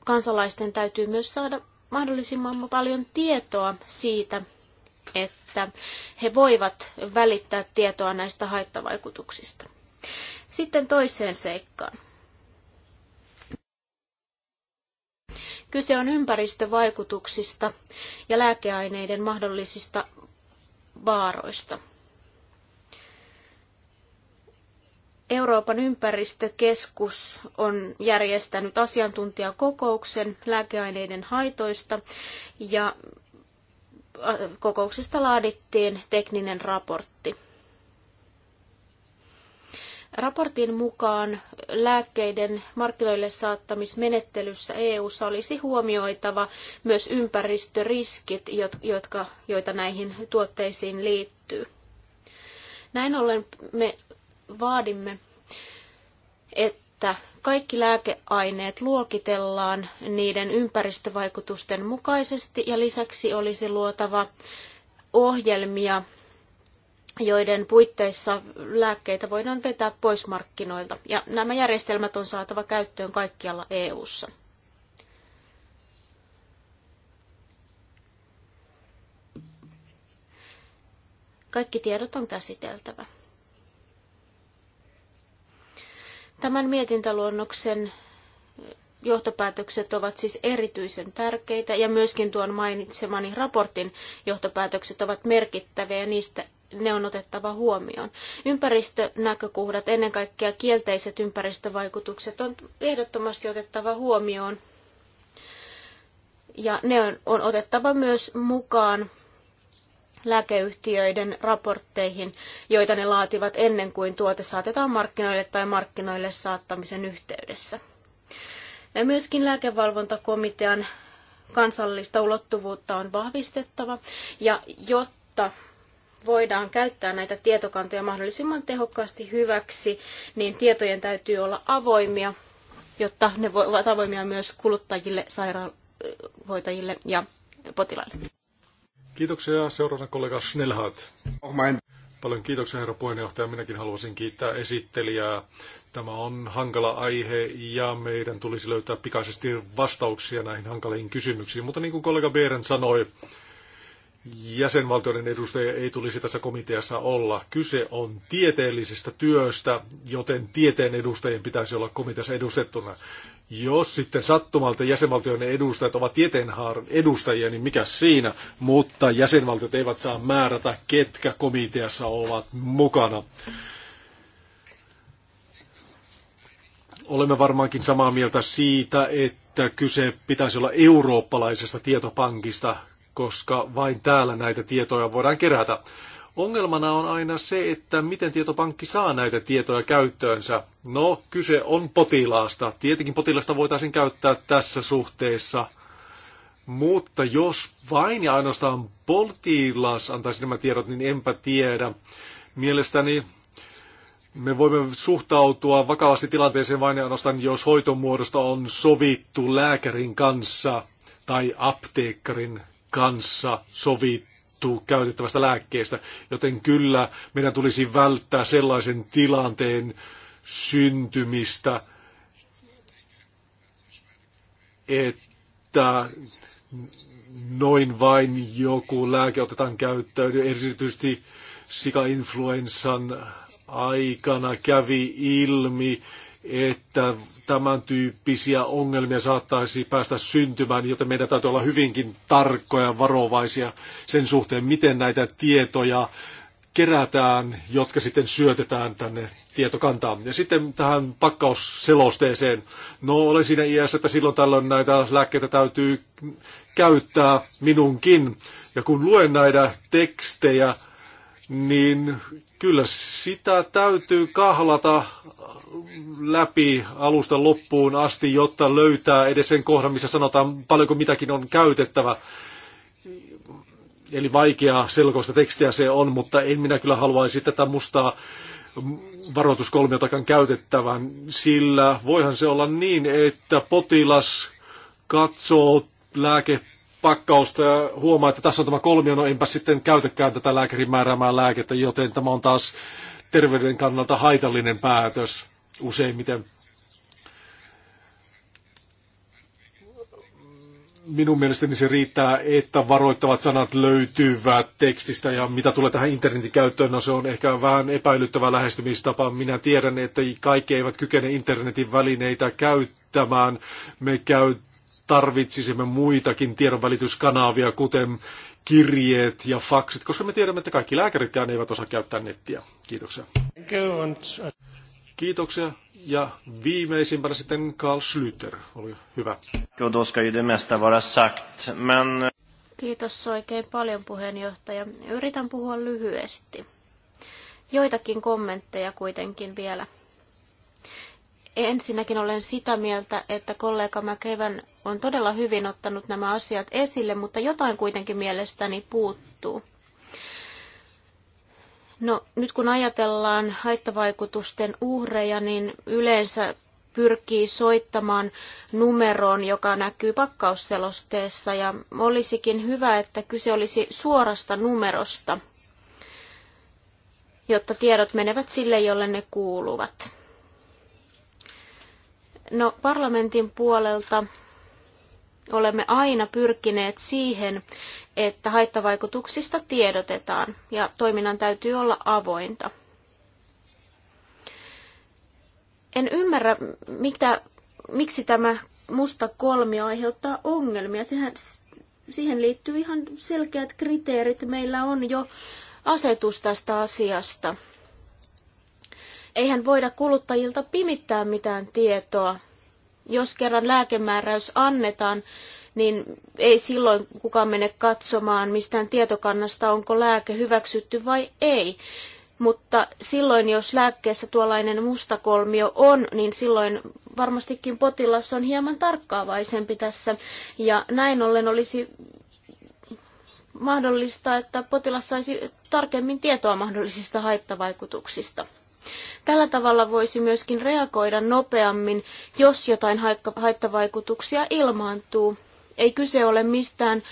C: kansalaisten täytyy myös saada mahdollisimman paljon tietoa siitä, että he voivat välittää tietoa näistä haittavaikutuksista. Sitten toiseen seikkaan. Kyse on ympäristövaikutuksista ja lääkeaineiden mahdollisista vaaroista. Euroopan ympäristökeskus on järjestänyt asiantuntijakokouksen lääkeaineiden haitoista ja äh, kokouksesta laadittiin tekninen raportti. Raportin mukaan lääkkeiden markkinoille saattamismenettelyssä EU:ssa olisi huomioitava myös ympäristöriskit, jotka, joita näihin tuotteisiin liittyy. Näin ollen me vaadimme, että kaikki lääkeaineet luokitellaan niiden ympäristövaikutusten mukaisesti ja lisäksi olisi luotava ohjelmia joiden puitteissa lääkkeitä voidaan vetää pois markkinoilta, ja nämä järjestelmät on saatava käyttöön kaikkialla EU:ssa. Kaikki tiedot on käsiteltävä. Tämän mietintäluonnoksen johtopäätökset ovat siis erityisen tärkeitä ja myöskin tuon mainitsemani raportin johtopäätökset ovat merkittäviä ja niistä ne on otettava huomioon. Ympäristönäkökohdat, ennen kaikkea kielteiset ympäristövaikutukset, on ehdottomasti otettava huomioon. Ja ne on, on otettava myös mukaan lääkeyhtiöiden raportteihin, joita ne laativat ennen kuin tuote saatetaan markkinoille tai markkinoille saattamisen yhteydessä. Ja myöskin lääkevalvontakomitean kansallista ulottuvuutta on vahvistettava, ja jotta voidaan käyttää näitä tietokantoja mahdollisimman tehokkaasti hyväksi, niin tietojen täytyy olla avoimia, jotta ne ovat avoimia myös kuluttajille, sairaanhoitajille ja potilaille.
B: Kiitoksia. Seuraavana kollega Schnellhardt. Paljon kiitoksia herra puheenjohtaja. Minäkin haluaisin kiittää esittelijää. Tämä on hankala aihe ja meidän tulisi löytää pikaisesti vastauksia näihin hankaliin kysymyksiin. Mutta niin kuin kollega Beeren sanoi, jäsenvaltioiden edustajia ei tulisi tässä komiteassa olla. Kyse on tieteellisestä työstä, joten tieteen edustajien pitäisi olla komiteassa edustettuna. Jos sitten sattumalta jäsenvaltioiden edustajat ovat tieteenhaaran edustajia, niin mikä siinä? Mutta jäsenvaltiot eivät saa määrätä, ketkä komiteassa ovat mukana. Olemme varmaankin samaa mieltä siitä, että kyse pitäisi olla eurooppalaisesta tietopankista, koska vain täällä näitä tietoja voidaan kerätä. Ongelmana on aina se, että miten tietopankki saa näitä tietoja käyttöönsä. No, kyse on potilaasta. Tietenkin potilasta voitaisiin käyttää tässä suhteessa. Mutta jos vain ja ainoastaan potilas antaisi nämä tiedot, niin enpä tiedä. Mielestäni me voimme suhtautua vakavasti tilanteeseen vain ja ainoastaan, jos hoitomuodosta on sovittu lääkärin kanssa tai apteekkarin kanssa sovittu käytettävästä lääkkeestä, joten kyllä meidän tulisi välttää sellaisen tilanteen syntymistä, että noin vain joku lääke otetaan käyttöön, erityisesti sikainfluenssan aikana kävi ilmi, että tämän tyyppisiä ongelmia saattaisi päästä syntymään, joten meidän täytyy olla hyvinkin tarkkoja ja varovaisia sen suhteen, miten näitä tietoja kerätään, jotka sitten syötetään tänne tietokantaan. Ja sitten tähän pakkausselosteeseen. No olen siinä iässä, että silloin tällöin näitä lääkkeitä täytyy käyttää minunkin. Ja kun luen näitä tekstejä, niin Kyllä sitä täytyy kahlata läpi alusta loppuun asti, jotta löytää edes sen kohdan, missä sanotaan paljonko mitäkin on käytettävä. Eli vaikeaa selkoista tekstiä se on, mutta en minä kyllä haluaisi tätä mustaa varoituskolmiotakaan käytettävän, sillä voihan se olla niin, että potilas katsoo lääke pakkausta ja huomaa, että tässä on tämä kolmio, no enpä sitten käytäkään tätä lääkärin määräämää lääkettä, joten tämä on taas terveyden kannalta haitallinen päätös useimmiten. minun mielestäni se riittää, että varoittavat sanat löytyvät tekstistä ja mitä tulee tähän internetin käyttöön, no se on ehkä vähän epäilyttävä lähestymistapa. Minä tiedän, että kaikki eivät kykene internetin välineitä käyttämään. Me käyt tarvitsisimme muitakin tiedonvälityskanavia, kuten kirjeet ja faksit, koska me tiedämme, että kaikki lääkäritkään eivät osaa käyttää nettiä. Kiitoksia. Kiitoksia. Ja viimeisimpänä sitten Karl Schlüter. Oli hyvä.
C: Kiitos oikein paljon puheenjohtaja. Yritän puhua lyhyesti. Joitakin kommentteja kuitenkin vielä Ensinnäkin olen sitä mieltä, että kollega Mäkevän on todella hyvin ottanut nämä asiat esille, mutta jotain kuitenkin mielestäni puuttuu. No, nyt kun ajatellaan haittavaikutusten uhreja, niin yleensä pyrkii soittamaan numeroon, joka näkyy pakkausselosteessa, ja olisikin hyvä, että kyse olisi suorasta numerosta, jotta tiedot menevät sille, jolle ne kuuluvat. No, parlamentin puolelta olemme aina pyrkineet siihen, että haittavaikutuksista tiedotetaan ja toiminnan täytyy olla avointa. En ymmärrä, mitä, miksi tämä musta kolmio aiheuttaa ongelmia. Sehän, siihen liittyy ihan selkeät kriteerit. Meillä on jo asetus tästä asiasta. Eihän voida kuluttajilta pimittää mitään tietoa. Jos kerran lääkemääräys annetaan, niin ei silloin kukaan mene katsomaan mistään tietokannasta, onko lääke hyväksytty vai ei. Mutta silloin, jos lääkkeessä tuollainen mustakolmio on, niin silloin varmastikin potilas on hieman tarkkaavaisempi tässä. Ja näin ollen olisi mahdollista, että potilas saisi tarkemmin tietoa mahdollisista haittavaikutuksista. Tällä tavalla voisi myöskin reagoida nopeammin, jos jotain haittavaikutuksia ilmaantuu. Ei kyse ole mistään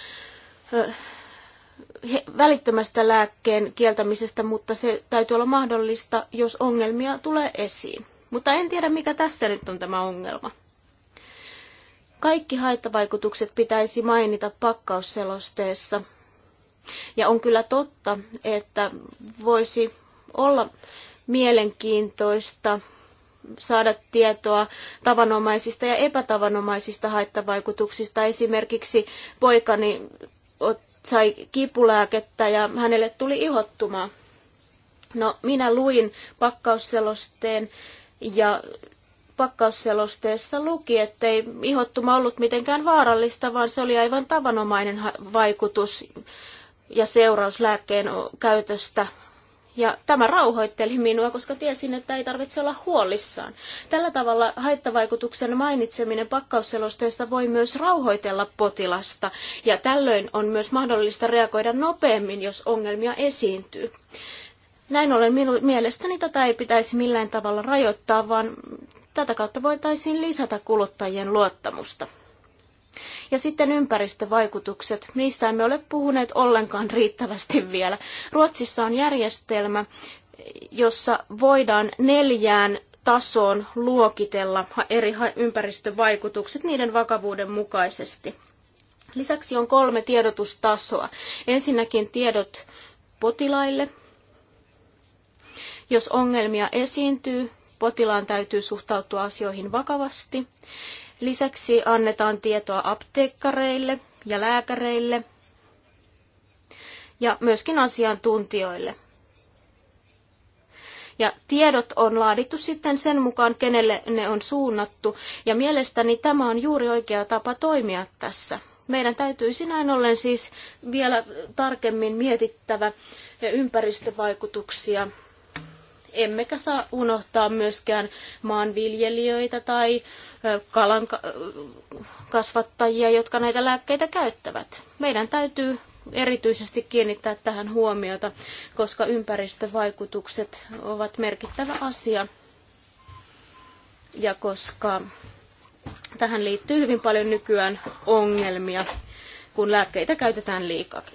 C: välittömästä lääkkeen kieltämisestä, mutta se täytyy olla mahdollista, jos ongelmia tulee esiin. Mutta en tiedä, mikä tässä nyt on tämä ongelma. Kaikki haittavaikutukset pitäisi mainita pakkausselosteessa. Ja on kyllä totta, että voisi olla mielenkiintoista saada tietoa tavanomaisista ja epätavanomaisista haittavaikutuksista. Esimerkiksi poikani sai kipulääkettä ja hänelle tuli ihottuma. No, minä luin pakkausselosteen ja pakkausselosteessa luki, ettei ihottuma ollut mitenkään vaarallista, vaan se oli aivan tavanomainen vaikutus ja seuraus lääkkeen käytöstä ja tämä rauhoitteli minua, koska tiesin, että ei tarvitse olla huolissaan. Tällä tavalla haittavaikutuksen mainitseminen pakkausselosteesta voi myös rauhoitella potilasta, ja tällöin on myös mahdollista reagoida nopeammin, jos ongelmia esiintyy. Näin ollen minu- mielestäni tätä ei pitäisi millään tavalla rajoittaa, vaan tätä kautta voitaisiin lisätä kuluttajien luottamusta. Ja sitten ympäristövaikutukset. Niistä emme ole puhuneet ollenkaan riittävästi vielä. Ruotsissa on järjestelmä, jossa voidaan neljään tasoon luokitella eri ympäristövaikutukset niiden vakavuuden mukaisesti. Lisäksi on kolme tiedotustasoa. Ensinnäkin tiedot potilaille. Jos ongelmia esiintyy, potilaan täytyy suhtautua asioihin vakavasti. Lisäksi annetaan tietoa apteekkareille ja lääkäreille ja myöskin asiantuntijoille. Ja tiedot on laadittu sitten sen mukaan, kenelle ne on suunnattu. Ja mielestäni tämä on juuri oikea tapa toimia tässä. Meidän täytyisi näin ollen siis vielä tarkemmin mietittävä ympäristövaikutuksia Emmekä saa unohtaa myöskään maanviljelijöitä tai kalan kasvattajia, jotka näitä lääkkeitä käyttävät. Meidän täytyy erityisesti kiinnittää tähän huomiota, koska ympäristövaikutukset ovat merkittävä asia. Ja koska tähän liittyy hyvin paljon nykyään ongelmia, kun lääkkeitä käytetään liikakin.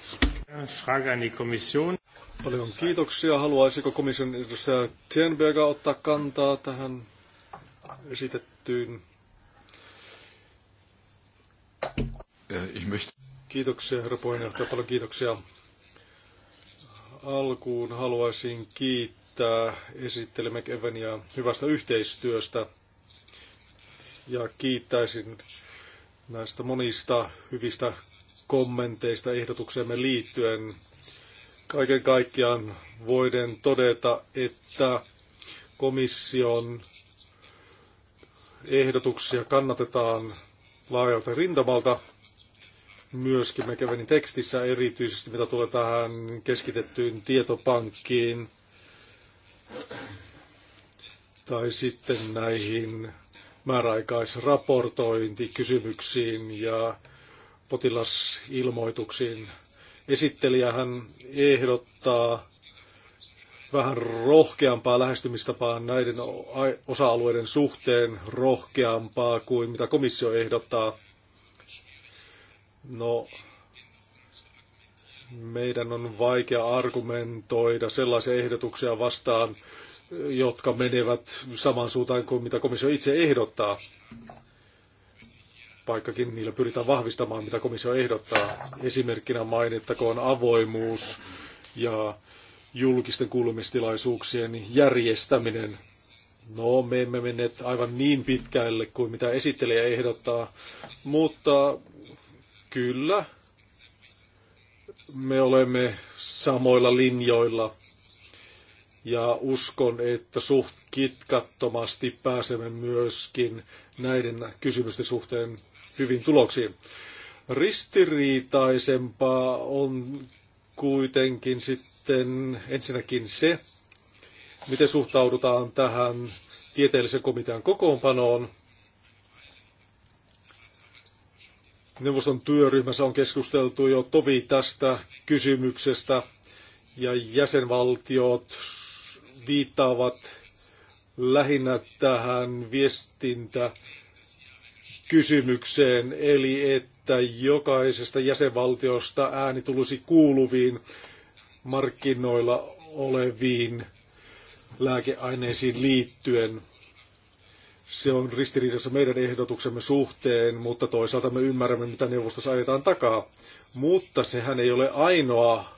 B: Paljon kiitoksia. Haluaisiko komission edustaja Tienberga ottaa kantaa tähän esitettyyn? Äh, kiitoksia, herra puheenjohtaja. Paljon kiitoksia. Alkuun haluaisin kiittää esittelemme Evenia hyvästä yhteistyöstä ja kiittäisin näistä monista hyvistä kommenteista ehdotuksemme liittyen. Kaiken kaikkiaan voiden todeta, että komission ehdotuksia kannatetaan laajalta rintamalta. Myöskin kävelin tekstissä erityisesti, mitä tulee tähän keskitettyyn tietopankkiin tai sitten näihin määräaikaisraportointikysymyksiin ja potilasilmoituksiin Esittelijähän ehdottaa vähän rohkeampaa lähestymistapaa näiden osa-alueiden suhteen, rohkeampaa kuin mitä komissio ehdottaa. No, meidän on vaikea argumentoida sellaisia ehdotuksia vastaan, jotka menevät samaan suuntaan kuin mitä komissio itse ehdottaa vaikkakin niillä pyritään vahvistamaan, mitä komissio ehdottaa. Esimerkkinä mainittakoon avoimuus ja julkisten kuulemistilaisuuksien järjestäminen. No, me emme menneet aivan niin pitkälle kuin mitä esittelijä ehdottaa, mutta kyllä me olemme samoilla linjoilla ja uskon, että suht kitkattomasti pääsemme myöskin näiden kysymysten suhteen hyviin tuloksiin. Ristiriitaisempaa on kuitenkin sitten ensinnäkin se, miten suhtaudutaan tähän tieteellisen komitean kokoonpanoon. Neuvoston työryhmässä on keskusteltu jo tovi tästä kysymyksestä ja jäsenvaltiot viittaavat lähinnä tähän viestintä kysymykseen, eli että jokaisesta jäsenvaltiosta ääni tulisi kuuluviin markkinoilla oleviin lääkeaineisiin liittyen. Se on ristiriidassa meidän ehdotuksemme suhteen, mutta toisaalta me ymmärrämme, mitä neuvostossa ajetaan takaa. Mutta sehän ei ole ainoa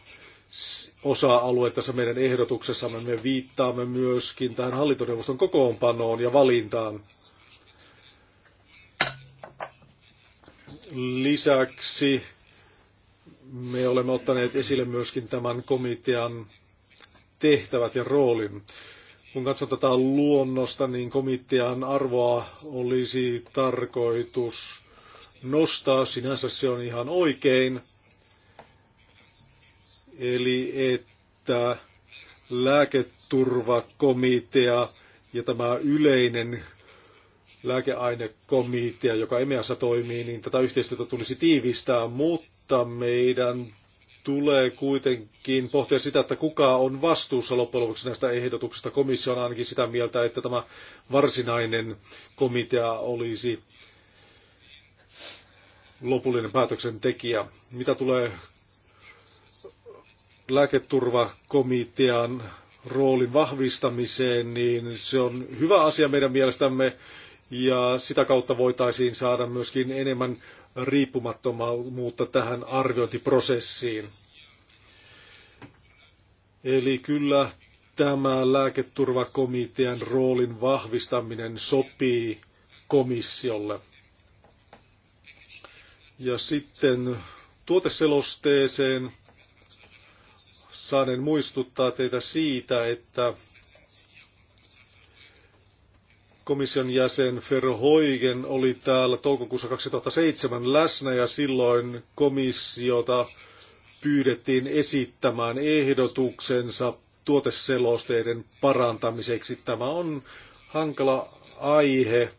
B: osa-alue tässä meidän ehdotuksessamme. Me viittaamme myöskin tähän hallintoneuvoston kokoonpanoon ja valintaan. Lisäksi me olemme ottaneet esille myöskin tämän komitean tehtävät ja roolin. Kun katson tätä luonnosta, niin komitean arvoa olisi tarkoitus nostaa. Sinänsä se on ihan oikein. Eli että lääketurvakomitea ja tämä yleinen lääkeainekomitea, joka EMEassa toimii, niin tätä yhteistyötä tulisi tiivistää, mutta meidän tulee kuitenkin pohtia sitä, että kuka on vastuussa loppujen lopuksi näistä ehdotuksista. Komissio on ainakin sitä mieltä, että tämä varsinainen komitea olisi lopullinen päätöksentekijä. Mitä tulee lääketurvakomitean roolin vahvistamiseen, niin se on hyvä asia meidän mielestämme ja sitä kautta voitaisiin saada myöskin enemmän riippumattomuutta tähän arviointiprosessiin. Eli kyllä tämä lääketurvakomitean roolin vahvistaminen sopii komissiolle. Ja sitten tuoteselosteeseen saanen muistuttaa teitä siitä, että komission jäsen Verhoigen oli täällä toukokuussa 2007 läsnä ja silloin komissiota pyydettiin esittämään ehdotuksensa tuoteselosteiden parantamiseksi. Tämä on hankala aihe.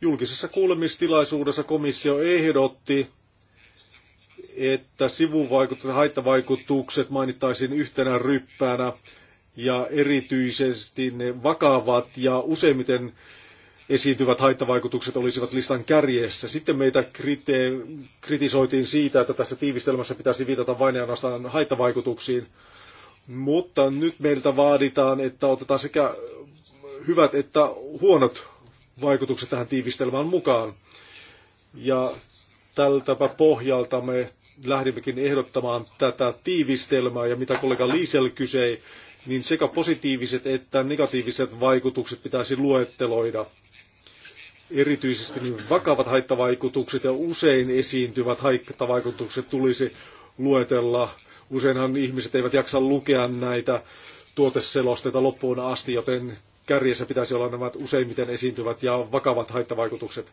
B: Julkisessa kuulemistilaisuudessa komissio ehdotti, että sivuvaikutukset ja haittavaikutukset mainittaisiin yhtenä ryppäänä ja erityisesti ne vakavat ja useimmiten esiintyvät haittavaikutukset olisivat listan kärjessä. Sitten meitä kritisoitiin siitä, että tässä tiivistelmässä pitäisi viitata vain ja ainoastaan haittavaikutuksiin. Mutta nyt meiltä vaaditaan, että otetaan sekä hyvät että huonot vaikutukset tähän tiivistelmään mukaan. Ja tältäpä pohjalta me lähdimmekin ehdottamaan tätä tiivistelmää ja mitä kollega Liisel kysyi, niin sekä positiiviset että negatiiviset vaikutukset pitäisi luetteloida erityisesti niin vakavat haittavaikutukset ja usein esiintyvät haittavaikutukset tulisi luetella. Useinhan ihmiset eivät jaksa lukea näitä tuoteselosteita loppuun asti, joten kärjessä pitäisi olla nämä useimmiten esiintyvät ja vakavat haittavaikutukset.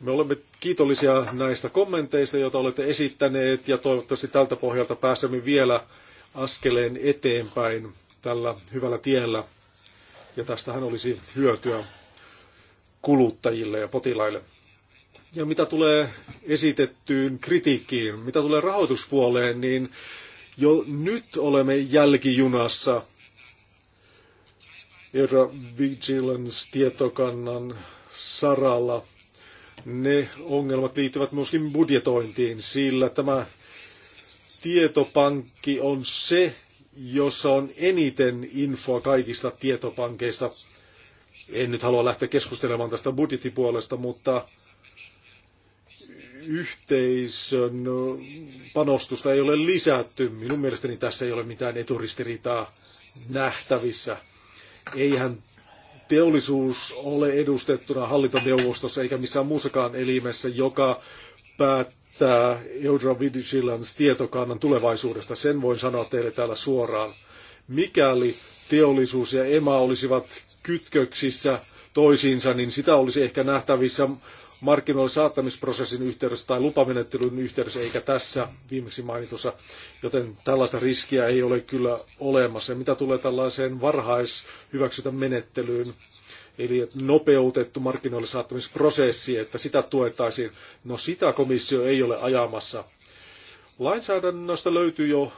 B: Me olemme kiitollisia näistä kommenteista, joita olette esittäneet, ja toivottavasti tältä pohjalta pääsemme vielä askeleen eteenpäin tällä hyvällä tiellä. Ja tästähän olisi hyötyä kuluttajille ja potilaille. Ja mitä tulee esitettyyn kritiikkiin, mitä tulee rahoituspuoleen, niin jo nyt olemme jälkijunassa Era Vigilance-tietokannan saralla. Ne ongelmat liittyvät myöskin budjetointiin, sillä tämä tietopankki on se, jossa on eniten infoa kaikista tietopankeista en nyt halua lähteä keskustelemaan tästä budjettipuolesta, mutta yhteisön panostusta ei ole lisätty. Minun mielestäni tässä ei ole mitään eturistiriitaa nähtävissä. Eihän teollisuus ole edustettuna hallintoneuvostossa eikä missään muussakaan elimessä, joka päättää Eudra Vigilance tietokannan tulevaisuudesta. Sen voin sanoa teille täällä suoraan. Mikäli teollisuus ja EMA olisivat kytköksissä toisiinsa, niin sitä olisi ehkä nähtävissä markkinoille saattamisprosessin yhteydessä tai lupamenettelyn yhteydessä, eikä tässä viimeksi mainitussa, joten tällaista riskiä ei ole kyllä olemassa. Ja mitä tulee tällaiseen varhaishyväksytämenettelyyn, eli nopeutettu markkinoille saattamisprosessi, että sitä tuettaisiin, no sitä komissio ei ole ajamassa. Lainsäädännöstä löytyy jo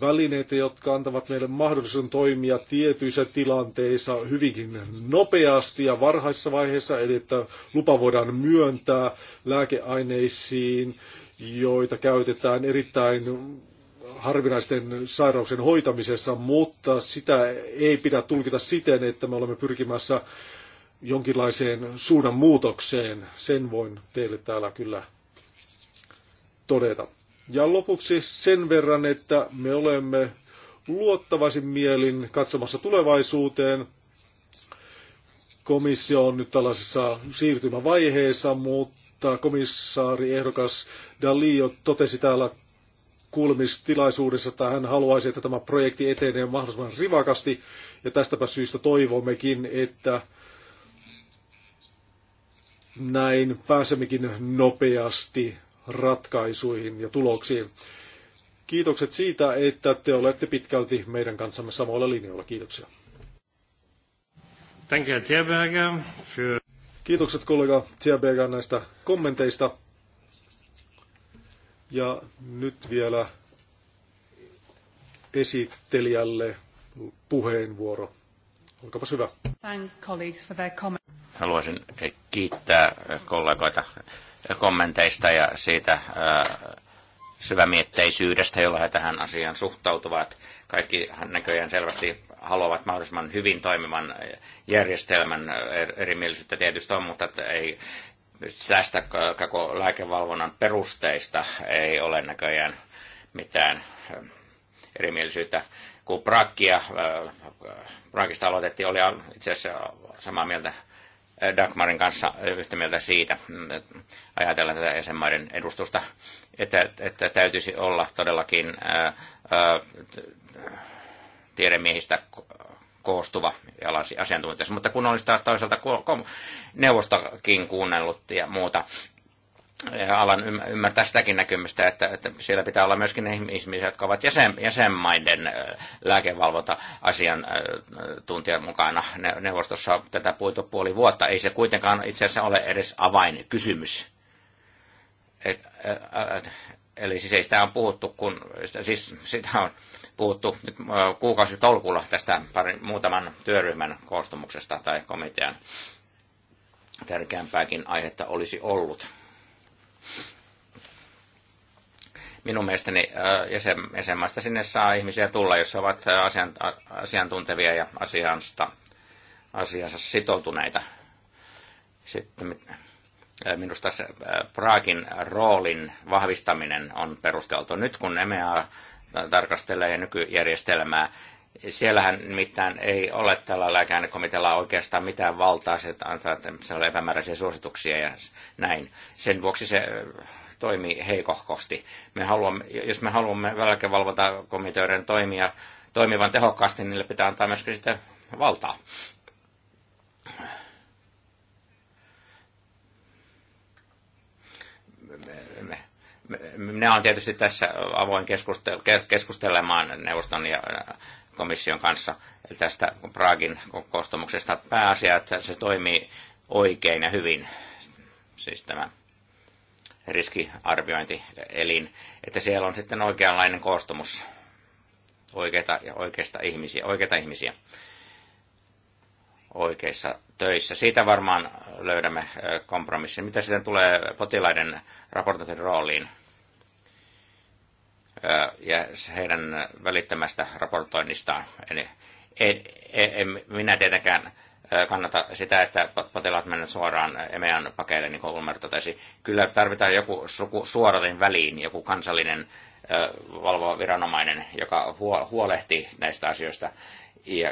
B: välineitä, jotka antavat meille mahdollisuuden toimia tietyissä tilanteissa hyvinkin nopeasti ja varhaisessa vaiheessa, eli että lupa voidaan myöntää lääkeaineisiin, joita käytetään erittäin harvinaisten sairauksien hoitamisessa, mutta sitä ei pidä tulkita siten, että me olemme pyrkimässä jonkinlaiseen suunnanmuutokseen. Sen voin teille täällä kyllä todeta. Ja lopuksi sen verran, että me olemme luottavaisin mielin katsomassa tulevaisuuteen. Komissio on nyt tällaisessa siirtymävaiheessa, mutta komissaari ehdokas Dalio totesi täällä kuulemistilaisuudessa, että hän haluaisi, että tämä projekti etenee mahdollisimman rivakasti. Ja tästäpä syystä toivommekin, että näin pääsemmekin nopeasti ratkaisuihin ja tuloksiin. Kiitokset siitä, että te olette pitkälti meidän kanssamme samoilla linjoilla. Kiitoksia. Kiitokset kollega Tierberger näistä kommenteista. Ja nyt vielä esittelijälle puheenvuoro. Olkapas hyvä.
A: Haluaisin kiittää kollegoita kommenteista ja siitä äh, syvämietteisyydestä, jolla he tähän asiaan suhtautuvat. Kaikki näköjään selvästi haluavat mahdollisimman hyvin toimivan järjestelmän. Er-, erimielisyyttä tietysti on, mutta ei, tästä koko lääkevalvonnan perusteista ei ole näköjään mitään äh, erimielisyyttä. Kun Prakkia, äh, Prakista aloitettiin, oli itse asiassa samaa mieltä Äh, Dagmarin kanssa äh, yhtä mieltä siitä, mm, ajatella tätä jäsenmaiden edustusta, että, että täytyisi olla todellakin ää, äh, ää, tiedemiehistä koostuva asiantuntijassa, Mutta kun olisi taas toisaalta neuvostakin kuunnellut ja muuta, alan ymmärtää sitäkin näkymystä, että, että siellä pitää olla myöskin ne ihmisiä, jotka ovat jäsen, jäsenmaiden lääkevalvonta-asiantuntijan mukana neuvostossa tätä puitu puoli vuotta. Ei se kuitenkaan itse asiassa ole edes avainkysymys. Eli siis ei sitä on puhuttu, kun, siis sitä on puhuttu nyt tolkulla tästä parin, muutaman työryhmän koostumuksesta tai komitean tärkeämpääkin aihetta olisi ollut Minun mielestäni äh, jäsenmaista sinne saa ihmisiä tulla, jos he ovat äh, asiantuntevia ja asiansta, asiansa sitoutuneita. Sitten äh, minusta se Praakin roolin vahvistaminen on perusteltu. Nyt kun EMEA tarkastelee nykyjärjestelmää, Siellähän mitään ei ole tällä lääkäännekomitealla oikeastaan mitään valtaa, se antaa epämääräisiä suosituksia ja näin. Sen vuoksi se toimii heikohkosti. Me haluamme, jos me haluamme välkevalvontakomiteoiden toimia, toimivan tehokkaasti, niin niille pitää antaa myöskin sitä valtaa. minä olen tietysti tässä avoin keskustelemaan neuvoston ja komission kanssa tästä Praagin koostumuksesta. Pääasia, että se toimii oikein ja hyvin, siis tämä riskiarviointielin, että siellä on sitten oikeanlainen koostumus oikeita ja oikeista ihmisiä, oikeita ihmisiä oikeissa töissä. Siitä varmaan löydämme kompromissin. Mitä sitten tulee potilaiden raportointin rooliin? ja heidän välittämästä raportoinnistaan. Eli en, en, en minä tietenkään kannata sitä, että potilaat menevät suoraan EMEAn pakeille, niin kuin Ulmer totesi. Kyllä tarvitaan joku suku, suoratin väliin, joku kansallinen valvova viranomainen, joka huolehtii näistä asioista. Ja,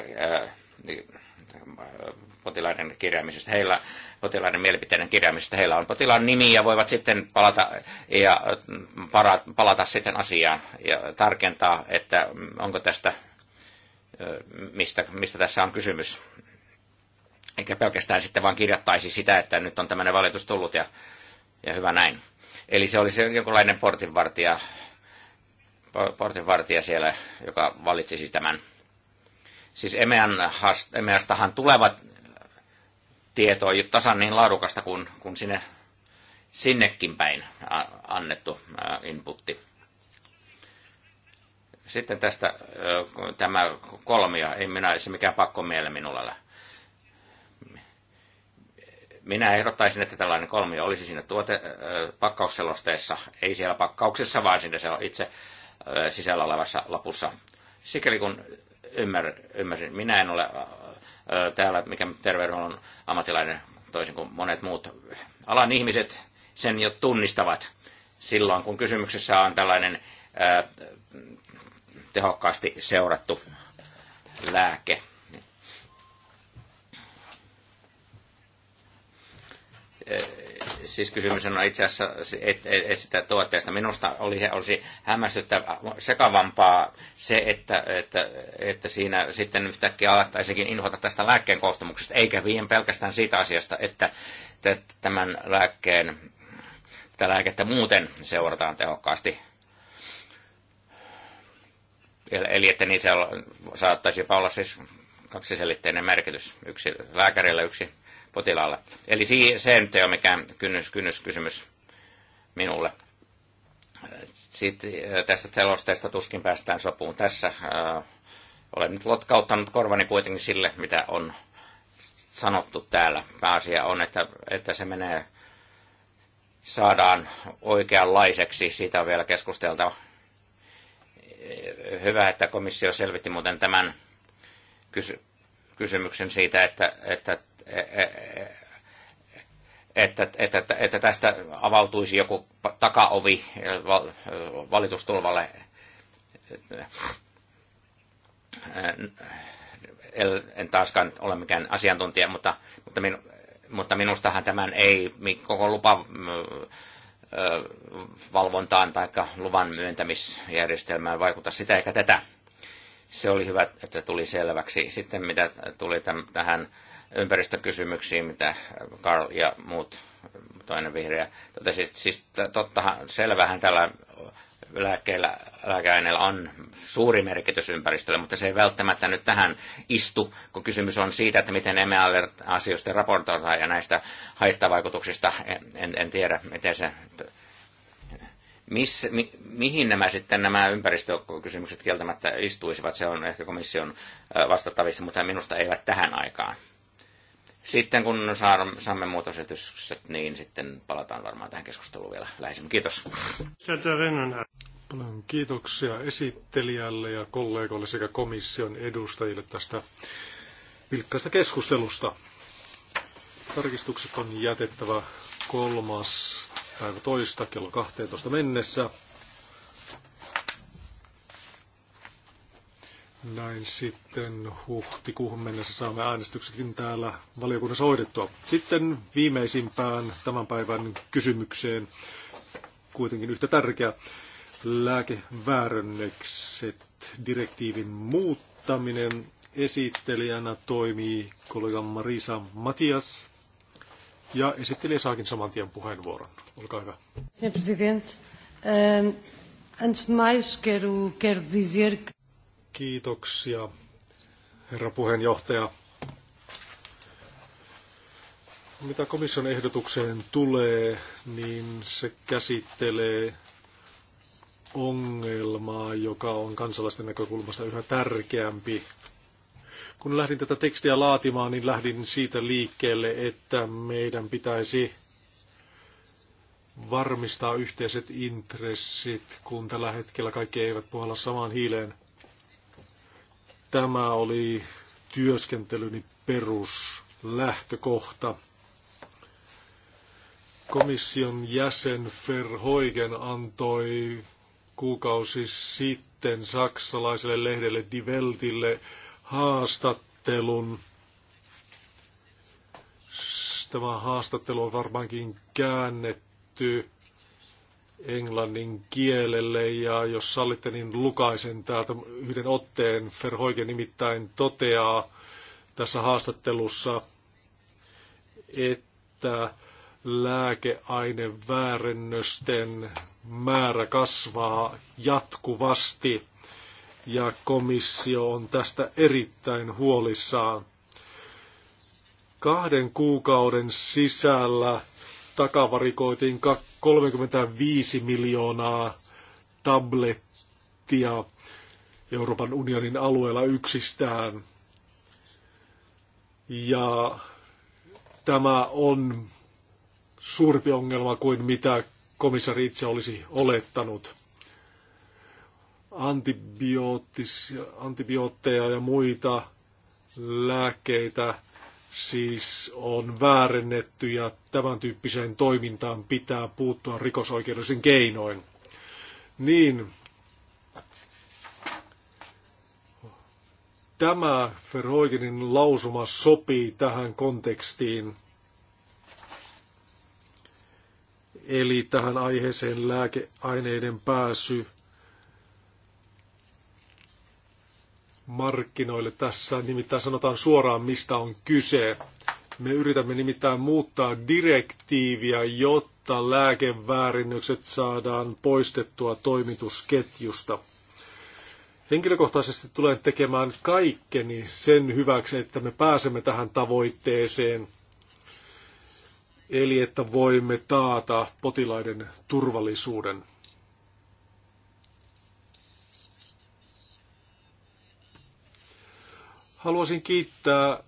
A: potilaiden kirjaamisesta. Heillä, potilaiden mielipiteiden kirjaamisesta heillä on potilaan nimi ja voivat sitten palata, ja mm, para, palata sitten asiaan ja tarkentaa, että mm, onko tästä, mistä, mistä tässä on kysymys. Eikä pelkästään sitten vaan kirjattaisi sitä, että nyt on tämmöinen valitus tullut ja, ja hyvä näin. Eli se olisi jonkinlainen portinvartija, portinvartija siellä, joka valitsisi tämän Siis EMEAN, EMEAstahan tulevat tieto ei ole tasan niin laadukasta kuin, kuin sinne, sinnekin päin annettu inputti. Sitten tästä tämä kolmia, ei minä, se mikään pakko miele minulle. Minä ehdottaisin, että tällainen kolmio olisi siinä tuote, pakkausselosteessa, ei siellä pakkauksessa, vaan siinä se on itse sisällä olevassa lapussa. Sikäli kun ymmär, ymmärsin. Minä en ole täällä, mikä terveydenhuollon ammatilainen, toisin kuin monet muut alan ihmiset sen jo tunnistavat silloin, kun kysymyksessä on tällainen tehokkaasti seurattu lääke. Eh, siis kysymys on itse asiassa et, et, et sitä tuotteesta. Minusta oli, olisi hämmästyttä sekavampaa se, että, että, että siinä sitten yhtäkkiä alettaisikin inhota tästä lääkkeen koostumuksesta, eikä viin pelkästään siitä asiasta, että, että tämän lääkkeen, tätä lääkettä muuten seurataan tehokkaasti. Eli että se saattaisi olla siis kaksiselitteinen merkitys, yksi lääkärille, yksi potilaalle. Eli se nyt ei ole mikään kynnys, kynnyskysymys minulle. Sitten äh, tästä selosteesta tuskin päästään sopuun. Tässä äh, olen nyt lotkauttanut korvani kuitenkin sille, mitä on sanottu täällä. Pääasia on, että, että se menee, saadaan oikeanlaiseksi. Siitä on vielä keskusteltava. Hyvä, että komissio selvitti muuten tämän kysymyksen siitä, että, että, että, että, että tästä avautuisi joku takaovi valitustulvalle en taaskaan ole mikään asiantuntija, mutta, mutta, minu, mutta minustahan tämän ei koko lupa mm, valvontaan tai luvan myöntämisjärjestelmään vaikuta sitä eikä tätä. Se oli hyvä, että tuli selväksi. Sitten mitä tuli täm, tähän ympäristökysymyksiin, mitä Karl ja muut, toinen vihreä, totesi, siis tottahan, selvähän tällä lääkkeellä, lääkeaineella on suuri merkitys ympäristölle, mutta se ei välttämättä nyt tähän istu, kun kysymys on siitä, että miten emme asioista raportoidaan ja näistä haittavaikutuksista. En, en tiedä, miten se Miss, mi, mihin nämä sitten nämä ympäristökysymykset kieltämättä istuisivat, se on ehkä komission vastattavissa, mutta minusta eivät tähän aikaan. Sitten kun saamme muutosesitykset, niin sitten palataan varmaan tähän keskusteluun vielä läheisemmin. Kiitos.
B: Paljon kiitoksia esittelijälle ja kollegoille sekä komission edustajille tästä vilkkaasta keskustelusta. Tarkistukset on jätettävä kolmas päivä toista kello 12 mennessä. Näin sitten huhtikuuhun mennessä saamme äänestyksetkin täällä valiokunnassa hoidettua. Sitten viimeisimpään tämän päivän kysymykseen kuitenkin yhtä tärkeä lääkeväärennökset direktiivin muuttaminen. Esittelijänä toimii kollega Marisa Matias. Ja esittelijä saakin saman tien puheenvuoron. Olkaa hyvä. Senhor Presidente, um, antes de mais quero, on dizer Kiitoksia, herra puheenjohtaja. Mitä komission ehdotukseen tulee, niin se käsittelee ongelmaa, joka on kansalaisten näkökulmasta yhä tärkeämpi kun lähdin tätä tekstiä laatimaan, niin lähdin siitä liikkeelle, että meidän pitäisi varmistaa yhteiset intressit, kun tällä hetkellä kaikki eivät puhalla samaan hiileen. Tämä oli työskentelyni peruslähtökohta. Komission jäsen Verhoigen antoi kuukausi sitten saksalaiselle lehdelle Die Weltille haastattelun. Tämä haastattelu on varmaankin käännetty englannin kielelle ja jos sallitte, niin lukaisen täältä yhden otteen. Verhoike nimittäin toteaa tässä haastattelussa, että lääkeaineväärennösten määrä kasvaa jatkuvasti ja komissio on tästä erittäin huolissaan. Kahden kuukauden sisällä takavarikoitiin 35 miljoonaa tablettia Euroopan unionin alueella yksistään. Ja tämä on suurempi ongelma kuin mitä komissari itse olisi olettanut antibiootteja ja muita lääkkeitä siis on väärennetty ja tämän tyyppiseen toimintaan pitää puuttua rikosoikeudellisen keinoin. Niin, tämä Verhoigenin lausuma sopii tähän kontekstiin, eli tähän aiheeseen lääkeaineiden pääsy markkinoille tässä, nimittäin sanotaan suoraan, mistä on kyse. Me yritämme nimittäin muuttaa direktiiviä, jotta lääkeväärinnökset saadaan poistettua toimitusketjusta. Henkilökohtaisesti tulen tekemään kaikkeni sen hyväksi, että me pääsemme tähän tavoitteeseen, eli että voimme taata potilaiden turvallisuuden. Haluaisin kiittää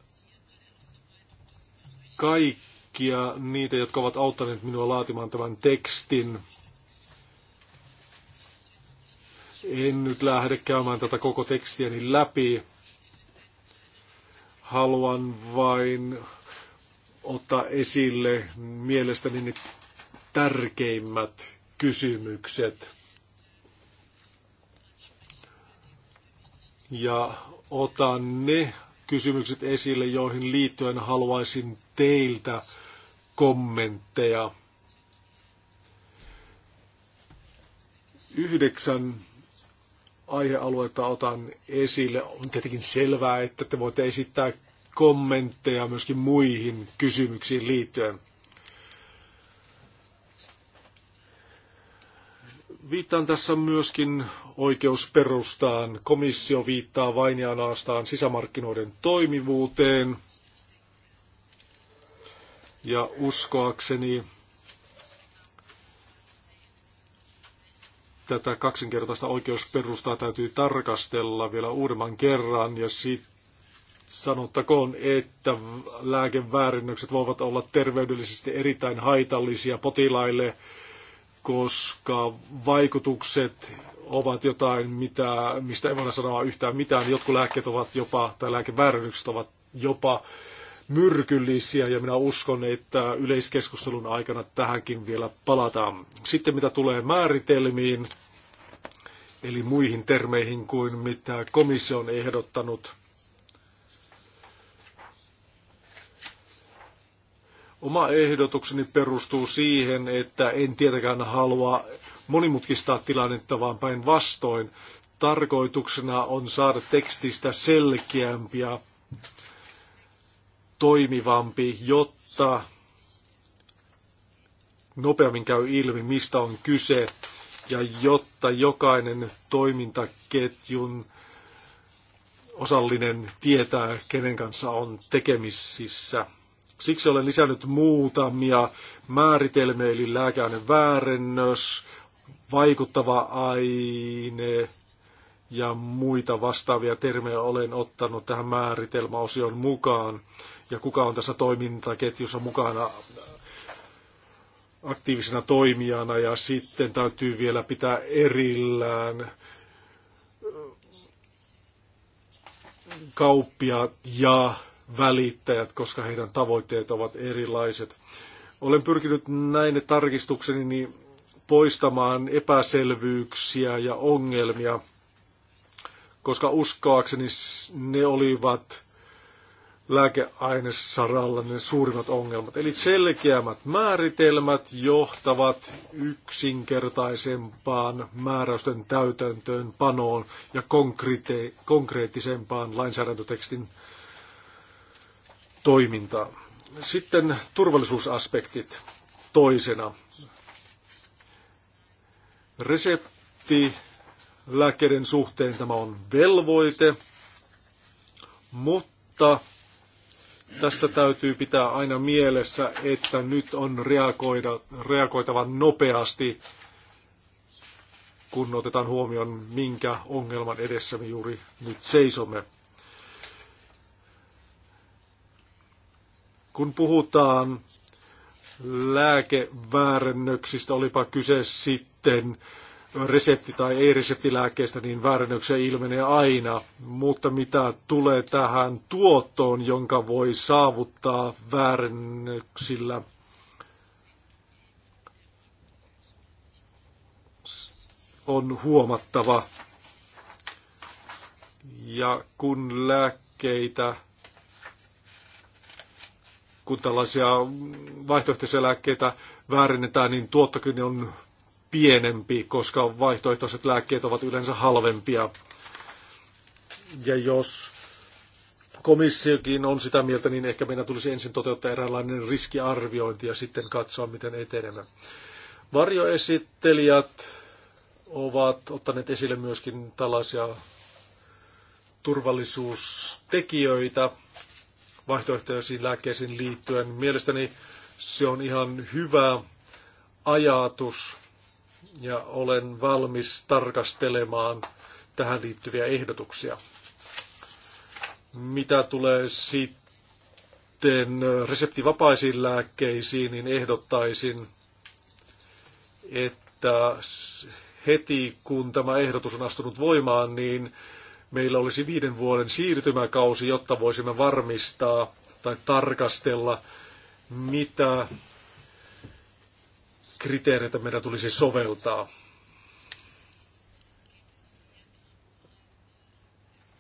B: kaikkia niitä, jotka ovat auttaneet minua laatimaan tämän tekstin. En nyt lähde käymään tätä koko tekstiäni läpi. Haluan vain ottaa esille mielestäni ne tärkeimmät kysymykset. Ja otan ne kysymykset esille, joihin liittyen haluaisin teiltä kommentteja. Yhdeksän aihealuetta otan esille. On tietenkin selvää, että te voitte esittää kommentteja myöskin muihin kysymyksiin liittyen. Viittaan tässä myöskin oikeusperustaan. Komissio viittaa vain ja ainoastaan sisämarkkinoiden toimivuuteen. Ja uskoakseni tätä kaksinkertaista oikeusperustaa täytyy tarkastella vielä uudemman kerran ja sitten sanottakoon, että lääkeväärennökset voivat olla terveydellisesti erittäin haitallisia potilaille koska vaikutukset ovat jotain, mitä, mistä ei voida sanoa yhtään mitään. Jotkut lääkkeet ovat jopa, tai lääkeväärennykset ovat jopa myrkyllisiä, ja minä uskon, että yleiskeskustelun aikana tähänkin vielä palataan. Sitten mitä tulee määritelmiin, eli muihin termeihin kuin mitä komissio on ehdottanut – Oma ehdotukseni perustuu siihen, että en tietenkään halua monimutkistaa tilannetta, vaan päinvastoin. Tarkoituksena on saada tekstistä selkeämpi ja toimivampi, jotta nopeammin käy ilmi, mistä on kyse, ja jotta jokainen toimintaketjun osallinen tietää, kenen kanssa on tekemisissä. Siksi olen lisännyt muutamia määritelmiä, eli lääkeaine väärennös, vaikuttava aine ja muita vastaavia termejä olen ottanut tähän määritelmäosion mukaan. Ja kuka on tässä toimintaketjussa mukana aktiivisena toimijana ja sitten täytyy vielä pitää erillään kauppia ja välittäjät, koska heidän tavoitteet ovat erilaiset. Olen pyrkinyt näin tarkistukseni niin poistamaan epäselvyyksiä ja ongelmia, koska uskoakseni ne olivat lääkeainesaralla ne suurimmat ongelmat. Eli selkeämmät määritelmät johtavat yksinkertaisempaan määräysten täytäntöön panoon ja konkreettisempaan lainsäädäntötekstin toimintaa. Sitten turvallisuusaspektit toisena. Resepti lääkkeiden suhteen tämä on velvoite, mutta tässä täytyy pitää aina mielessä, että nyt on reagoida, reagoitava nopeasti, kun otetaan huomioon, minkä ongelman edessä me juuri nyt seisomme. Kun puhutaan lääkeväärännöksistä, olipa kyse sitten resepti- tai ei-reseptilääkkeestä, niin väärännöksiä ilmenee aina. Mutta mitä tulee tähän tuottoon, jonka voi saavuttaa väärännöksillä, on huomattava. Ja kun lääkkeitä kun tällaisia vaihtoehtoisia lääkkeitä väärennetään, niin tuottokin on pienempi, koska vaihtoehtoiset lääkkeet ovat yleensä halvempia. Ja jos komissiokin on sitä mieltä, niin ehkä meidän tulisi ensin toteuttaa eräänlainen riskiarviointi ja sitten katsoa, miten etenemme. Varjoesittelijät ovat ottaneet esille myöskin tällaisia turvallisuustekijöitä, vaihtoehtoisiin lääkkeisiin liittyen. Mielestäni se on ihan hyvä ajatus ja olen valmis tarkastelemaan tähän liittyviä ehdotuksia. Mitä tulee sitten reseptivapaisiin lääkkeisiin, niin ehdottaisin, että heti kun tämä ehdotus on astunut voimaan, niin meillä olisi viiden vuoden siirtymäkausi, jotta voisimme varmistaa tai tarkastella, mitä kriteereitä meidän tulisi soveltaa.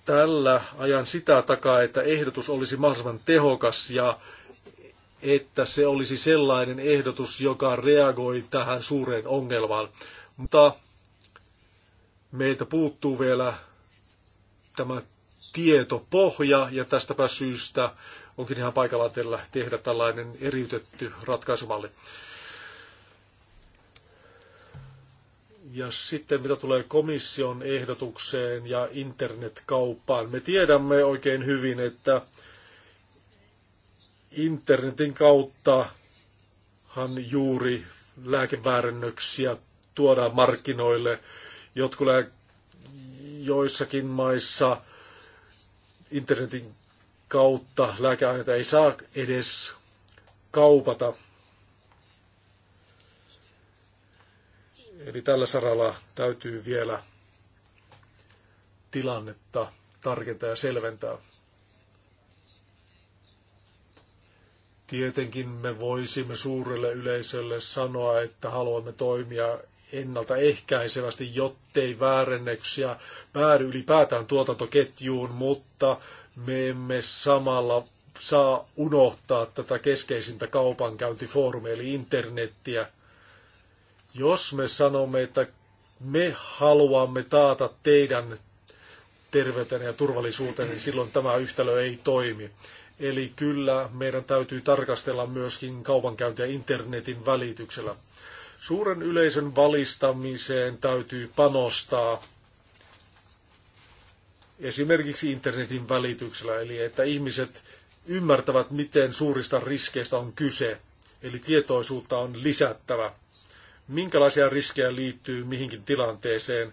B: Tällä ajan sitä takaa, että ehdotus olisi mahdollisimman tehokas ja että se olisi sellainen ehdotus, joka reagoi tähän suureen ongelmaan. Mutta meiltä puuttuu vielä tämä tietopohja ja tästäpä syystä onkin ihan paikallaan teillä tehdä tällainen eriytetty ratkaisumalli. Ja sitten mitä tulee komission ehdotukseen ja internetkauppaan. Me tiedämme oikein hyvin, että internetin kauttahan juuri lääkeväärännöksiä tuodaan markkinoille. Jotkut joissakin maissa internetin kautta lääkeaineita ei saa edes kaupata. Eli tällä saralla täytyy vielä tilannetta tarkentaa ja selventää. Tietenkin me voisimme suurelle yleisölle sanoa, että haluamme toimia ennaltaehkäisevästi, jottei väärennöksiä päädy ylipäätään tuotantoketjuun, mutta me emme samalla saa unohtaa tätä keskeisintä kaupankäyntifoorumia, eli internettiä. Jos me sanomme, että me haluamme taata teidän terveyteen ja turvallisuuteen, niin silloin tämä yhtälö ei toimi. Eli kyllä meidän täytyy tarkastella myöskin kaupankäyntiä internetin välityksellä. Suuren yleisön valistamiseen täytyy panostaa esimerkiksi internetin välityksellä, eli että ihmiset ymmärtävät, miten suurista riskeistä on kyse. Eli tietoisuutta on lisättävä. Minkälaisia riskejä liittyy mihinkin tilanteeseen.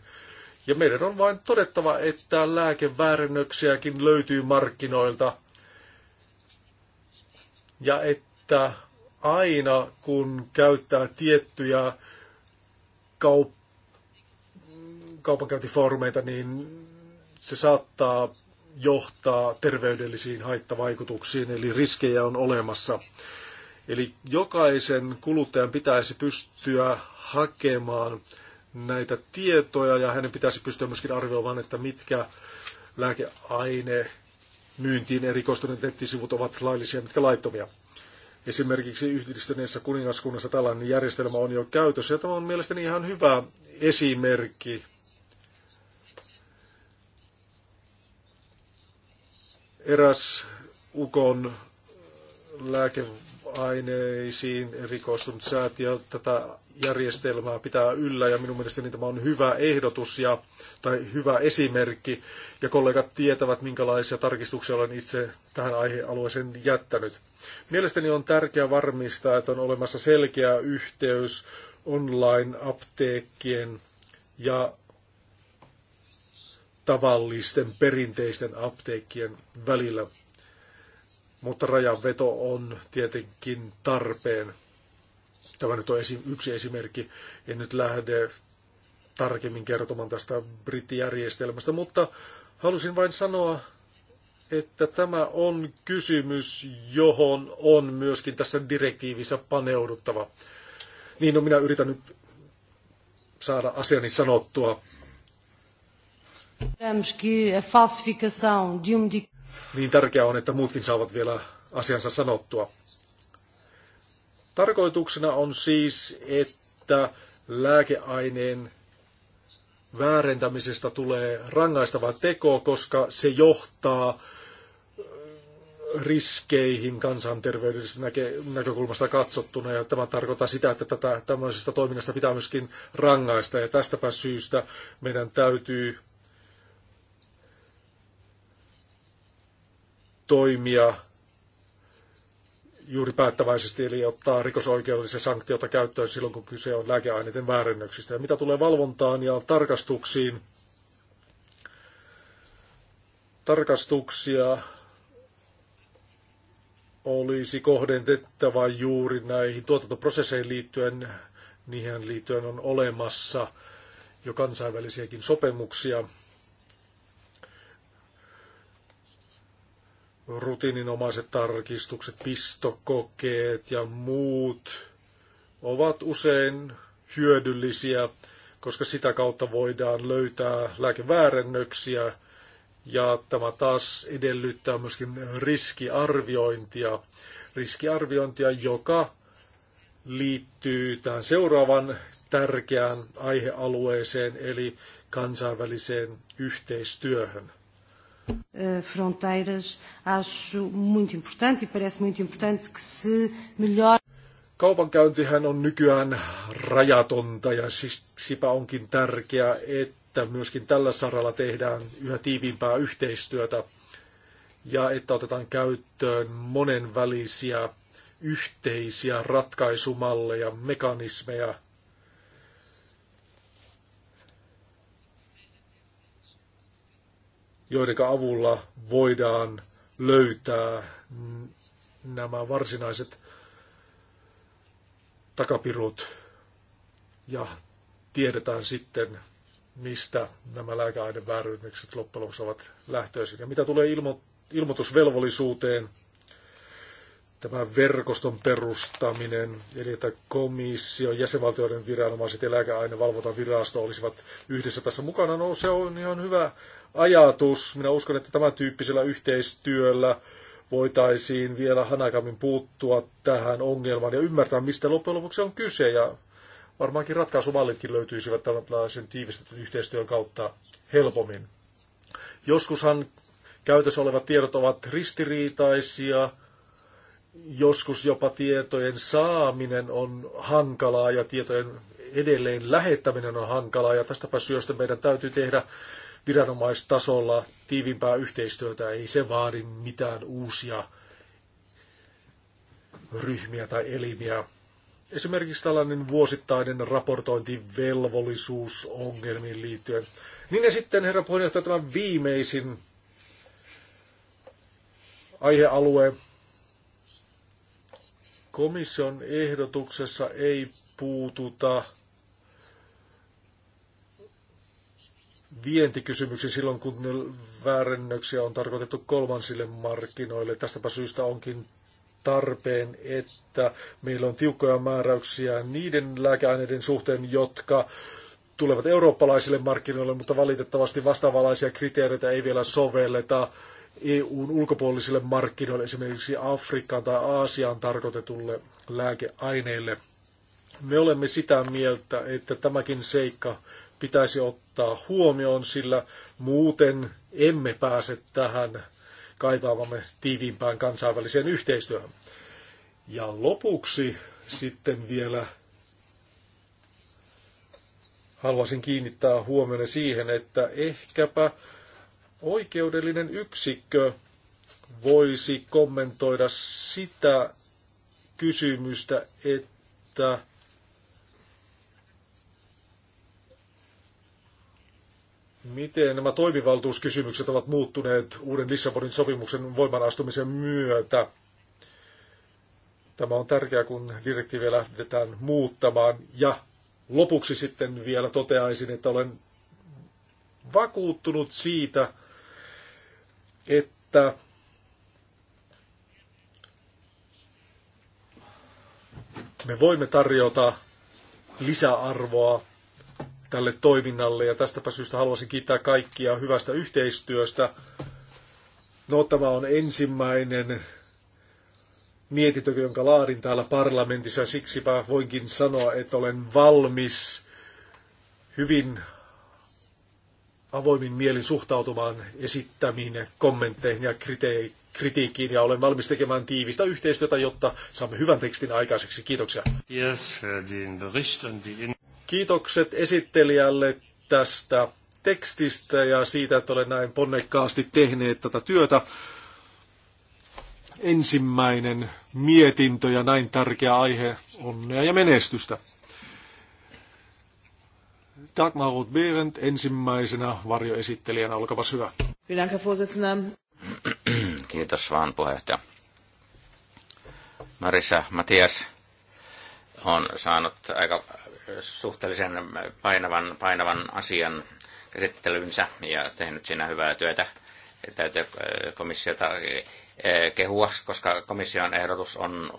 B: Ja meidän on vain todettava, että lääkeväärennöksiäkin löytyy markkinoilta. Ja että aina, kun käyttää tiettyjä kaup- kaupankäyntifoorumeita, niin se saattaa johtaa terveydellisiin haittavaikutuksiin, eli riskejä on olemassa. Eli jokaisen kuluttajan pitäisi pystyä hakemaan näitä tietoja ja hänen pitäisi pystyä myöskin arvioimaan, että mitkä lääkeaine myyntiin erikoistuneet nettisivut ovat laillisia, mitkä laittomia. Esimerkiksi yhdistyneessä kuningaskunnassa tällainen järjestelmä on jo käytössä ja tämä on mielestäni ihan hyvä esimerkki. Eräs Ukon lääkeaineisiin erikoistunut säätiö tätä järjestelmää pitää yllä ja minun mielestäni tämä on hyvä ehdotus ja, tai hyvä esimerkki ja kollegat tietävät, minkälaisia tarkistuksia olen itse tähän aihealueeseen jättänyt. Mielestäni on tärkeää varmistaa, että on olemassa selkeä yhteys online-apteekkien ja tavallisten perinteisten apteekkien välillä. Mutta rajanveto on tietenkin tarpeen Tämä nyt on yksi esimerkki. En nyt lähde tarkemmin kertomaan tästä brittijärjestelmästä, mutta halusin vain sanoa, että tämä on kysymys, johon on myöskin tässä direktiivissä paneuduttava. Niin, no minä yritän nyt saada asiani sanottua. Um niin tärkeää on, että muutkin saavat vielä asiansa sanottua. Tarkoituksena on siis, että lääkeaineen väärentämisestä tulee rangaistava teko, koska se johtaa äh, riskeihin kansanterveydellisestä näkökulmasta katsottuna. Ja tämä tarkoittaa sitä, että tätä, tämmöisestä toiminnasta pitää myöskin rangaista. Ja tästäpä syystä meidän täytyy toimia juuri päättäväisesti, eli ottaa rikosoikeudellisia sanktioita käyttöön silloin, kun kyse on lääkeaineiden väärennöksistä. Ja mitä tulee valvontaan ja tarkastuksiin, tarkastuksia olisi kohdentettava juuri näihin tuotantoprosesseihin liittyen. Niihin liittyen on olemassa jo kansainvälisiäkin sopimuksia. rutiininomaiset tarkistukset, pistokokeet ja muut ovat usein hyödyllisiä, koska sitä kautta voidaan löytää lääkeväärennöksiä ja tämä taas edellyttää myöskin riskiarviointia, riskiarviointia, joka liittyy tähän seuraavan tärkeään aihealueeseen eli kansainväliseen yhteistyöhön. Eh, fronteiras, acho muito importante e parece muito importante que se melhore. Kaupankäyntihän on nykyään rajatonta ja siksipä onkin tärkeää, että myöskin tällä saralla tehdään yhä tiiviimpää yhteistyötä ja että otetaan käyttöön monenvälisiä yhteisiä ratkaisumalleja, mekanismeja, joiden avulla voidaan löytää nämä varsinaiset takapirut ja tiedetään sitten, mistä nämä lääkeainevääryydet loppujen lopuksi ovat lähtöisin. Ja mitä tulee ilmo- ilmoitusvelvollisuuteen, tämä verkoston perustaminen, eli että komissio, jäsenvaltioiden viranomaiset ja lääkeainevalvontavirasto olisivat yhdessä tässä mukana, no se on ihan hyvä ajatus. Minä uskon, että tämän tyyppisellä yhteistyöllä voitaisiin vielä hanakammin puuttua tähän ongelmaan ja ymmärtää, mistä loppujen lopuksi on kyse. Ja varmaankin ratkaisumallitkin löytyisivät tällaisen tiivistetyn yhteistyön kautta helpommin. Joskushan käytössä olevat tiedot ovat ristiriitaisia, joskus jopa tietojen saaminen on hankalaa ja tietojen edelleen lähettäminen on hankalaa ja tästäpä syöstä meidän täytyy tehdä viranomaistasolla tiivimpää yhteistyötä. Ei se vaadi mitään uusia ryhmiä tai elimiä. Esimerkiksi tällainen vuosittainen raportointivelvollisuus ongelmiin liittyen. Niin ja sitten, herra puheenjohtaja, tämä viimeisin aihealue. Komission ehdotuksessa ei puututa vientikysymyksiin silloin, kun väärennöksiä on tarkoitettu kolmansille markkinoille. Tästäpä syystä onkin tarpeen, että meillä on tiukkoja määräyksiä niiden lääkeaineiden suhteen, jotka tulevat eurooppalaisille markkinoille, mutta valitettavasti vastaavanlaisia kriteereitä ei vielä sovelleta EUn ulkopuolisille markkinoille, esimerkiksi Afrikkaan tai Aasiaan tarkoitetulle lääkeaineille. Me olemme sitä mieltä, että tämäkin seikka pitäisi ottaa huomioon, sillä muuten emme pääse tähän kaipaavamme tiiviimpään kansainväliseen yhteistyöhön. Ja lopuksi sitten vielä haluaisin kiinnittää huomioon siihen, että ehkäpä oikeudellinen yksikkö voisi kommentoida sitä kysymystä, että miten nämä toimivaltuuskysymykset ovat muuttuneet uuden Lissabonin sopimuksen voimanastumisen myötä. Tämä on tärkeää, kun direktiiviä lähdetään muuttamaan. Ja lopuksi sitten vielä toteaisin, että olen vakuuttunut siitä, että me voimme tarjota lisäarvoa tälle toiminnalle ja tästäpä syystä haluaisin kiittää kaikkia hyvästä yhteistyöstä. No tämä on ensimmäinen mietintö, jonka laadin täällä parlamentissa ja siksipä voinkin sanoa, että olen valmis hyvin avoimin mielin suhtautumaan esittämiin kommentteihin ja kritiikkiin ja olen valmis tekemään tiivistä yhteistyötä, jotta saamme hyvän tekstin aikaiseksi. Kiitoksia. Kiitokset esittelijälle tästä tekstistä ja siitä, että olen näin ponnekkaasti tehneet tätä työtä. Ensimmäinen mietintö ja näin tärkeä aihe onnea ja menestystä. Dagmar Ruth behrendt ensimmäisenä varjoesittelijänä, olkapas hyvä.
A: Kiitos vaan puheenjohtaja. Marissa Matias on saanut aika suhteellisen painavan, painavan asian käsittelynsä ja tehnyt siinä hyvää työtä. Täytyy äh, komissiota äh, kehua, koska komission ehdotus on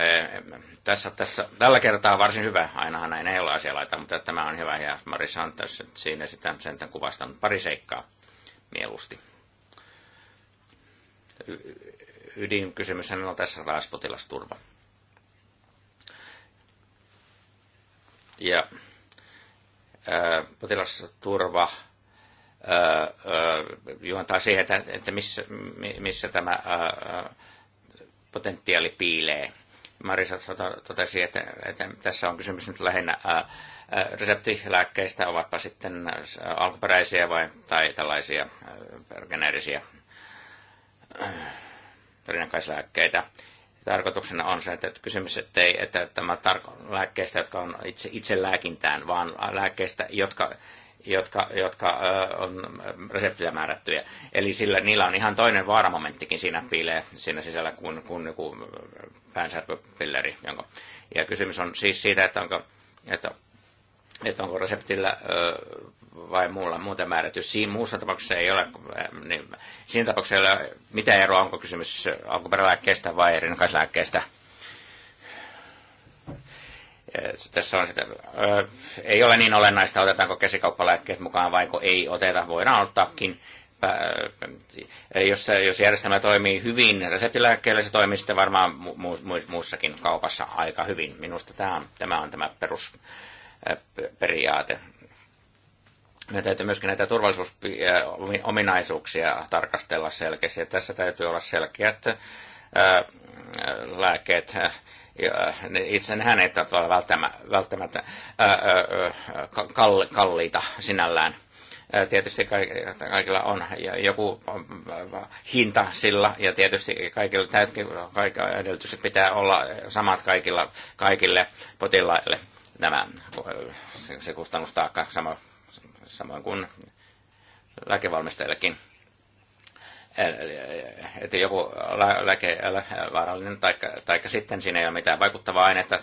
A: äh, tässä, tässä, tällä kertaa varsin hyvä. Ainahan näin ei ole asialaita, mutta tämä on hyvä. Ja Marissa on tässä, siinä sitä sen kuvastanut pari seikkaa mieluusti. ydinkysymys on tässä taas potilasturva. ja äh, potilasturva äh, äh, juontaa siihen, että, että missä, missä tämä ää, potentiaali piilee. Marisa totesi, että, että tässä on kysymys nyt lähinnä ää, reseptilääkkeistä, ovatpa sitten alkuperäisiä vai, tai tällaisia geneerisiä rinnakkaislääkkeitä tarkoituksena on se, että kysymys että ei, että tämä tarko- lääkkeistä, jotka on itse, itse lääkintään, vaan lääkkeistä, jotka, jotka, jotka ö, on reseptillä määrättyjä. Eli sillä, niillä on ihan toinen vaaramomenttikin siinä piilee siinä sisällä kuin, kuin joku päänsärkypilleri. Jonka. Ja kysymys on siis siitä, että onko, että että onko reseptillä vai muulla muuta määrätty. Siinä muussa tapauksessa ei ole, niin, siinä tapauksessa ei ole mitään eroa, onko kysymys alkuperälääkkeestä vai rinnakkaislääkkeestä. Tässä on sitä, ei ole niin olennaista, otetaanko käsikauppalääkkeet mukaan vai ei oteta. Voidaan ottaakin jos, jos järjestelmä toimii hyvin reseptilääkkeellä, se toimii sitten varmaan mu, mu, muussakin kaupassa aika hyvin. Minusta tämä on tämä, on tämä perus periaate. Meidän täytyy myöskin näitä turvallisuusominaisuuksia tarkastella selkeästi. Ja tässä täytyy olla selkeät äh, lääkeet. Äh, itse nehän ei ole välttämättä äh, kalliita sinällään. Tietysti kaikilla on joku hinta sillä ja tietysti kaikilla, kaikilla edellytykset pitää olla samat kaikilla, kaikille potilaille nämä, se kustannustaakka sama, samoin kuin lääkevalmistajillekin. Että joku lääke, vaarallinen, taikka, taikka sitten siinä ei ole mitään vaikuttavaa ainetta.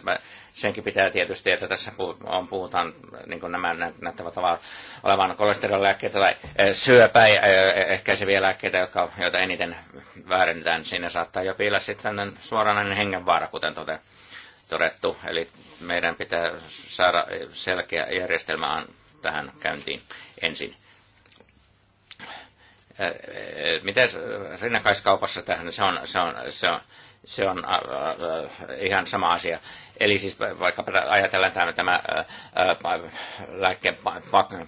A: Senkin pitää tietysti, että tässä on, puhutaan, niin kuin nämä näyttävät olevan kolesterolääkkeitä tai e, syöpä, e, e, ehkäiseviä lääkkeitä, jotka, joita eniten väärennetään. Siinä saattaa jo piillä sitten suoranainen hengenvaara, kuten totean todettu. Eli meidän pitää saada selkeä järjestelmä tähän käyntiin ensin. Miten rinnakkaiskaupassa tähän, se on, se on, se on, se on ihan sama asia. Eli siis vaikka ajatellaan tämä, tämä lääkkeen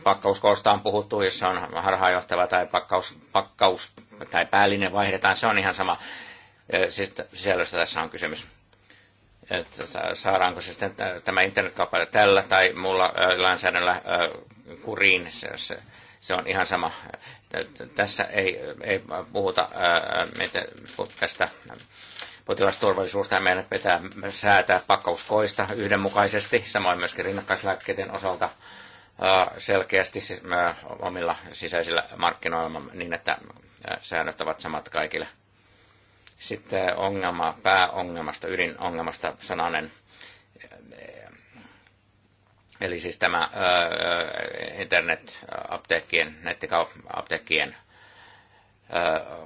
A: pakkauskoosta on puhuttu, jos se on harhaanjohtava tai pakkaus, pakkaus tai päällinen vaihdetaan, se on ihan sama. Siis sisällöstä tässä on kysymys että saadaanko se sitten tämä internetkauppa tällä tai muulla lainsäädännöllä kuriin. Se, se, se on ihan sama. Tässä ei, ei puhuta tästä potilasturvallisuudesta ja meidän pitää säätää pakkauskoista yhdenmukaisesti, samoin myöskin rinnakkaislääkkeiden osalta selkeästi siis, omilla sisäisillä markkinoilla niin, että säännöt ovat samat kaikille sitten ongelma, pääongelmasta, ydinongelmasta sananen. Eli siis tämä internet-apteekkien, nettikauppa apteekkien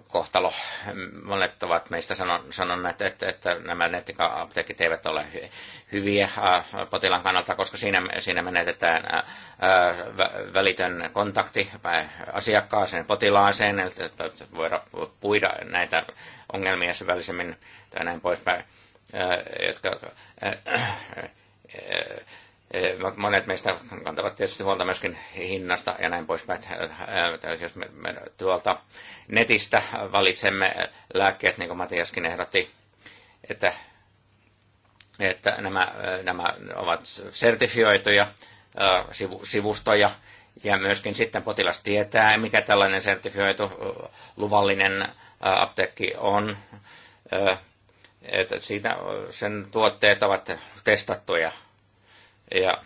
A: kohtalo. Monet ovat meistä sanoneet, että, että nämä nettikapteekit eivät ole hyviä potilaan kannalta, koska siinä, siinä menetetään välitön kontakti asiakkaaseen, potilaaseen, että voidaan puida näitä ongelmia syvällisemmin tai näin poispäin, jotka Eh, monet meistä kantavat tietysti huolta myöskin hinnasta ja näin poispäin. Eh, eh, jos me, me tuolta netistä valitsemme lääkkeet, niin kuin Matiaskin ehdotti, että, että nämä, nämä ovat sertifioituja sivu, sivustoja, ja myöskin sitten potilas tietää, mikä tällainen sertifioitu luvallinen apteekki on. Että siitä sen tuotteet ovat testattuja ja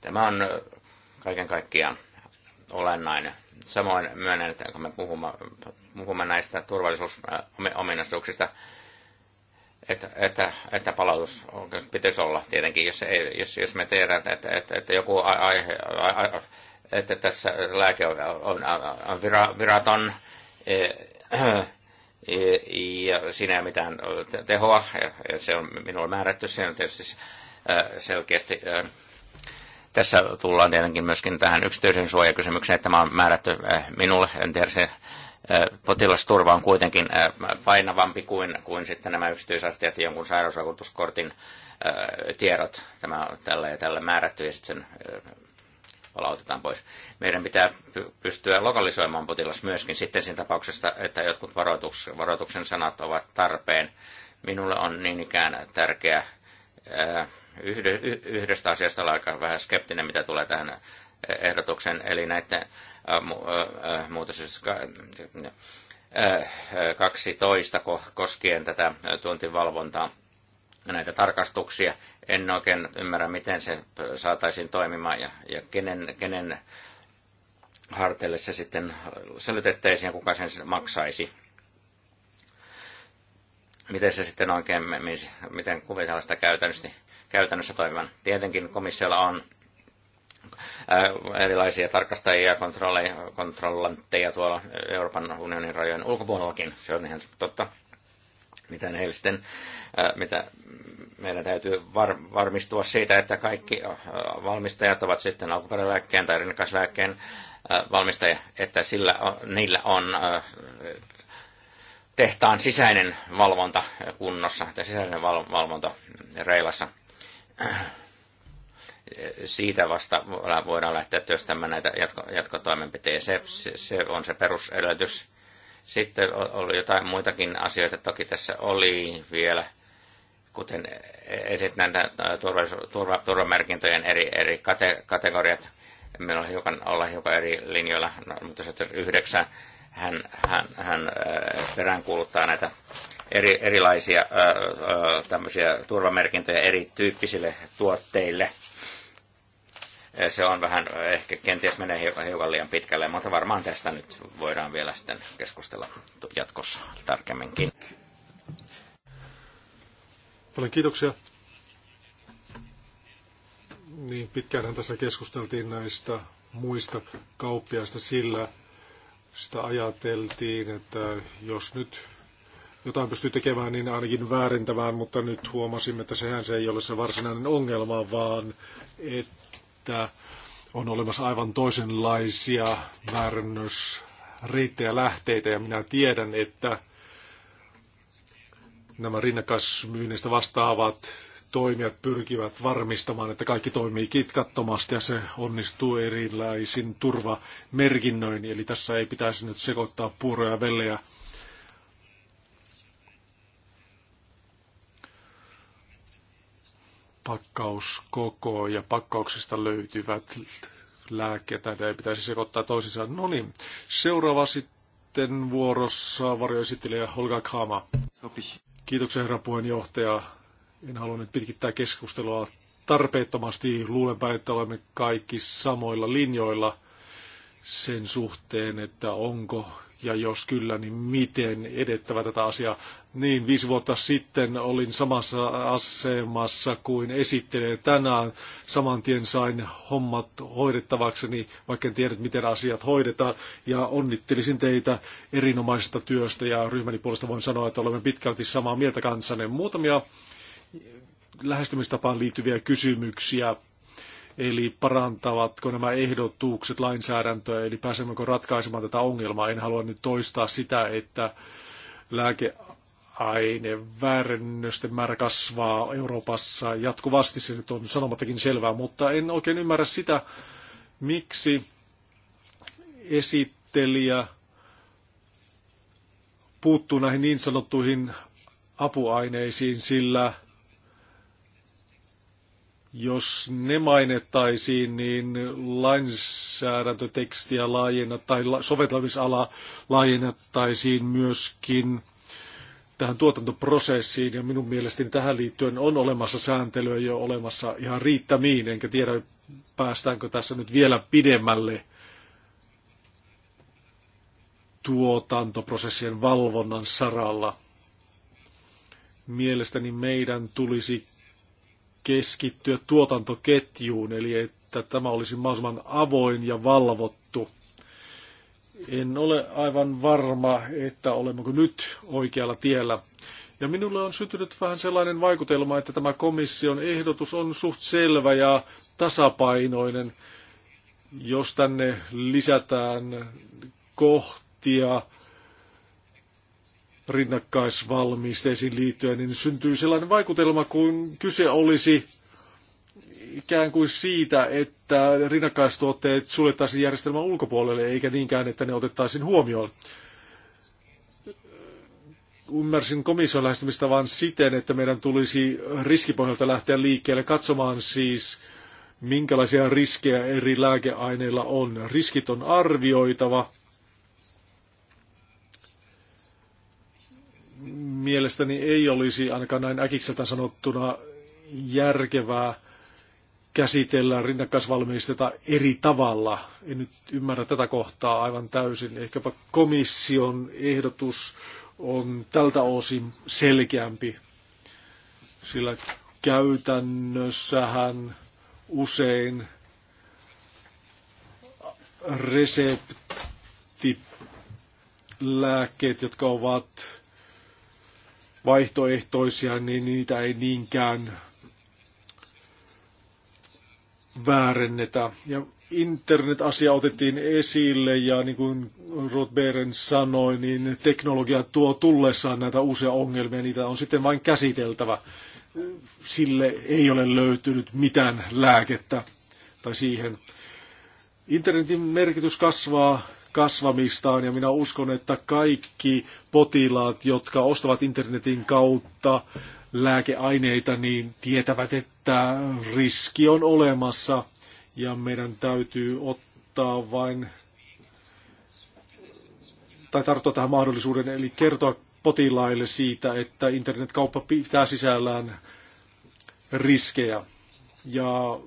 A: tämä on kaiken kaikkiaan olennainen. Samoin myönnän, että kun me puhumme, puhumme näistä turvallisuusominaisuuksista, että, että, että palautus pitäisi olla tietenkin, jos, ei, jos, jos me tiedämme, että, että, että joku aihe, että tässä lääke on, on, on viraton, e, ja siinä ei mitään tehoa, ja se on minulle määrätty, se on tietysti selkeästi tässä tullaan tietenkin myöskin tähän yksityisen suojakysymykseen, että tämä on määrätty minulle, en tiedä se potilasturva on kuitenkin painavampi kuin, kuin sitten nämä yksityisasiat ja jonkun sairausvakuutuskortin tiedot. Tämä on tällä ja tällä määrätty ja sitten sen palautetaan pois. Meidän pitää pystyä lokalisoimaan potilas myöskin sitten siinä tapauksessa, että jotkut varoituksen sanat ovat tarpeen. Minulle on niin ikään tärkeä yhdestä asiasta olla aika vähän skeptinen, mitä tulee tähän ehdotuksen, eli näiden muutos 12 koskien tätä tuntivalvontaa näitä tarkastuksia. En oikein ymmärrä, miten se saataisiin toimimaan ja, ja kenen, kenen harteille se sitten sälytettäisiin ja kuka sen maksaisi. Miten se sitten oikein, miten kuvitellaan sitä käytännössä, käytännössä toimivan? Tietenkin komissiolla on äh, erilaisia tarkastajia ja kontrollantteja tuolla Euroopan unionin rajojen ulkopuolellakin. Se on ihan totta. Mitä ne sitten, äh, mitä meidän täytyy var, varmistua siitä, että kaikki äh, valmistajat ovat sitten alkuperälääkkeen tai rinnakkaislääkkeen äh, valmistaja, että sillä on, niillä on tehtaan sisäinen valvonta kunnossa, tai sisäinen val, valvonta reilassa. Siitä vasta voidaan lähteä työstämään näitä jatko, jatkotoimenpiteitä. Se, se on se perusedellytys sitten oli jotain muitakin asioita, toki tässä oli vielä, kuten esit näitä turva, turvamerkintöjen eri, eri kate, kategoriat. Meillä on hiukan, olla hiukan eri linjoilla, no, mutta on yhdeksän hän, hän, hän peräänkuuluttaa näitä eri, erilaisia ää, ää, tämmöisiä turvamerkintöjä erityyppisille tuotteille – se on vähän, eh, ehkä kenties menee hiukan liian pitkälle, mutta varmaan tästä nyt voidaan vielä sitten keskustella jatkossa tarkemminkin.
B: Paljon kiitoksia. Niin pitkäänhän tässä keskusteltiin näistä muista kauppiaista sillä, sitä ajateltiin, että jos nyt jotain pystyy tekemään, niin ainakin väärentämään, mutta nyt huomasimme, että sehän se ei ole se varsinainen ongelma, vaan että että on olemassa aivan toisenlaisia väärännösreittejä lähteitä ja minä tiedän, että nämä rinnakasmyynnistä vastaavat toimijat pyrkivät varmistamaan, että kaikki toimii kitkattomasti ja se onnistuu erilaisin turvamerkinnöin. Eli tässä ei pitäisi nyt sekoittaa puuroja ja vellejä. pakkauskoko ja pakkauksista löytyvät lääkkeet. Näitä ei pitäisi sekoittaa toisiinsa. No niin, seuraava sitten vuorossa varjoesittelijä Holga Kama. Kiitoksia herra puheenjohtaja. En halua nyt pitkittää keskustelua tarpeettomasti. Luulenpa, että olemme kaikki samoilla linjoilla sen suhteen, että onko ja jos kyllä, niin miten edettävä tätä asiaa. Niin, viisi vuotta sitten olin samassa asemassa kuin esittelee tänään. Saman tien sain hommat hoidettavakseni, vaikka en tiedä, miten asiat hoidetaan. Ja onnittelisin teitä erinomaisesta työstä ja ryhmäni puolesta voin sanoa, että olemme pitkälti samaa mieltä kanssanne. Muutamia lähestymistapaan liittyviä kysymyksiä eli parantavatko nämä ehdotukset lainsäädäntöä, eli pääsemmekö ratkaisemaan tätä ongelmaa. En halua nyt toistaa sitä, että lääkeaine väärennösten määrä kasvaa Euroopassa jatkuvasti, se nyt on sanomattakin selvää, mutta en oikein ymmärrä sitä, miksi esittelijä puuttuu näihin niin sanottuihin apuaineisiin, sillä – jos ne mainettaisiin, niin lainsäädäntötekstiä laajennettaisiin tai soveltamisala laajennettaisiin myöskin tähän tuotantoprosessiin, ja minun mielestäni tähän liittyen on olemassa sääntelyä jo olemassa ihan riittämiin, enkä tiedä päästäänkö tässä nyt vielä pidemmälle tuotantoprosessien valvonnan saralla. Mielestäni meidän tulisi keskittyä tuotantoketjuun, eli että tämä olisi mahdollisimman avoin ja valvottu. En ole aivan varma, että olemmeko nyt oikealla tiellä. Ja minulle on syntynyt vähän sellainen vaikutelma, että tämä komission ehdotus on suht selvä ja tasapainoinen, jos tänne lisätään kohtia, rinnakkaisvalmisteisiin liittyen, niin syntyy sellainen vaikutelma, kuin kyse olisi ikään kuin siitä, että rinnakkaistuotteet suljettaisiin järjestelmän ulkopuolelle, eikä niinkään, että ne otettaisiin huomioon. Ymmärsin komission lähestymistä vain siten, että meidän tulisi riskipohjalta lähteä liikkeelle katsomaan siis, minkälaisia riskejä eri lääkeaineilla on. Riskit on arvioitava mielestäni ei olisi ainakaan näin äkikseltä sanottuna järkevää käsitellä rinnakkaisvalmisteita eri tavalla. En nyt ymmärrä tätä kohtaa aivan täysin. Ehkäpä komission ehdotus on tältä osin selkeämpi, sillä käytännössähän usein reseptilääkkeet, jotka ovat vaihtoehtoisia, niin niitä ei niinkään väärennetä. Ja internet-asia otettiin esille ja niin kuin Rod Beren sanoi, niin teknologia tuo tullessaan näitä uusia ongelmia, niitä on sitten vain käsiteltävä. Sille ei ole löytynyt mitään lääkettä tai siihen. Internetin merkitys kasvaa kasvamistaan ja minä uskon, että kaikki potilaat, jotka ostavat internetin kautta lääkeaineita, niin tietävät, että riski on olemassa ja meidän täytyy ottaa vain tai tarttua tähän mahdollisuuden, eli kertoa potilaille siitä, että internetkauppa pitää sisällään riskejä. Ja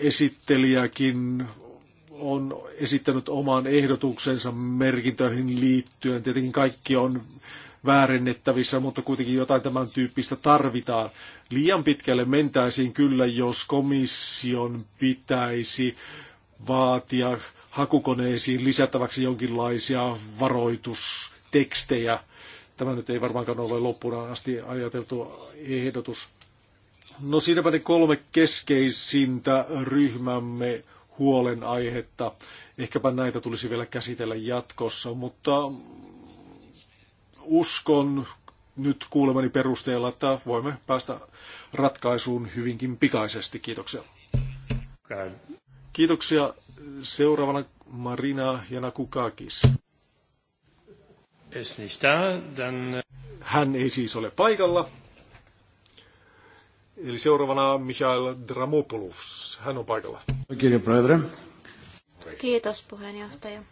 B: esittelijäkin on esittänyt oman ehdotuksensa merkintöihin liittyen. Tietenkin kaikki on väärennettävissä, mutta kuitenkin jotain tämän tyyppistä tarvitaan. Liian pitkälle mentäisiin kyllä, jos komission pitäisi vaatia hakukoneisiin lisättäväksi jonkinlaisia varoitustekstejä. Tämä nyt ei varmaankaan ole loppuun asti ajateltu ehdotus. No siinäpä ne kolme keskeisintä ryhmämme huolenaihetta. Ehkäpä näitä tulisi vielä käsitellä jatkossa, mutta uskon nyt kuulemani perusteella, että voimme päästä ratkaisuun hyvinkin pikaisesti. Kiitoksia. Kiitoksia. Seuraavana Marina Janakukakis. Eh, Hän ei siis ole paikalla. Eli seuraavana Michael Dramopoulos. Hän on paikalla.
C: Kiitos puheenjohtaja.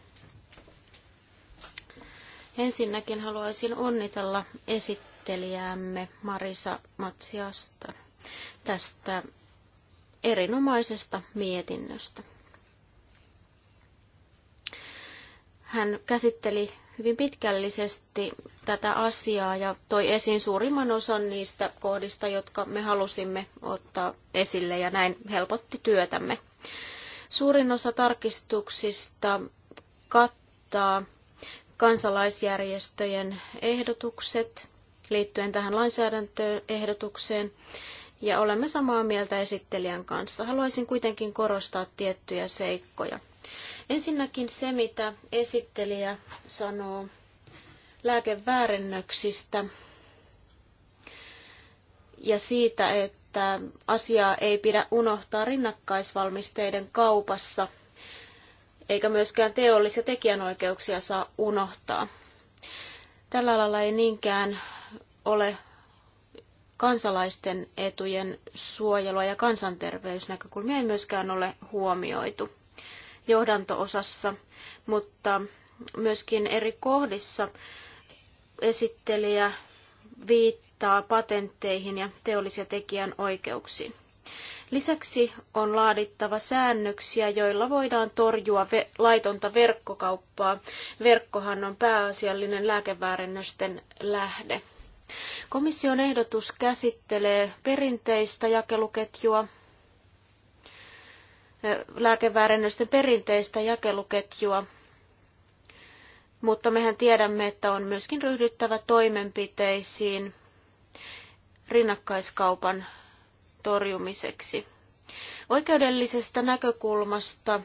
C: Ensinnäkin haluaisin onnitella esittelijäämme Marisa Matsiasta tästä erinomaisesta mietinnöstä. Hän käsitteli hyvin pitkällisesti tätä asiaa ja toi esiin suurimman osan niistä kohdista, jotka me halusimme ottaa esille ja näin helpotti työtämme. Suurin osa tarkistuksista kattaa kansalaisjärjestöjen ehdotukset liittyen tähän lainsäädäntöehdotukseen ja olemme samaa mieltä esittelijän kanssa. Haluaisin kuitenkin korostaa tiettyjä seikkoja. Ensinnäkin se, mitä esittelijä sanoo lääkeväärennöksistä ja siitä, että asiaa ei pidä unohtaa rinnakkaisvalmisteiden kaupassa, eikä myöskään teollisia tekijänoikeuksia saa unohtaa. Tällä alalla ei niinkään ole kansalaisten etujen suojelua ja kansanterveysnäkökulmia ei myöskään ole huomioitu johdantoosassa, mutta myöskin eri kohdissa esittelijä viittaa patentteihin ja teollisia tekijän oikeuksiin. Lisäksi on laadittava säännöksiä, joilla voidaan torjua laitonta verkkokauppaa. Verkkohan on pääasiallinen lääkeväärennösten lähde. Komission ehdotus käsittelee perinteistä jakeluketjua, lääkeväärennösten perinteistä jakeluketjua. Mutta mehän tiedämme, että on myöskin ryhdyttävä toimenpiteisiin rinnakkaiskaupan torjumiseksi. Oikeudellisesta näkökulmasta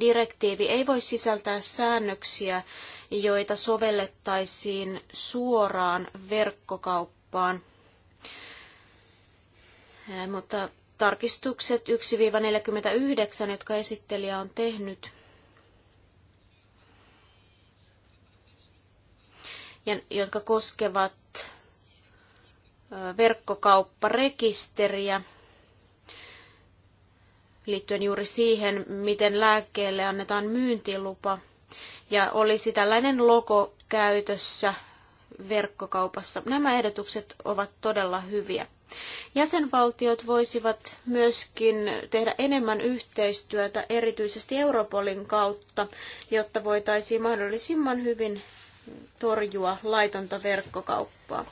C: direktiivi ei voi sisältää säännöksiä, joita sovellettaisiin suoraan verkkokauppaan. Mutta tarkistukset 1-49, jotka esittelijä on tehnyt. Ja, jotka koskevat verkkokaupparekisteriä liittyen juuri siihen, miten lääkkeelle annetaan myyntilupa. Ja olisi tällainen logo käytössä verkkokaupassa. Nämä ehdotukset ovat todella hyviä. Jäsenvaltiot voisivat myöskin tehdä enemmän yhteistyötä erityisesti Europolin kautta, jotta voitaisiin mahdollisimman hyvin torjua laitonta verkkokauppaa.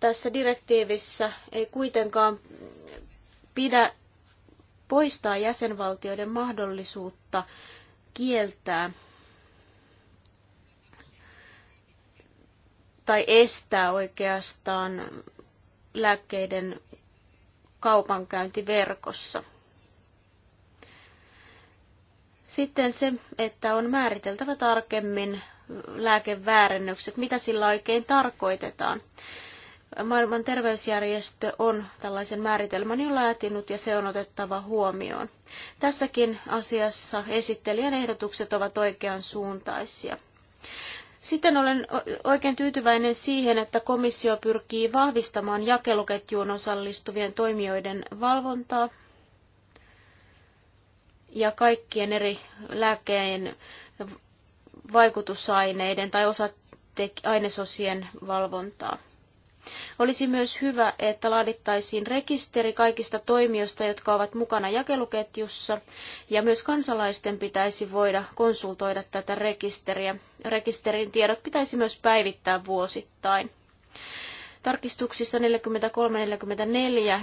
C: Tässä direktiivissä ei kuitenkaan pidä poistaa jäsenvaltioiden mahdollisuutta kieltää tai estää oikeastaan lääkkeiden kaupankäynti verkossa. Sitten se, että on määriteltävä tarkemmin lääkeväärennökset, mitä sillä oikein tarkoitetaan. Maailman terveysjärjestö on tällaisen määritelmän jo laatinut ja se on otettava huomioon. Tässäkin asiassa esittelijän ehdotukset ovat oikeansuuntaisia. suuntaisia. Sitten olen oikein tyytyväinen siihen, että komissio pyrkii vahvistamaan jakeluketjuun osallistuvien toimijoiden valvontaa ja kaikkien eri lääkkeen vaikutusaineiden tai osatte-ainesosien valvontaa. Olisi myös hyvä, että laadittaisiin rekisteri kaikista toimijoista, jotka ovat mukana jakeluketjussa, ja myös kansalaisten pitäisi voida konsultoida tätä rekisteriä. Rekisterin tiedot pitäisi myös päivittää vuosittain. Tarkistuksissa 43-44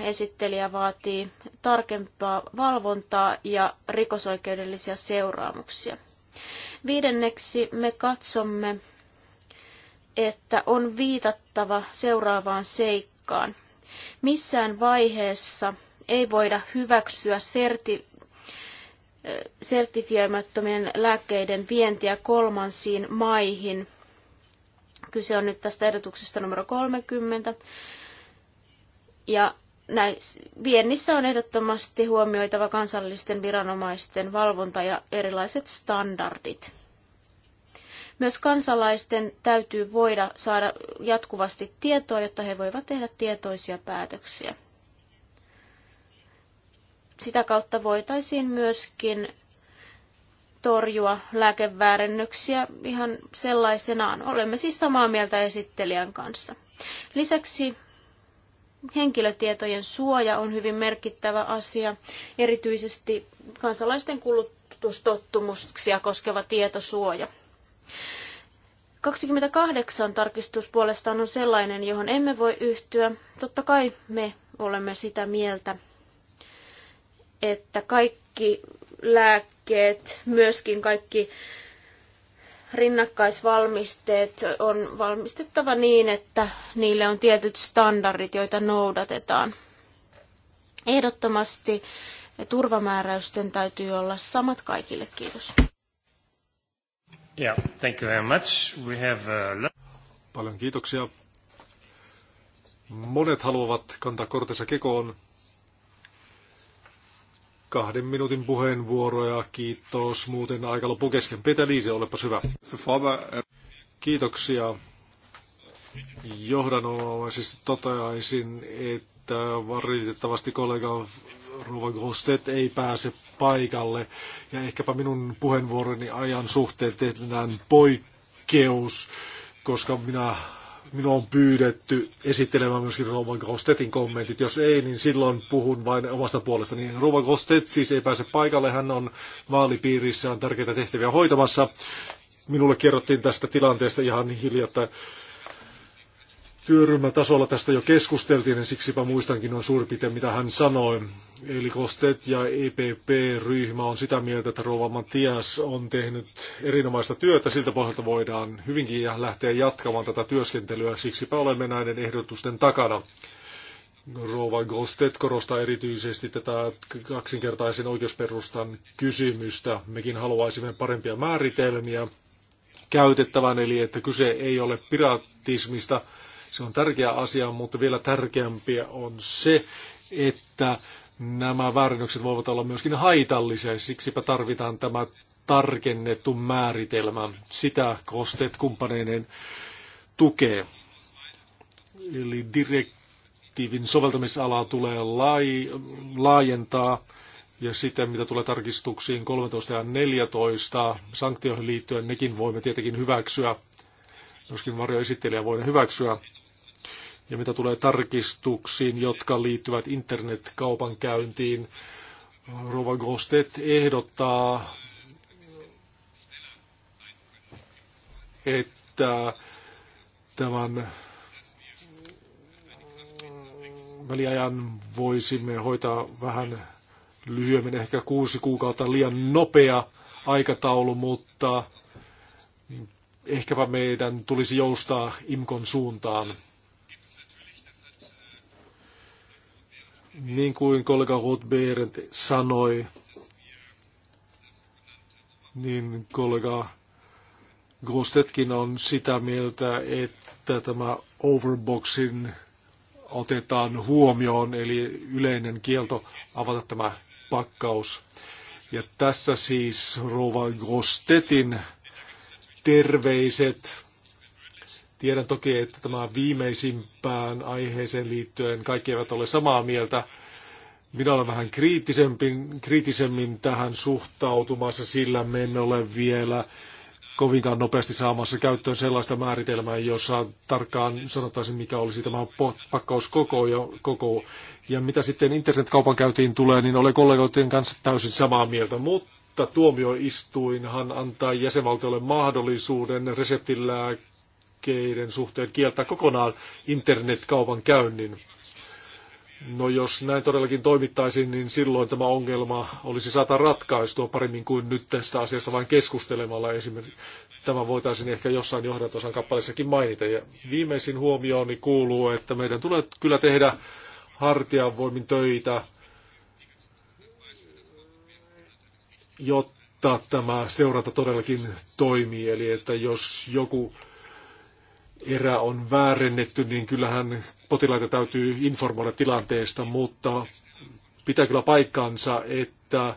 C: esittelijä vaatii tarkempaa valvontaa ja rikosoikeudellisia seuraamuksia. Viidenneksi me katsomme, että on viitattava seuraavaan seikkaan. Missään vaiheessa ei voida hyväksyä serti, sertifioimattomien lääkkeiden vientiä kolmansiin maihin. Kyse on nyt tästä ehdotuksesta numero 30. Ja näissä, viennissä on ehdottomasti huomioitava kansallisten viranomaisten valvonta ja erilaiset standardit. Myös kansalaisten täytyy voida saada jatkuvasti tietoa, jotta he voivat tehdä tietoisia päätöksiä. Sitä kautta voitaisiin myöskin torjua lääkeväärennyksiä, ihan sellaisenaan. Olemme siis samaa mieltä esittelijän kanssa. Lisäksi henkilötietojen suoja on hyvin merkittävä asia, erityisesti kansalaisten kulutustottumuksia koskeva tietosuoja. 28 tarkistus puolestaan on sellainen, johon emme voi yhtyä. Totta kai me olemme sitä mieltä, että kaikki lääkkeet, myöskin kaikki rinnakkaisvalmisteet on valmistettava niin, että niille on tietyt standardit, joita noudatetaan. Ehdottomasti turvamääräysten täytyy olla samat kaikille. Kiitos.
A: Yeah,
B: thank you very much. We have, uh, Paljon kiitoksia. Monet haluavat kantaa kortensa kekoon. Kahden minuutin puheenvuoroja. Kiitos. Muuten aika loppu kesken. Petä Liise, olepas hyvä. Kiitoksia. Johdanomaisesti toteaisin, että valitettavasti kollega Rova Grostet ei pääse paikalle. Ja ehkäpä minun puheenvuoroni ajan suhteen tehdään poikkeus, koska minä, minua on pyydetty esittelemään myöskin Rova Grostetin kommentit. Jos ei, niin silloin puhun vain omasta puolestani. Rova Grostet siis ei pääse paikalle. Hän on vaalipiirissä, on tärkeitä tehtäviä hoitamassa. Minulle kerrottiin tästä tilanteesta ihan hiljattain Työryhmätasolla tästä jo keskusteltiin, niin siksipä muistankin on suurin piirtein, mitä hän sanoi. Eli Kostet ja EPP-ryhmä on sitä mieltä, että Rova Matias on tehnyt erinomaista työtä. Siltä pohjalta voidaan hyvinkin lähteä jatkamaan tätä työskentelyä. Siksipä olemme näiden ehdotusten takana. Rova Gostet korostaa erityisesti tätä kaksinkertaisen oikeusperustan kysymystä. Mekin haluaisimme parempia määritelmiä käytettävän, eli että kyse ei ole piratismista, se on tärkeä asia, mutta vielä tärkeämpiä on se, että nämä väärennökset voivat olla myöskin haitallisia. Siksipä tarvitaan tämä tarkennettu määritelmä. Sitä kosteet kumppaneiden tukee. Eli direktiivin soveltamisalaa tulee laajentaa ja sitten mitä tulee tarkistuksiin 13 ja 14 sanktioihin liittyen, nekin voimme tietenkin hyväksyä. Joskin varjoesittelijä voi ne hyväksyä. Ja mitä tulee tarkistuksiin, jotka liittyvät internetkaupan käyntiin, Rova Gostet ehdottaa, että tämän väliajan voisimme hoitaa vähän lyhyemmin, ehkä kuusi kuukautta liian nopea aikataulu, mutta ehkäpä meidän tulisi joustaa IMKON suuntaan. Niin kuin kollega Ruth Behrendt sanoi, niin kollega Grostetkin on sitä mieltä, että tämä overboxin otetaan huomioon, eli yleinen kielto avata tämä pakkaus. Ja tässä siis Rova Grostetin terveiset Tiedän toki, että tämä viimeisimpään aiheeseen liittyen kaikki eivät ole samaa mieltä. Minä olen vähän kriittisemmin, kriittisemmin tähän suhtautumassa, sillä me emme ole vielä kovinkaan nopeasti saamassa käyttöön sellaista määritelmää, jossa tarkkaan sanottaisiin, mikä olisi tämä pakkauskoko ja, koko. ja mitä sitten internetkaupan käytiin tulee, niin olen kollegoiden kanssa täysin samaa mieltä, mutta tuomioistuinhan antaa jäsenvaltiolle mahdollisuuden reseptillä liikkeiden suhteen kieltää kokonaan internetkaupan käynnin. No jos näin todellakin toimittaisiin, niin silloin tämä ongelma olisi saata ratkaistua paremmin kuin nyt tästä asiasta vain keskustelemalla esimerkiksi. Tämä voitaisiin ehkä jossain johdatosan kappaleessakin mainita. Ja viimeisin huomiooni kuuluu, että meidän tulee kyllä tehdä hartiavoimin töitä, jotta tämä seuranta todellakin toimii. Eli että jos joku erä on väärennetty, niin kyllähän potilaita täytyy informoida tilanteesta, mutta pitää kyllä paikkansa, että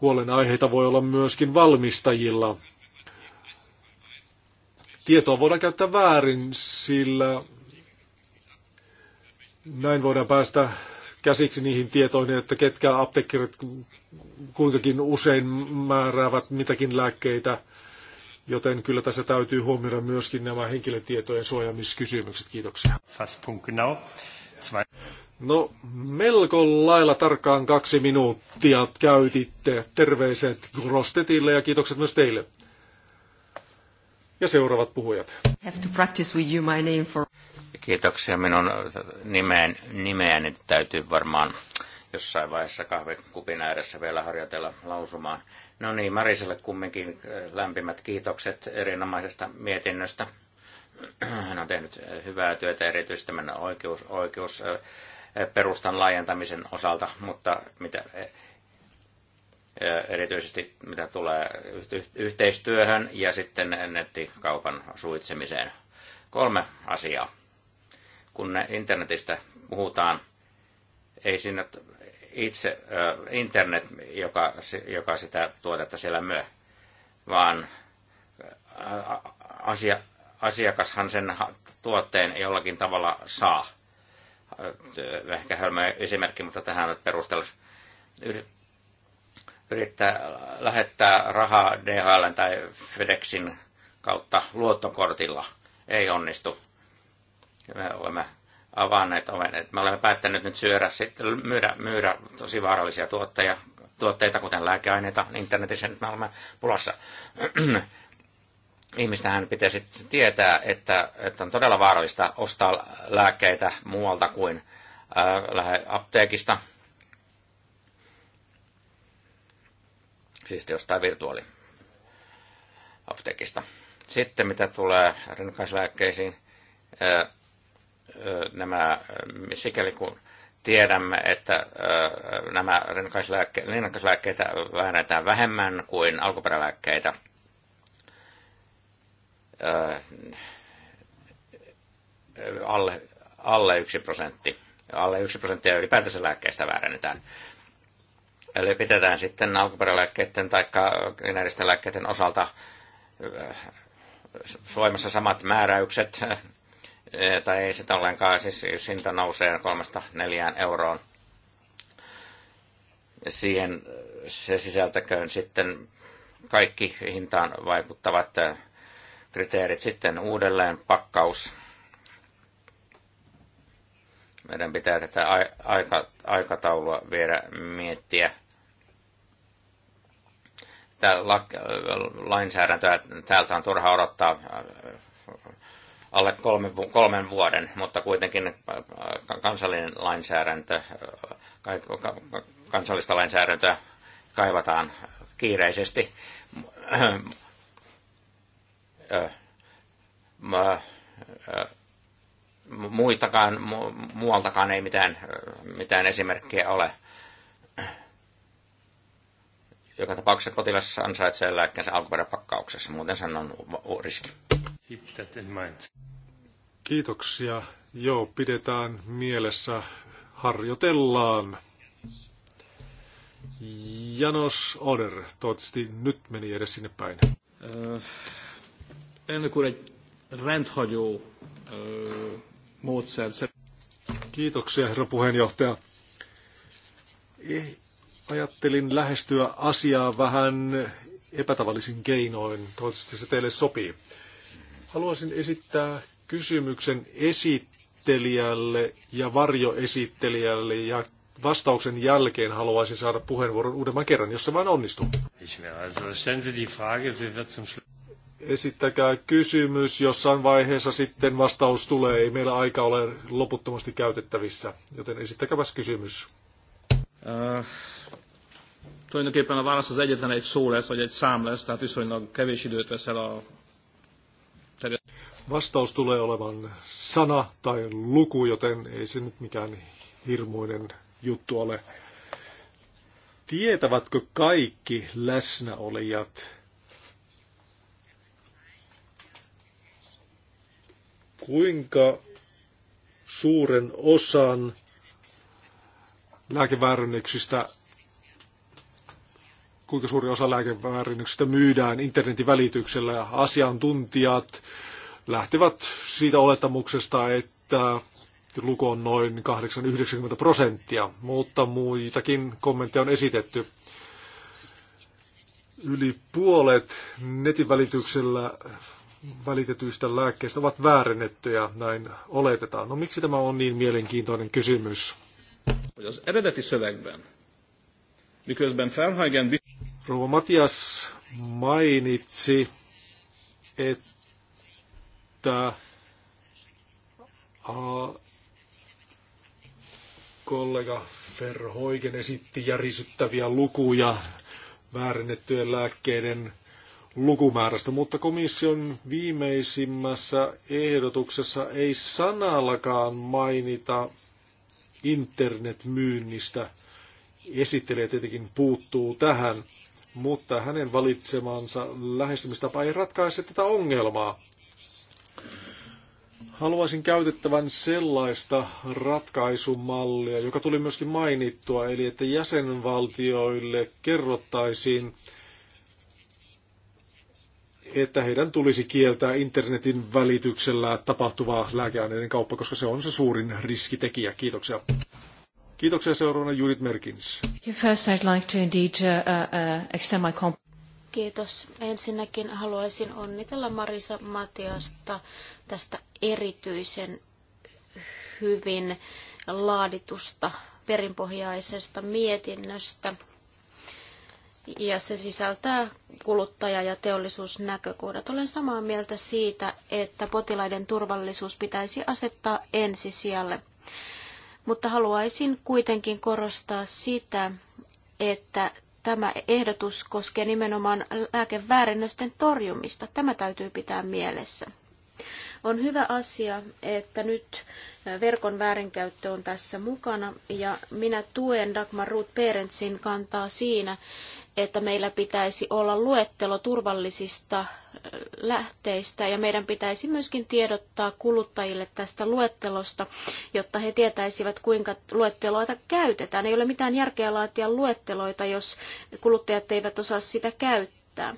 B: huolenaiheita voi olla myöskin valmistajilla. Tietoa voidaan käyttää väärin, sillä näin voidaan päästä käsiksi niihin tietoihin, että ketkä apteekkarit kuinkakin usein määräävät mitäkin lääkkeitä joten kyllä tässä täytyy huomioida myöskin nämä henkilötietojen suojaamiskysymykset. Kiitoksia. No, melko lailla tarkkaan kaksi minuuttia käytitte. Terveiset Grostetille ja kiitokset myös teille. Ja seuraavat puhujat.
A: Have to practice with you my name for... Kiitoksia. Minun nimeen, nimeäni täytyy varmaan jossain vaiheessa kahvikupin ääressä vielä harjoitella lausumaan. No niin, Mariselle kumminkin äh, lämpimät kiitokset erinomaisesta mietinnöstä. Hän on tehnyt äh, hyvää työtä erityisesti tämän oikeus, oikeus äh, perustan laajentamisen osalta, mutta mitä, erityisesti mitä tulee yhteistyöhön ja sitten nettikaupan suitsemiseen. Kolme asiaa. Kun internetistä puhutaan, ei siinä itse internet, joka, joka sitä tuotetta siellä myö, vaan asia, asiakashan sen tuotteen jollakin tavalla saa. Ehkä hölmö esimerkki, mutta tähän nyt perustella. Yrittää lähettää rahaa DHL tai FedExin kautta luottokortilla. Ei onnistu. Me olemme avanneet oven. Et me olemme päättäneet nyt syödä, sitten myydä, myydä tosi vaarallisia tuotteja, tuotteita, kuten lääkeaineita internetissä. Nyt me olemme pulassa. Ihmistähän pitäisi tietää, että, että on todella vaarallista ostaa lääkkeitä muualta kuin äh, apteekista. Siis jostain virtuaali apteekista. Sitten mitä tulee rinnakkaislääkkeisiin, äh, nämä, sikäli kun tiedämme, että nämä rinnakkaislääkkeitä, vähennetään vähemmän kuin alkuperälääkkeitä, alle, alle 1 prosentti, alle 1 prosenttia ylipäätänsä lääkkeistä väärennetään. Eli pidetään sitten alkuperälääkkeiden tai geneeristen lääkkeiden osalta voimassa samat määräykset Eh, tai ei sitä ollenkaan, siis jos hinta nousee kolmesta neljään euroon, siihen eh, se sisältäköön sitten kaikki hintaan vaikuttavat eh, kriteerit sitten uudelleen pakkaus. Meidän pitää tätä aika, aikataulua vielä miettiä. Tämä lainsäädäntöä täältä on turha odottaa alle kolmen vuoden, mutta kuitenkin äh, kansallinen lainsäädäntö, äh, kansallista lainsäädäntöä kaivataan kiireisesti. Äh, muitakaan, muualtakaan ei mitään, mitään esimerkkiä ole. Joka tapauksessa potilas ansaitsee lääkkeensä alkuperäpakkauksessa, muuten sen on riski
B: keep that in mind. Kiitoksia. Joo, pidetään mielessä, harjoitellaan. Janos Oder, toivottavasti nyt meni edes sinne päin. Elnök úr, egy rendhagyó Kiitoksia, herra puheenjohtaja. E, ajattelin lähestyä asiaa vähän epätavallisin keinoin. Toivottavasti se teille sopii. Haluaisin esittää kysymyksen esittelijälle ja varjoesittelijälle ja vastauksen jälkeen haluaisin saada puheenvuoron uudemman kerran, jos se vain onnistuu. Esittäkää kysymys, jossain vaiheessa sitten vastaus tulee. Ei meillä aika ole loputtomasti käytettävissä, joten esittäkääpäs kysymys. Äh, tulajdonképpen a se az egyetlen egy szó lesz, vagy egy szám lesz, tehát viszonylag kevés időt veszel a Vastaus tulee olevan sana tai luku, joten ei se nyt mikään hirmuinen juttu ole. Tietävätkö kaikki läsnäolijat, kuinka suuren osan lääkeväärännyksistä kuinka suuri osa lääkeväärännyksistä myydään internetin välityksellä. Asiantuntijat, lähtevät siitä olettamuksesta, että luku on noin 80 90 prosenttia, mutta muitakin kommentteja on esitetty. Yli puolet netin välityksellä välitetyistä lääkkeistä ovat väärennettyjä, näin oletetaan. No miksi tämä on niin mielenkiintoinen kysymys? Rouva Matias mainitsi, että että kollega Ferhoigen esitti järisyttäviä lukuja väärennettyjen lääkkeiden lukumäärästä, mutta komission viimeisimmässä ehdotuksessa ei sanallakaan mainita internetmyynnistä. Esittelee tietenkin puuttuu tähän, mutta hänen valitsemansa lähestymistapa ei ratkaise tätä ongelmaa. Haluaisin käytettävän sellaista ratkaisumallia, joka tuli myöskin mainittua, eli että jäsenvaltioille kerrottaisiin, että heidän tulisi kieltää internetin välityksellä tapahtuvaa lääkeaineiden kauppa, koska se on se suurin riskitekijä. Kiitoksia. Kiitoksia seuraavana Judith Merkins.
C: First I'd like to indeed, uh, uh, extend my Kiitos. Ensinnäkin haluaisin onnitella Marisa Matiasta tästä erityisen hyvin laaditusta perinpohjaisesta mietinnöstä. Ja se sisältää kuluttaja- ja teollisuusnäkökohdat. Olen samaa mieltä siitä, että potilaiden turvallisuus pitäisi asettaa ensisijalle. Mutta haluaisin kuitenkin korostaa sitä, että tämä ehdotus koskee nimenomaan lääkeväärennösten torjumista. Tämä täytyy pitää mielessä. On hyvä asia, että nyt verkon väärinkäyttö on tässä mukana ja minä tuen Dagmar Ruth Perentsin kantaa siinä, että meillä pitäisi olla luettelo turvallisista lähteistä ja meidän pitäisi myöskin tiedottaa kuluttajille tästä luettelosta, jotta he tietäisivät, kuinka luetteloita käytetään. Ei ole mitään järkeä laatia luetteloita, jos kuluttajat eivät osaa sitä käyttää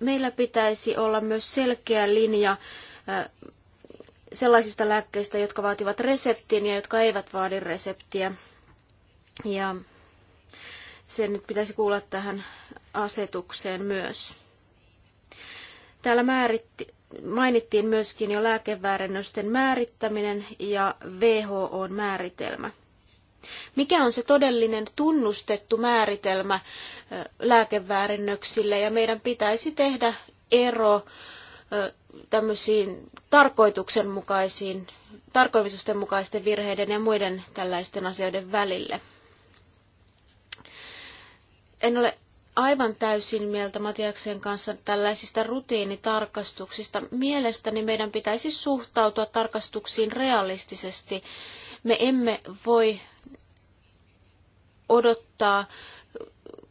C: meillä pitäisi olla myös selkeä linja sellaisista lääkkeistä, jotka vaativat reseptin ja jotka eivät vaadi reseptiä. Ja se nyt pitäisi kuulla tähän asetukseen myös. Täällä määritti, mainittiin myöskin jo lääkeväärennösten määrittäminen ja WHOn määritelmä. Mikä on se todellinen tunnustettu määritelmä lääkeväärennöksille ja meidän pitäisi tehdä ero tämmöisiin tarkoituksenmukaisiin, tarkoituksenmukaisten virheiden ja muiden tällaisten asioiden välille. En ole aivan täysin mieltä Matiaksen kanssa tällaisista rutiinitarkastuksista. Mielestäni meidän pitäisi suhtautua tarkastuksiin realistisesti. Me emme voi odottaa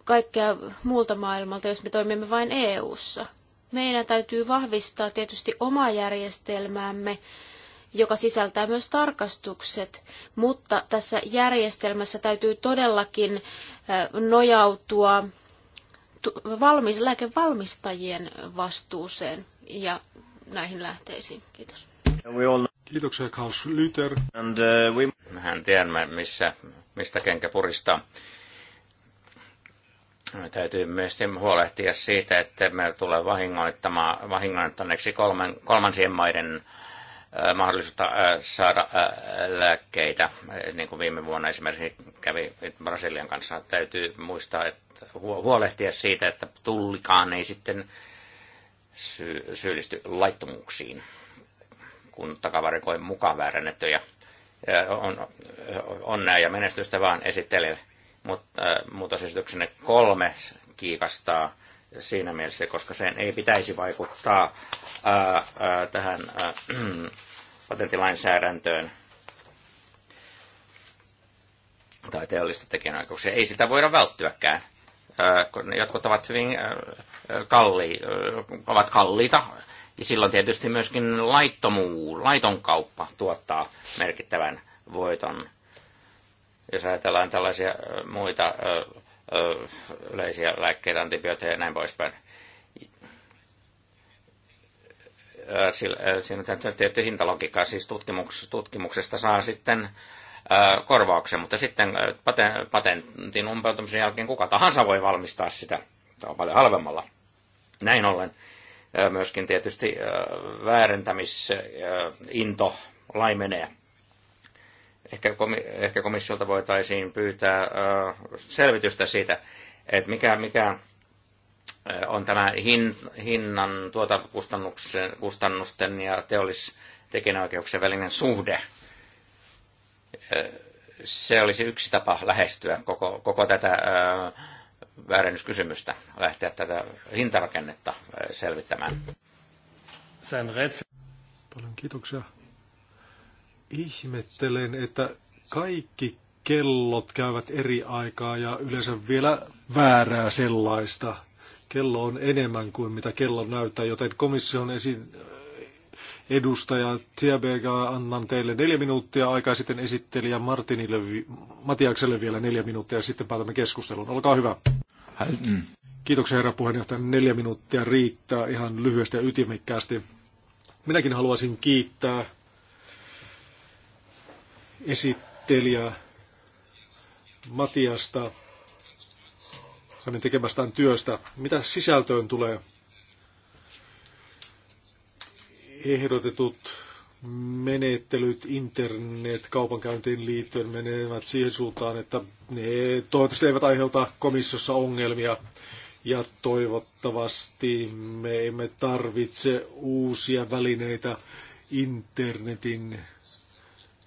C: kaikkea muulta maailmalta, jos me toimimme vain EU-ssa. Meidän täytyy vahvistaa tietysti omaa järjestelmäämme, joka sisältää myös tarkastukset, mutta tässä järjestelmässä täytyy todellakin nojautua valmi, lääkevalmistajien vastuuseen ja näihin lähteisiin. Kiitos.
A: Kiitoksia Karl Schlüter. And, uh, we... Mehän missä mistä kenkä puristaa. Me täytyy myös huolehtia siitä, että me tulee vahingoittaneeksi kolman, kolmansien maiden äh, mahdollisuutta äh, saada äh, lääkkeitä, niin kuin viime vuonna esimerkiksi kävi Brasilian kanssa. Täytyy muistaa, että huolehtia siitä, että tullikaan ei sitten syyllisty laittomuuksiin, kun takavarikoin mukaan väärännettyjä on, onnea ja menestystä vaan esittelijälle. Mutta muutosesityksenne kolme kiikastaa siinä mielessä, koska sen ei pitäisi vaikuttaa ää, ää, tähän ää, patentilainsäädäntöön tai teollista tekijänoikeuksia. Ei sitä voida välttyäkään. Ää, jotkut ovat hyvin ää, kallii, ää, ovat kalliita ja silloin tietysti myöskin laittomuu, laiton kauppa tuottaa merkittävän voiton. Jos ajatellaan tällaisia muita yleisiä lääkkeitä, antibiootteja ja näin poispäin. Siinä on tietty hintalogiikka, siis tutkimuksesta saa sitten korvauksen, mutta sitten patentin umpeutumisen jälkeen kuka tahansa voi valmistaa sitä. Tämä on paljon halvemmalla. Näin ollen myöskin tietysti väärentämisinto laimenee. Ehkä, ehkä komissiolta voitaisiin pyytää selvitystä siitä, että mikä, mikä on tämä hin, hinnan tuotantokustannusten ja teollis tekijänoikeuksien välinen suhde. Se olisi yksi tapa lähestyä koko, koko tätä ää, väärennyskysymystä lähteä tätä hintarakennetta äh, selvittämään.
B: Paljon kiitoksia. Ihmettelen, että kaikki kellot käyvät eri aikaa ja yleensä vielä väärää sellaista. Kello on enemmän kuin mitä kello näyttää, joten komission esiin edustaja Tiabega, annan teille neljä minuuttia aikaa sitten esittelijä Martinille, Matiakselle vielä neljä minuuttia ja sitten päätämme keskustelun. Olkaa hyvä halten. Kiitoksia herra puheenjohtaja. Neljä minuuttia riittää ihan lyhyesti ja ytimekkäästi. Minäkin haluaisin kiittää esittelijä Matiasta hänen tekemästään työstä. Mitä sisältöön tulee? Ehdotetut menettelyt internet-kaupankäyntiin liittyen menevät siihen suuntaan, että ne toivottavasti eivät aiheuta komissiossa ongelmia. Ja toivottavasti me emme tarvitse uusia välineitä internetin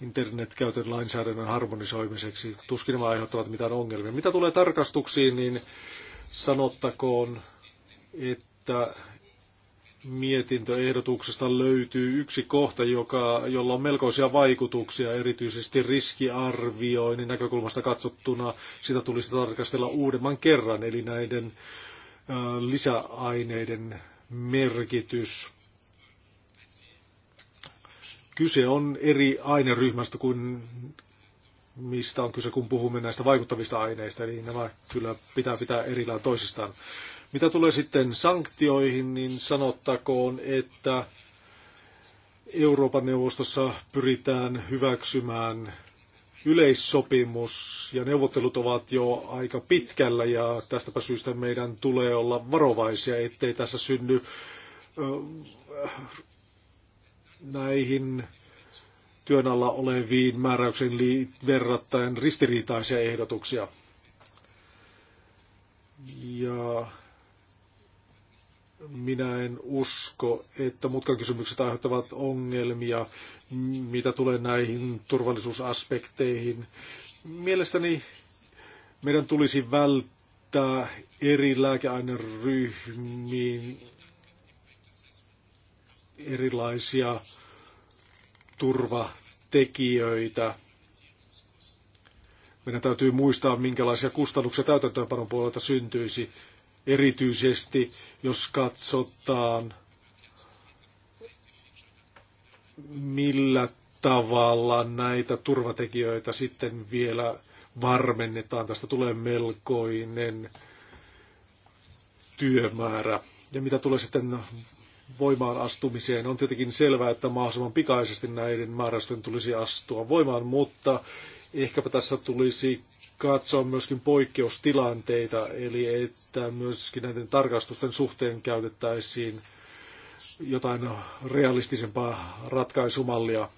B: internetkäytön lainsäädännön harmonisoimiseksi. Tuskin nämä aiheuttavat mitään ongelmia. Mitä tulee tarkastuksiin, niin sanottakoon, että mietintöehdotuksesta löytyy yksi kohta, joka, jolla on melkoisia vaikutuksia, erityisesti riskiarvioinnin näkökulmasta katsottuna. Sitä tulisi tarkastella uudemman kerran, eli näiden lisäaineiden merkitys. Kyse on eri aineryhmästä kuin mistä on kyse, kun puhumme näistä vaikuttavista aineista, eli nämä kyllä pitää pitää erillään toisistaan. Mitä tulee sitten sanktioihin, niin sanottakoon, että Euroopan neuvostossa pyritään hyväksymään yleissopimus ja neuvottelut ovat jo aika pitkällä ja tästäpä syystä meidän tulee olla varovaisia, ettei tässä synny näihin työn alla oleviin määräyksiin verrattain ristiriitaisia ehdotuksia. Ja minä en usko, että mutkakysymykset aiheuttavat ongelmia, mitä tulee näihin turvallisuusaspekteihin. Mielestäni meidän tulisi välttää eri lääkeaineryhmiin erilaisia turvatekijöitä. Meidän täytyy muistaa, minkälaisia kustannuksia täytäntöönpanon puolelta syntyisi erityisesti jos katsotaan, millä tavalla näitä turvatekijöitä sitten vielä varmennetaan. Tästä tulee melkoinen työmäärä. Ja mitä tulee sitten voimaan astumiseen, on tietenkin selvää, että mahdollisimman pikaisesti näiden määräysten tulisi astua voimaan, mutta ehkäpä tässä tulisi katsoa myöskin poikkeustilanteita, eli että myöskin näiden tarkastusten suhteen käytettäisiin jotain realistisempaa ratkaisumallia.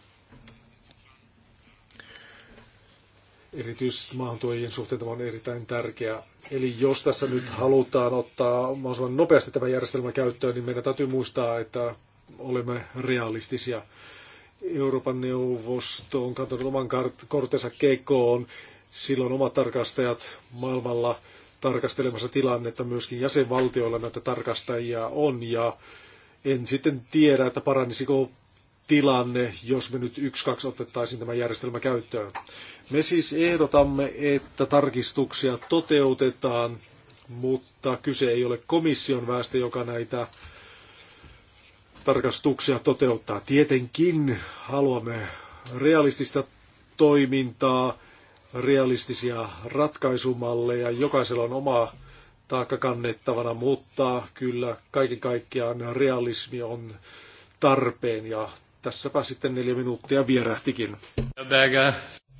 B: Erityisesti maahantuojien suhteen tämä on erittäin tärkeää. Eli jos tässä nyt halutaan ottaa mahdollisimman nopeasti tämä järjestelmä käyttöön, niin meidän täytyy muistaa, että olemme realistisia. Euroopan neuvosto on kantanut oman kortensa kekoon Silloin omat tarkastajat maailmalla tarkastelemassa tilannetta, myöskin jäsenvaltioilla näitä tarkastajia on, ja en sitten tiedä, että paranisiko tilanne, jos me nyt yksi kaksi otettaisiin tämä järjestelmä käyttöön. Me siis ehdotamme, että tarkistuksia toteutetaan, mutta kyse ei ole komission väestä, joka näitä tarkastuksia toteuttaa. Tietenkin haluamme realistista toimintaa, realistisia ratkaisumalleja. Jokaisella on oma taakka kannettavana, mutta kyllä kaiken kaikkiaan realismi on tarpeen ja tässäpä sitten neljä minuuttia vierähtikin.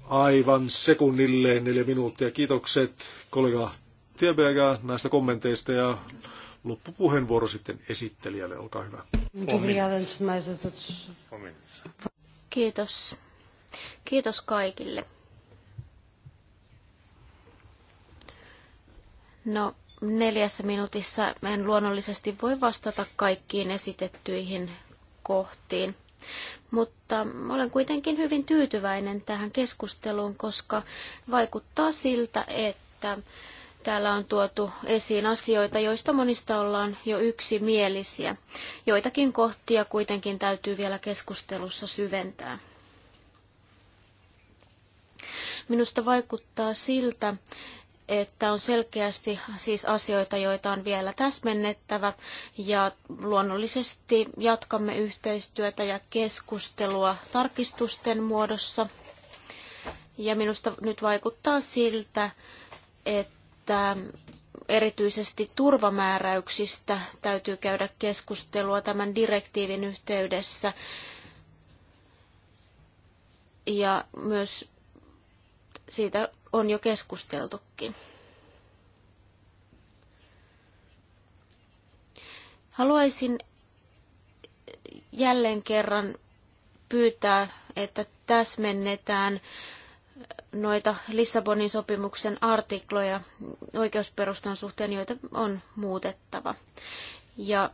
B: Aivan sekunnilleen neljä minuuttia. Kiitokset kollega Tieberga näistä kommenteista ja loppupuheenvuoro sitten esittelijälle. Olkaa hyvä.
C: Kiitos. Kiitos kaikille. No, neljässä minuutissa en luonnollisesti voi vastata kaikkiin esitettyihin kohtiin. Mutta olen kuitenkin hyvin tyytyväinen tähän keskusteluun, koska vaikuttaa siltä, että täällä on tuotu esiin asioita, joista monista ollaan jo yksimielisiä. Joitakin kohtia kuitenkin täytyy vielä keskustelussa syventää. Minusta vaikuttaa siltä, että on selkeästi siis asioita, joita on vielä täsmennettävä ja luonnollisesti jatkamme yhteistyötä ja keskustelua tarkistusten muodossa. Ja minusta nyt vaikuttaa siltä, että erityisesti turvamääräyksistä täytyy käydä keskustelua tämän direktiivin yhteydessä. Ja myös siitä on jo keskusteltukin. Haluaisin jälleen kerran pyytää, että täsmennetään noita Lissabonin sopimuksen artikloja oikeusperustan suhteen, joita on muutettava. Ja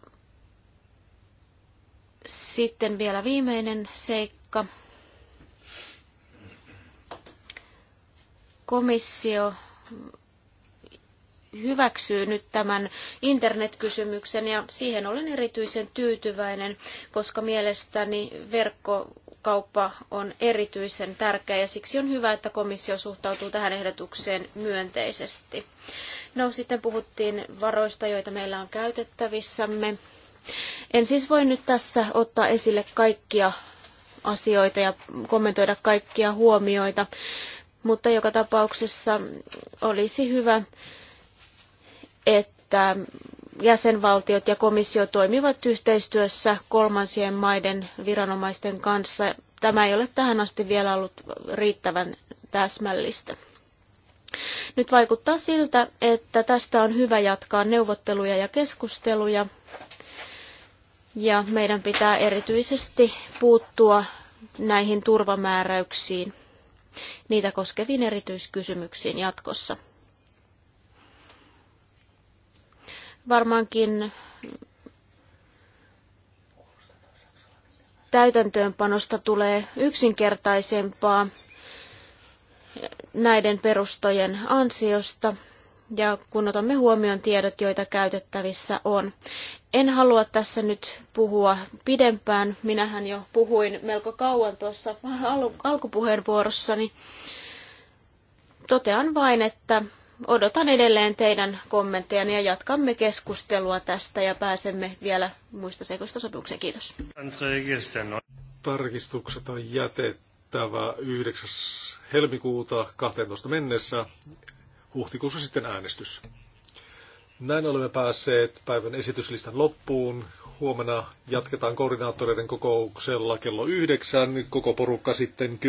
C: sitten vielä viimeinen seikka. komissio hyväksyy nyt tämän internetkysymyksen ja siihen olen erityisen tyytyväinen, koska mielestäni verkkokauppa on erityisen tärkeä ja siksi on hyvä, että komissio suhtautuu tähän ehdotukseen myönteisesti. No sitten puhuttiin varoista, joita meillä on käytettävissämme. En siis voi nyt tässä ottaa esille kaikkia asioita ja kommentoida kaikkia huomioita. Mutta joka tapauksessa olisi hyvä, että jäsenvaltiot ja komissio toimivat yhteistyössä kolmansien maiden viranomaisten kanssa. Tämä ei ole tähän asti vielä ollut riittävän täsmällistä. Nyt vaikuttaa siltä, että tästä on hyvä jatkaa neuvotteluja ja keskusteluja. Ja meidän pitää erityisesti puuttua näihin turvamääräyksiin niitä koskeviin erityiskysymyksiin jatkossa. Varmaankin täytäntöönpanosta tulee yksinkertaisempaa näiden perustojen ansiosta ja kun otamme huomioon tiedot, joita käytettävissä on. En halua tässä nyt puhua pidempään. Minähän jo puhuin melko kauan tuossa al- alkupuheenvuorossani. Totean vain, että odotan edelleen teidän kommentteja ja jatkamme keskustelua tästä ja pääsemme vielä muista seikoista sopimukseen. Kiitos.
B: Tarkistukset on jätettävä 9. helmikuuta 12 mennessä. Huhtikuussa sitten äänestys. Näin olemme päässeet päivän esityslistan loppuun. Huomenna jatketaan koordinaattoreiden kokouksella kello yhdeksän, koko porukka sitten kymmenen.